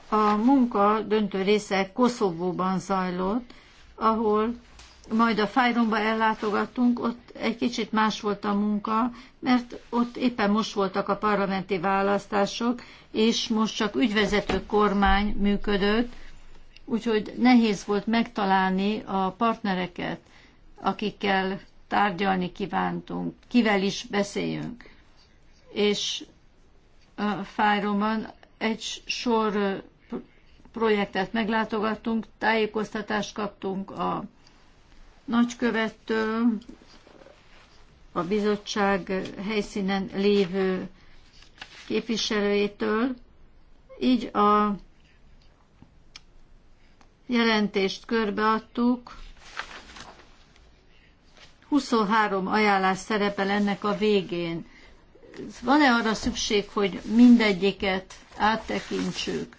A munka döntő része Koszovóban zajlott, ahol majd a Fájromba ellátogattunk, ott egy kicsit más volt a munka, mert ott éppen most voltak a parlamenti választások, és most csak ügyvezető kormány működött, úgyhogy nehéz volt megtalálni a partnereket, akikkel tárgyalni kívántunk, kivel is beszéljünk. És a fájróban egy sor projektet meglátogattunk, tájékoztatást kaptunk a nagykövettől, a bizottság helyszínen lévő képviselőjétől. Így a jelentést körbeadtuk. 23 ajánlás szerepel ennek a végén. Van-e arra szükség, hogy mindegyiket áttekintsük?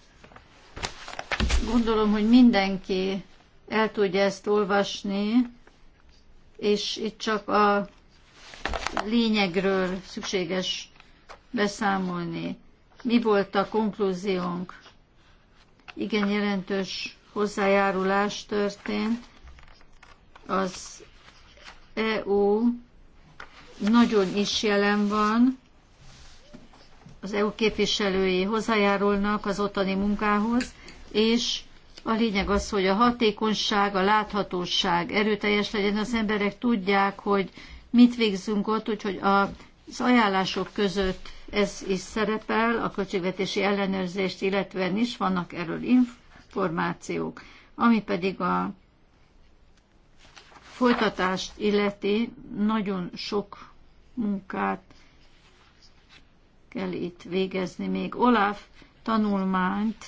Gondolom, hogy mindenki el tudja ezt olvasni, és itt csak a lényegről szükséges beszámolni. Mi volt a konklúziónk? Igen jelentős hozzájárulás történt. Az EU nagyon is jelen van, az EU képviselői hozzájárulnak az ottani munkához, és a lényeg az, hogy a hatékonyság, a láthatóság erőteljes legyen, az emberek tudják, hogy mit végzünk ott, úgyhogy az ajánlások között ez is szerepel, a költségvetési ellenőrzést illetően is vannak erről információk információk. Ami pedig a folytatást illeti, nagyon sok munkát kell itt végezni. Még Olaf tanulmányt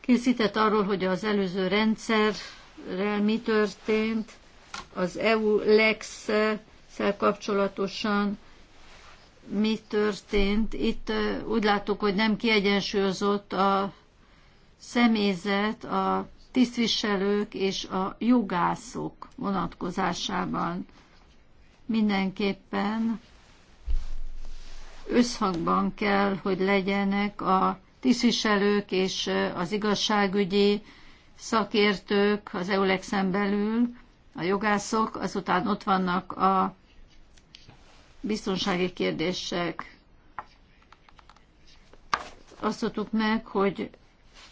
készített arról, hogy az előző rendszerrel mi történt, az EU-lex-szel kapcsolatosan mi történt. Itt úgy látok, hogy nem kiegyensúlyozott a személyzet a tisztviselők és a jogászok vonatkozásában mindenképpen összhangban kell, hogy legyenek a tisztviselők és az igazságügyi szakértők az EULEX-en belül, a jogászok, azután ott vannak a biztonsági kérdések. Azt tudtuk meg, hogy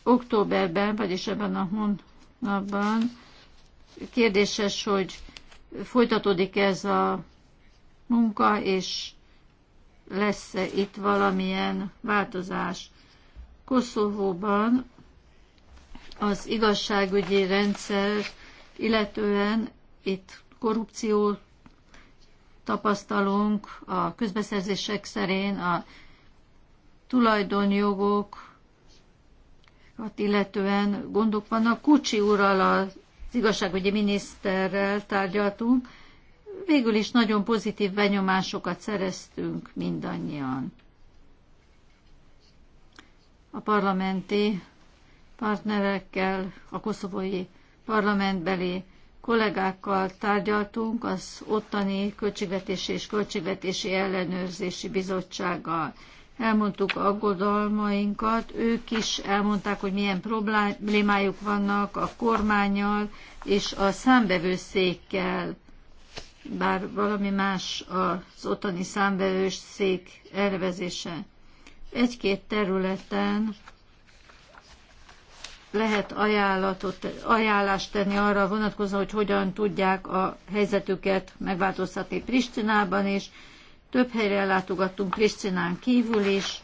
októberben, vagyis ebben a hónapban kérdéses, hogy folytatódik ez a munka, és lesz-e itt valamilyen változás. Koszovóban az igazságügyi rendszer, illetően itt korrupció tapasztalunk a közbeszerzések szerint, a tulajdonjogok hát illetően gondok vannak. Kucsi úrral az igazságügyi miniszterrel tárgyaltunk, végül is nagyon pozitív benyomásokat szereztünk mindannyian. A parlamenti partnerekkel, a koszovói parlamentbeli kollégákkal tárgyaltunk, az ottani Költségvetési és Költségvetési Ellenőrzési Bizottsággal elmondtuk aggodalmainkat, ők is elmondták, hogy milyen problémájuk vannak a kormányjal és a számbevőszékkel, bár valami más az otthoni számbevőszék elvezése. Egy-két területen lehet ajánlatot, ajánlást tenni arra vonatkozóan, hogy hogyan tudják a helyzetüket megváltoztatni Pristinában is, több helyre látogattunk Pristinán kívül is,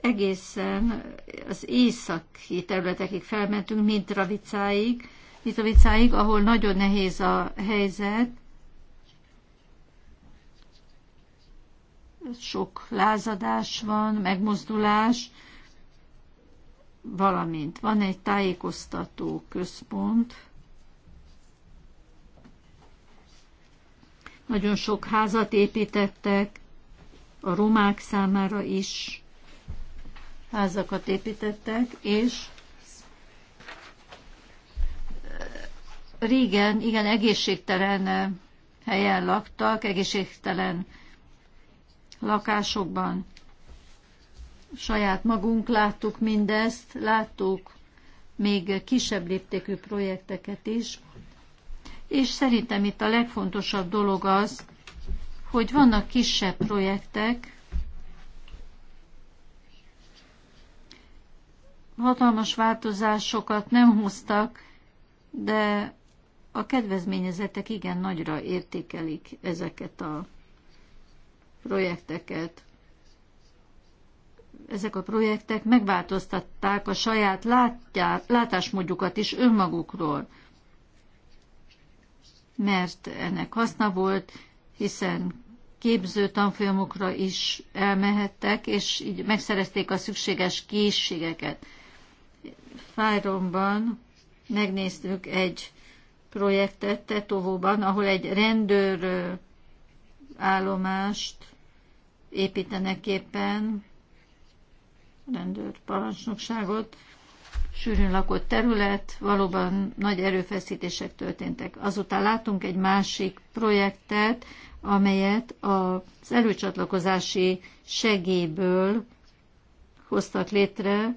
egészen az északi területekig felmentünk, mint Ravicáig, Ravicáig, ahol nagyon nehéz a helyzet. Sok lázadás van, megmozdulás, valamint van egy tájékoztató központ, Nagyon sok házat építettek, a romák számára is házakat építettek, és eh, régen igen egészségtelen eh, helyen laktak, egészségtelen lakásokban. Saját magunk láttuk mindezt, láttuk még kisebb léptékű projekteket is, és szerintem itt a legfontosabb dolog az, hogy vannak kisebb projektek, hatalmas változásokat nem hoztak, de a kedvezményezetek igen nagyra értékelik ezeket a projekteket. Ezek a projektek megváltoztatták a saját látjá, látásmódjukat is önmagukról mert ennek haszna volt, hiszen képző tanfolyamokra is elmehettek, és így megszerezték a szükséges készségeket. Fájromban megnéztük egy projektet Tetovóban, ahol egy rendőr állomást építenek éppen, rendőr parancsnokságot sűrűn lakott terület, valóban nagy erőfeszítések történtek. Azután látunk egy másik projektet, amelyet az előcsatlakozási segélyből hoztak létre,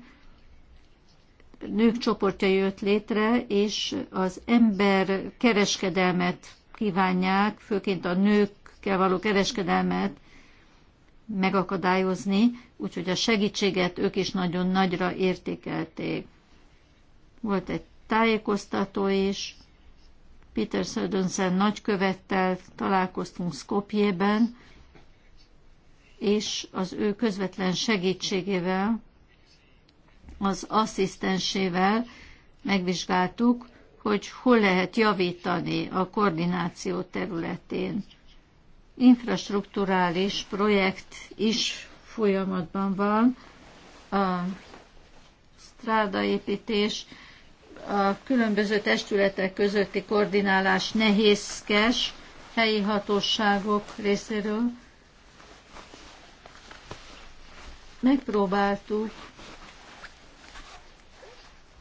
nők csoportja jött létre, és az ember kereskedelmet kívánják, főként a nőkkel való kereskedelmet megakadályozni, úgyhogy a segítséget ők is nagyon nagyra értékelték. Volt egy tájékoztató is, Peter Södönsen nagykövettel találkoztunk Skopjében, és az ő közvetlen segítségével, az asszisztensével megvizsgáltuk, hogy hol lehet javítani a koordináció területén. Infrastruktúrális projekt is folyamatban van, a strádaépítés a különböző testületek közötti koordinálás nehézkes helyi hatóságok részéről. Megpróbáltuk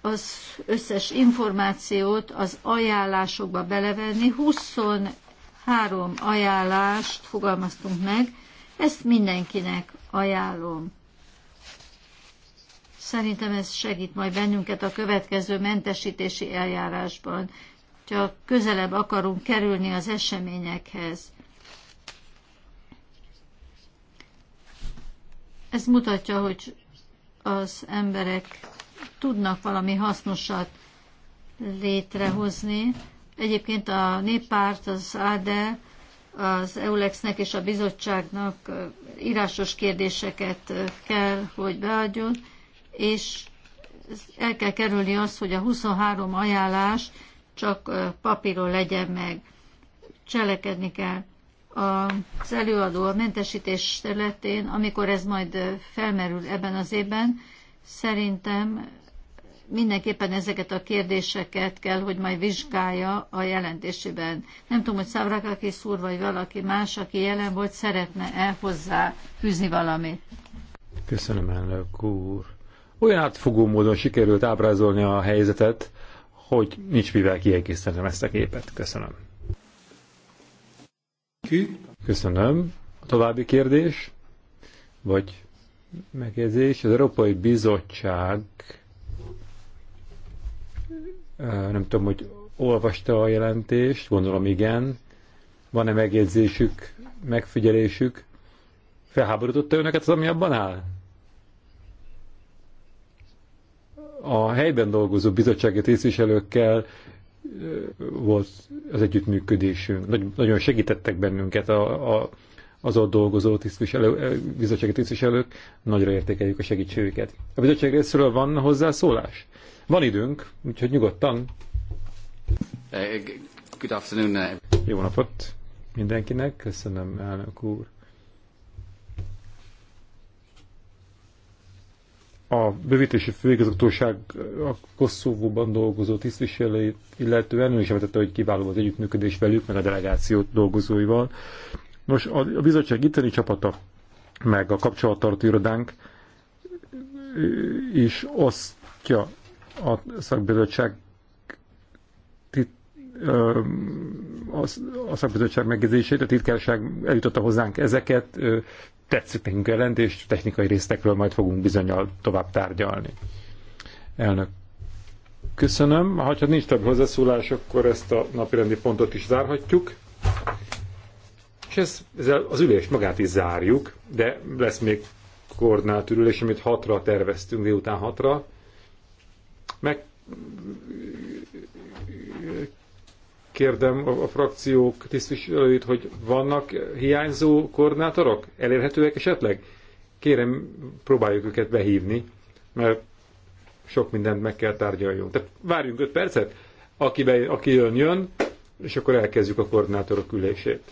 az összes információt az ajánlásokba belevenni. 23 ajánlást fogalmaztunk meg, ezt mindenkinek ajánlom. Szerintem ez segít majd bennünket a következő mentesítési eljárásban. Csak közelebb akarunk kerülni az eseményekhez. Ez mutatja, hogy az emberek tudnak valami hasznosat létrehozni. Egyébként a néppárt, az ADE, az EULEX-nek és a bizottságnak írásos kérdéseket kell, hogy beadjon, és el kell kerülni azt, hogy a 23 ajánlás csak papíron legyen meg. Cselekedni kell. Az előadó a mentesítés területén, amikor ez majd felmerül ebben az évben, szerintem mindenképpen ezeket a kérdéseket kell, hogy majd vizsgálja a jelentésében. Nem tudom, hogy aki szúr, vagy valaki más, aki jelen volt, szeretne-e hozzá fűzni valamit. Köszönöm, elnök úr olyan átfogó módon sikerült ábrázolni a helyzetet, hogy nincs mivel kiegészítenem ezt a képet. Köszönöm. Köszönöm. A további kérdés, vagy megjegyzés, az Európai Bizottság nem tudom, hogy olvasta a jelentést, gondolom igen. Van-e megjegyzésük, megfigyelésük? Felháborította önöket az, ami abban áll? a helyben dolgozó bizottsági tisztviselőkkel volt az együttműködésünk. Nagy, nagyon segítettek bennünket a, a, az ott dolgozó tisztviselő, bizottsági tisztviselők. Nagyra értékeljük a segítségüket. A bizottság részéről van hozzá szólás? Van időnk, úgyhogy nyugodtan. Eh, good afternoon. Eh. Jó napot mindenkinek, köszönöm elnök úr. a bővítési főigazgatóság a Koszovóban dolgozó tisztviselőit illetően ő is említette, hogy kiváló az együttműködés velük, meg a delegáció dolgozóival. Nos, a, a bizottság itteni csapata, meg a kapcsolattartó irodánk is osztja a szakbizottság a szakbizottság megjegyzését, a titkárság eljutotta hozzánk ezeket, tetszik nekünk a jelentés, technikai résztekről majd fogunk bizonyal tovább tárgyalni. Elnök, köszönöm. Ha nincs több hozzászólás, akkor ezt a napirendi pontot is zárhatjuk. És ez ezzel az ülést magát is zárjuk, de lesz még koordinált ülés, amit hatra terveztünk, délután hatra. Meg kérdem a frakciók tisztviselőit, hogy vannak hiányzó koordinátorok? Elérhetőek esetleg? Kérem, próbáljuk őket behívni, mert sok mindent meg kell tárgyaljunk. Tehát várjunk 5 percet, aki, be, aki jön, jön, és akkor elkezdjük a koordinátorok ülését.